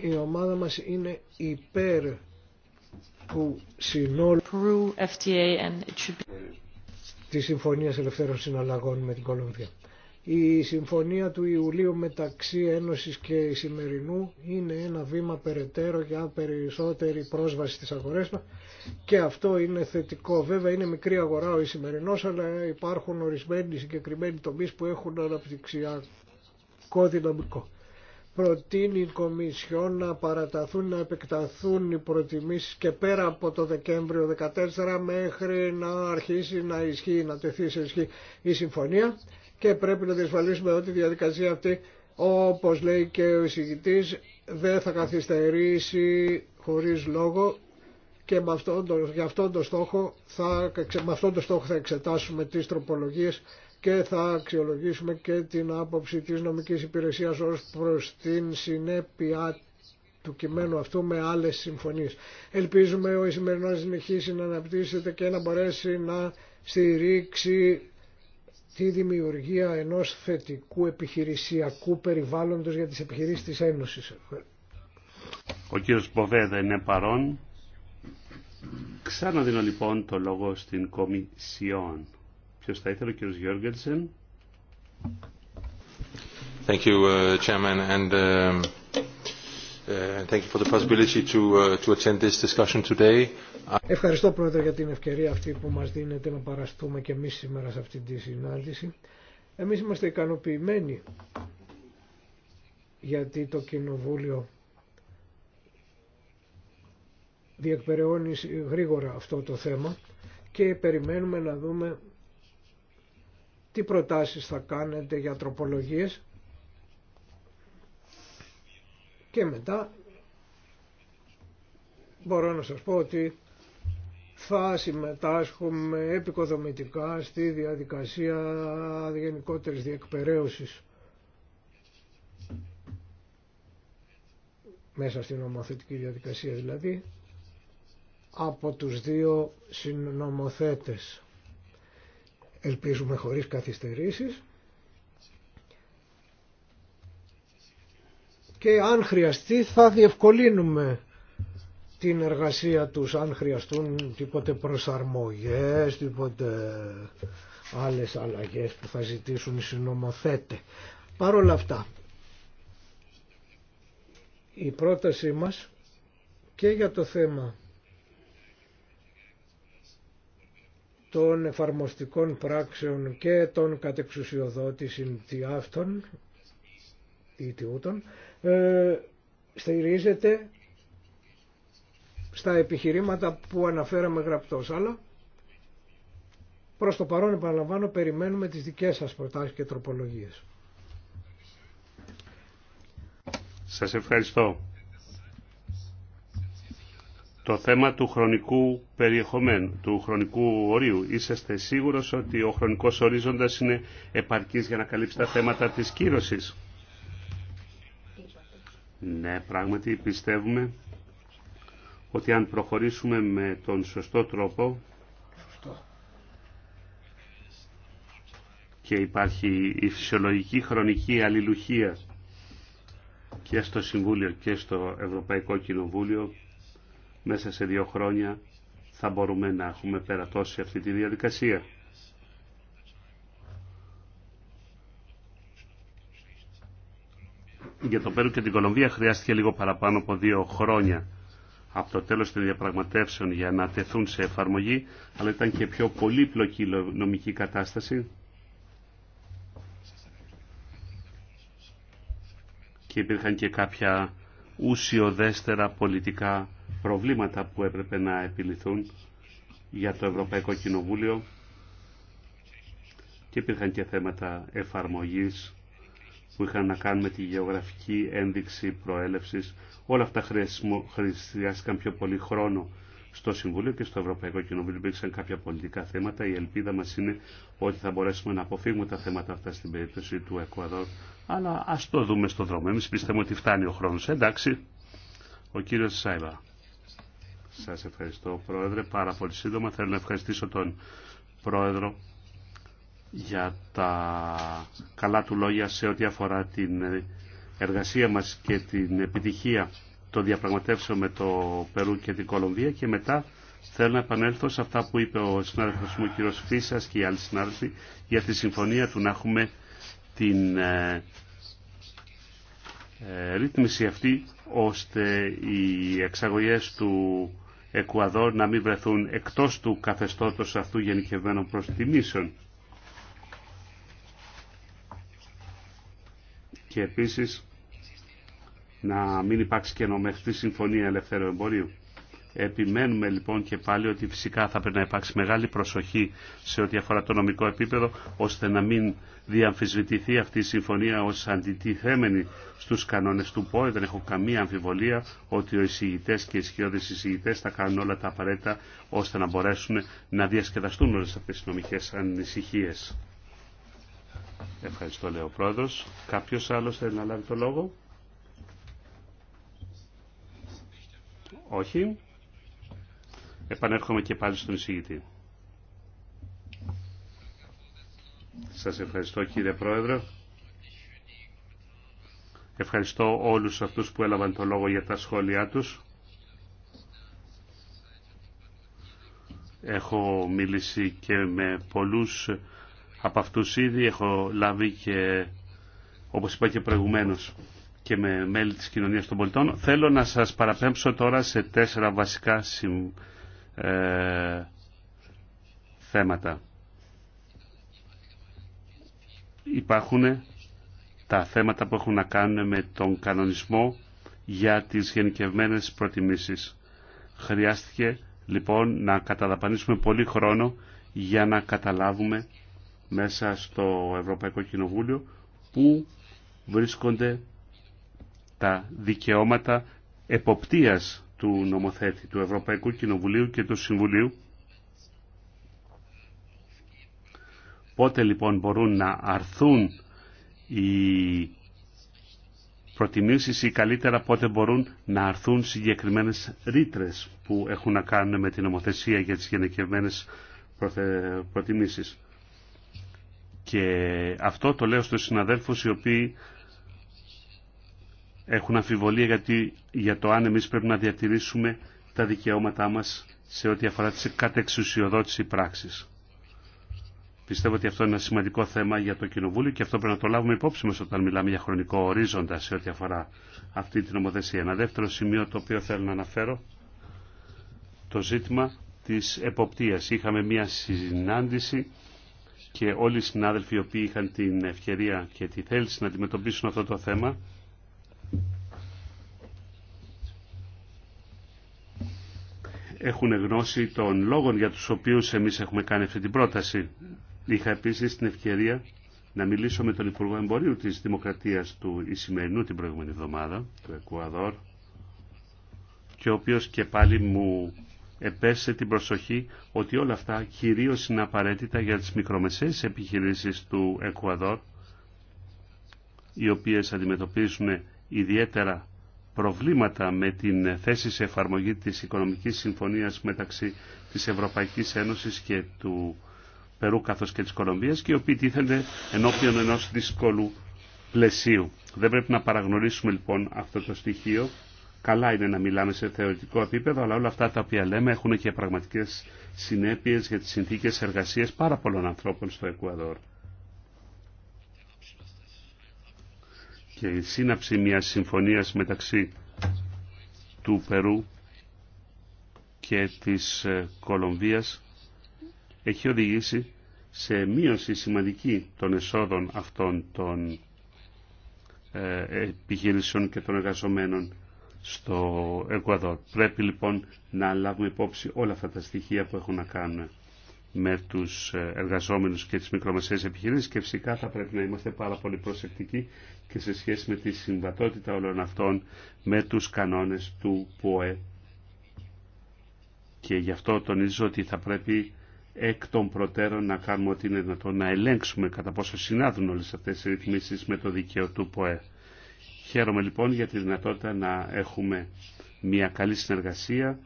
[SPEAKER 2] Η ομάδα μας είναι υπέρ που συνόλου τη Συμφωνία Ελευθέρων Συναλλαγών με την Κολομβία. Η συμφωνία του Ιουλίου μεταξύ Ένωσης και Ισημερινού είναι ένα βήμα περαιτέρω για περισσότερη πρόσβαση στις αγορές μας και αυτό είναι θετικό. Βέβαια είναι μικρή αγορά ο Ισημερινός αλλά υπάρχουν ορισμένοι συγκεκριμένοι τομείς που έχουν αναπτυξιακό δυναμικό προτείνει η Κομισιόν να παραταθούν, να επεκταθούν οι προτιμήσεις και πέρα από το Δεκέμβριο 14 μέχρι να αρχίσει να ισχύει, να τεθεί σε ισχύ η συμφωνία και πρέπει να διασφαλίσουμε ότι η διαδικασία αυτή, όπως λέει και ο εισηγητής, δεν θα καθυστερήσει χωρίς λόγο και με αυτόν τον, τον στόχο θα, με αυτόν τον στόχο εξετάσουμε τις τροπολογίες και θα αξιολογήσουμε και την άποψη της νομικής υπηρεσίας ως προς την συνέπειά του κειμένου αυτού με άλλες συμφωνίες. Ελπίζουμε ο Ισημερινός να συνεχίσει να αναπτύσσεται και να μπορέσει να στηρίξει τη δημιουργία ενός θετικού επιχειρησιακού περιβάλλοντος για τις επιχειρήσεις της Ένωσης.
[SPEAKER 1] Ο κύριος Μποβέ δεν είναι παρόν. Ξαναδίνω λοιπόν το λόγο στην Κομισιόν. Ποιος θα ήθελε, κύριος
[SPEAKER 2] Ευχαριστώ, Πρόεδρε, για την ευκαιρία αυτή που μας δίνεται να παραστούμε και εμείς σήμερα σε αυτή τη συνάντηση. Εμείς είμαστε ικανοποιημένοι γιατί το Κοινοβούλιο διεκπεραιώνει γρήγορα αυτό το θέμα και περιμένουμε να δούμε τι προτάσεις θα κάνετε για τροπολογίες και μετά μπορώ να σας πω ότι θα συμμετάσχουμε επικοδομητικά στη διαδικασία γενικότερης διεκπαιρέωσης μέσα στην νομοθετική διαδικασία δηλαδή από τους δύο συνομοθέτες ελπίζουμε χωρίς καθυστερήσεις και αν χρειαστεί θα διευκολύνουμε την εργασία τους αν χρειαστούν τίποτε προσαρμογές, τίποτε άλλες αλλαγές που θα ζητήσουν οι συνομοθέτε. Παρ' όλα αυτά, η πρότασή μας και για το θέμα των εφαρμοστικών πράξεων και των τι αυτών ή ούτων. ε, στηρίζεται στα επιχειρήματα που αναφέραμε γραπτός. Αλλά προς το παρόν επαναλαμβάνω περιμένουμε τις δικές σας προτάσεις και τροπολογίες.
[SPEAKER 1] Σας ευχαριστώ το θέμα του χρονικού περιεχομένου, του χρονικού ορίου. Είσαστε σίγουρος ότι ο χρονικός ορίζοντας είναι επαρκής για να καλύψει τα θέματα της κύρωσης. Ναι, πράγματι πιστεύουμε ότι αν προχωρήσουμε με τον σωστό τρόπο και υπάρχει η φυσιολογική χρονική αλληλουχία και στο Συμβούλιο και στο Ευρωπαϊκό Κοινοβούλιο μέσα σε δύο χρόνια θα μπορούμε να έχουμε περατώσει αυτή τη διαδικασία. Για το Πέρου και την Κολομβία χρειάστηκε λίγο παραπάνω από δύο χρόνια από το τέλος των διαπραγματεύσεων για να τεθούν σε εφαρμογή, αλλά ήταν και πιο πολύπλοκη νομική κατάσταση. Και υπήρχαν και κάποια ουσιοδέστερα πολιτικά προβλήματα που έπρεπε να επιληθούν για το Ευρωπαϊκό Κοινοβούλιο και υπήρχαν και θέματα εφαρμογής που είχαν να κάνουν με τη γεωγραφική ένδειξη προέλευσης. Όλα αυτά χρειάστηκαν πιο πολύ χρόνο στο Συμβούλιο και στο Ευρωπαϊκό Κοινοβούλιο υπήρξαν κάποια πολιτικά θέματα. Η ελπίδα μας είναι ότι θα μπορέσουμε να αποφύγουμε τα θέματα αυτά στην περίπτωση του Εκουαδόρ. Αλλά ας το δούμε στο δρόμο. Εμείς πιστεύουμε ότι φτάνει ο χρόνος. Εντάξει, ο κύριος Σάιβα. Σας ευχαριστώ Πρόεδρε. Πάρα πολύ σύντομα θέλω να ευχαριστήσω τον Πρόεδρο για τα καλά του λόγια σε ό,τι αφορά την εργασία μας και την επιτυχία των διαπραγματεύσεων με το Περού και την Κολομβία και μετά θέλω να επανέλθω σε αυτά που είπε ο συνάδελφος μου ο και οι άλλοι συνάδελφοι για τη συμφωνία του να έχουμε την ε, ε, ρύθμιση αυτή ώστε οι εξαγωγές του Εκουαδόρ να μην βρεθούν εκτός του καθεστώτος αυτού γενικευμένων προστιμήσεων. Και επίσης να μην υπάρξει και Συμφωνία Ελευθέρου Εμπορίου. Επιμένουμε λοιπόν και πάλι ότι φυσικά θα πρέπει να υπάρξει μεγάλη προσοχή σε ό,τι αφορά το νομικό επίπεδο, ώστε να μην διαμφισβητηθεί αυτή η συμφωνία ω αντιτιθέμενη στου κανόνε του ΠΟΕ. Δεν έχω καμία αμφιβολία ότι οι εισηγητέ και οι ισχυρότερε εισηγητέ θα κάνουν όλα τα απαραίτητα ώστε να μπορέσουν να διασκεδαστούν όλε αυτέ τι νομικέ ανησυχίες. Ευχαριστώ, λέει ο πρόεδρος. Κάποιο άλλο θέλει να λάβει το λόγο. Όχι. Επανέρχομαι και πάλι στον εισηγητή. Σας ευχαριστώ κύριε Πρόεδρε. Ευχαριστώ όλους αυτούς που έλαβαν το λόγο για τα σχόλιά τους. Έχω μιλήσει και με πολλούς από αυτούς ήδη. Έχω λάβει και, όπως είπα και προηγουμένως, και με μέλη της κοινωνίας των πολιτών. Θέλω να σας παραπέμψω τώρα σε τέσσερα βασικά σημεία ε, θέματα. Υπάρχουν τα θέματα που έχουν να κάνουν με τον κανονισμό για τις γενικευμένες προτιμήσεις. Χρειάστηκε λοιπόν να καταδαπανίσουμε πολύ χρόνο για να καταλάβουμε μέσα στο Ευρωπαϊκό Κοινοβούλιο που βρίσκονται τα δικαιώματα εποπτείας του νομοθέτη του Ευρωπαϊκού Κοινοβουλίου και του Συμβουλίου. Πότε λοιπόν μπορούν να αρθούν οι προτιμήσεις ή καλύτερα πότε μπορούν να αρθούν συγκεκριμένες ρήτρε που έχουν να κάνουν με την νομοθεσία για τις γενικευμένες προτιμήσεις. Και αυτό το λέω στους συναδέλφους οι οποίοι έχουν αμφιβολία γιατί, για το αν εμείς πρέπει να διατηρήσουμε τα δικαιώματά μας σε ό,τι αφορά τις κατεξουσιοδότηση πράξης. Πιστεύω ότι αυτό είναι ένα σημαντικό θέμα για το Κοινοβούλιο και αυτό πρέπει να το λάβουμε υπόψη μας όταν μιλάμε για χρονικό ορίζοντα σε ό,τι αφορά αυτή την νομοθεσία. Ένα δεύτερο σημείο το οποίο θέλω να αναφέρω, το ζήτημα της εποπτείας. Είχαμε μια συνάντηση και όλοι οι συνάδελφοι οι οποίοι είχαν την ευκαιρία και τη θέληση να αντιμετωπίσουν αυτό το θέμα έχουν γνώση των λόγων για τους οποίους εμείς έχουμε κάνει αυτή την πρόταση. Είχα επίσης την ευκαιρία να μιλήσω με τον Υπουργό Εμπορίου της Δημοκρατίας του Ισημερινού την προηγούμενη εβδομάδα, του Εκουαδόρ, και ο οποίος και πάλι μου επέσε την προσοχή ότι όλα αυτά κυρίως είναι απαραίτητα για τις μικρομεσαίες επιχειρήσεις του Εκουαδόρ, οι οποίες αντιμετωπίζουν ιδιαίτερα προβλήματα με την θέση σε εφαρμογή της Οικονομικής Συμφωνίας μεταξύ της Ευρωπαϊκής Ένωσης και του Περού καθώς και της Κολομβίας και οι οποίοι τίθενται ενώπιον ενός δύσκολου πλαισίου. Δεν πρέπει να παραγνωρίσουμε λοιπόν αυτό το στοιχείο. Καλά είναι να μιλάμε σε θεωρητικό επίπεδο, αλλά όλα αυτά τα οποία λέμε έχουν και πραγματικές συνέπειες για τις συνθήκες εργασίας πάρα πολλών ανθρώπων στο Εκουαδόρ. και η σύναψη μιας συμφωνίας μεταξύ του Περού και της ε, Κολομβίας έχει οδηγήσει σε μείωση σημαντική των εσόδων αυτών των ε, επιχειρήσεων και των εργαζομένων στο Εκουαδόρ. Πρέπει λοιπόν να λάβουμε υπόψη όλα αυτά τα στοιχεία που έχουν να κάνουν με τους ε, εργαζόμενους και τις μικρομεσαίες επιχειρήσεις και φυσικά θα πρέπει να είμαστε πάρα πολύ προσεκτικοί και σε σχέση με τη συμβατότητα όλων αυτών με τους κανόνες του ΠΟΕ. Και γι' αυτό τονίζω ότι θα πρέπει εκ των προτέρων να κάνουμε ό,τι είναι δυνατόν να ελέγξουμε κατά πόσο συνάδουν όλες αυτές οι ρυθμίσεις με το δίκαιο του ΠΟΕ. Χαίρομαι λοιπόν για τη δυνατότητα να έχουμε μια καλή συνεργασία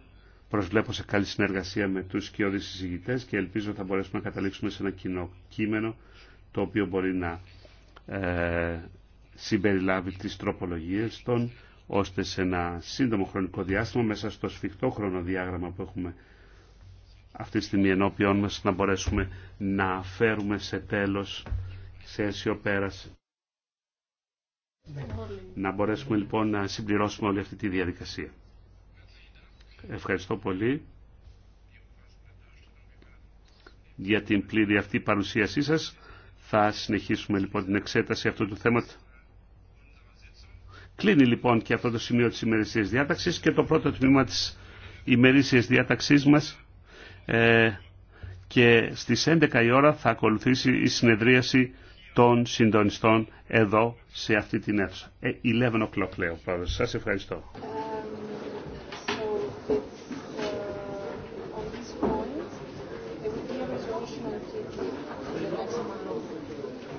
[SPEAKER 1] Προσβλέπω σε καλή συνεργασία με τους σκιώδεις συζητητές και ελπίζω θα μπορέσουμε να καταλήξουμε σε ένα κοινό κείμενο το οποίο μπορεί να ε, συμπεριλάβει τις τροπολογίες των ώστε σε ένα σύντομο χρονικό διάστημα μέσα στο σφιχτό χρονοδιάγραμμα που έχουμε αυτή τη στιγμή ενώπιόν μας να μπορέσουμε να φέρουμε σε τέλος, σε αίσιο Να μπορέσουμε λοιπόν να συμπληρώσουμε όλη αυτή τη διαδικασία. Ευχαριστώ πολύ για την πλήρη αυτή παρουσίασή σας. Θα συνεχίσουμε λοιπόν την εξέταση αυτού του θέματος. Κλείνει λοιπόν και αυτό το σημείο της ημερησίας διάταξης και το πρώτο τμήμα της ημερησίας διάταξής μας ε, και στις 11 η ώρα θα ακολουθήσει η συνεδρίαση των συντονιστών εδώ σε αυτή την αίθουσα. Ε, 11 o'clock λέω Σας ευχαριστώ.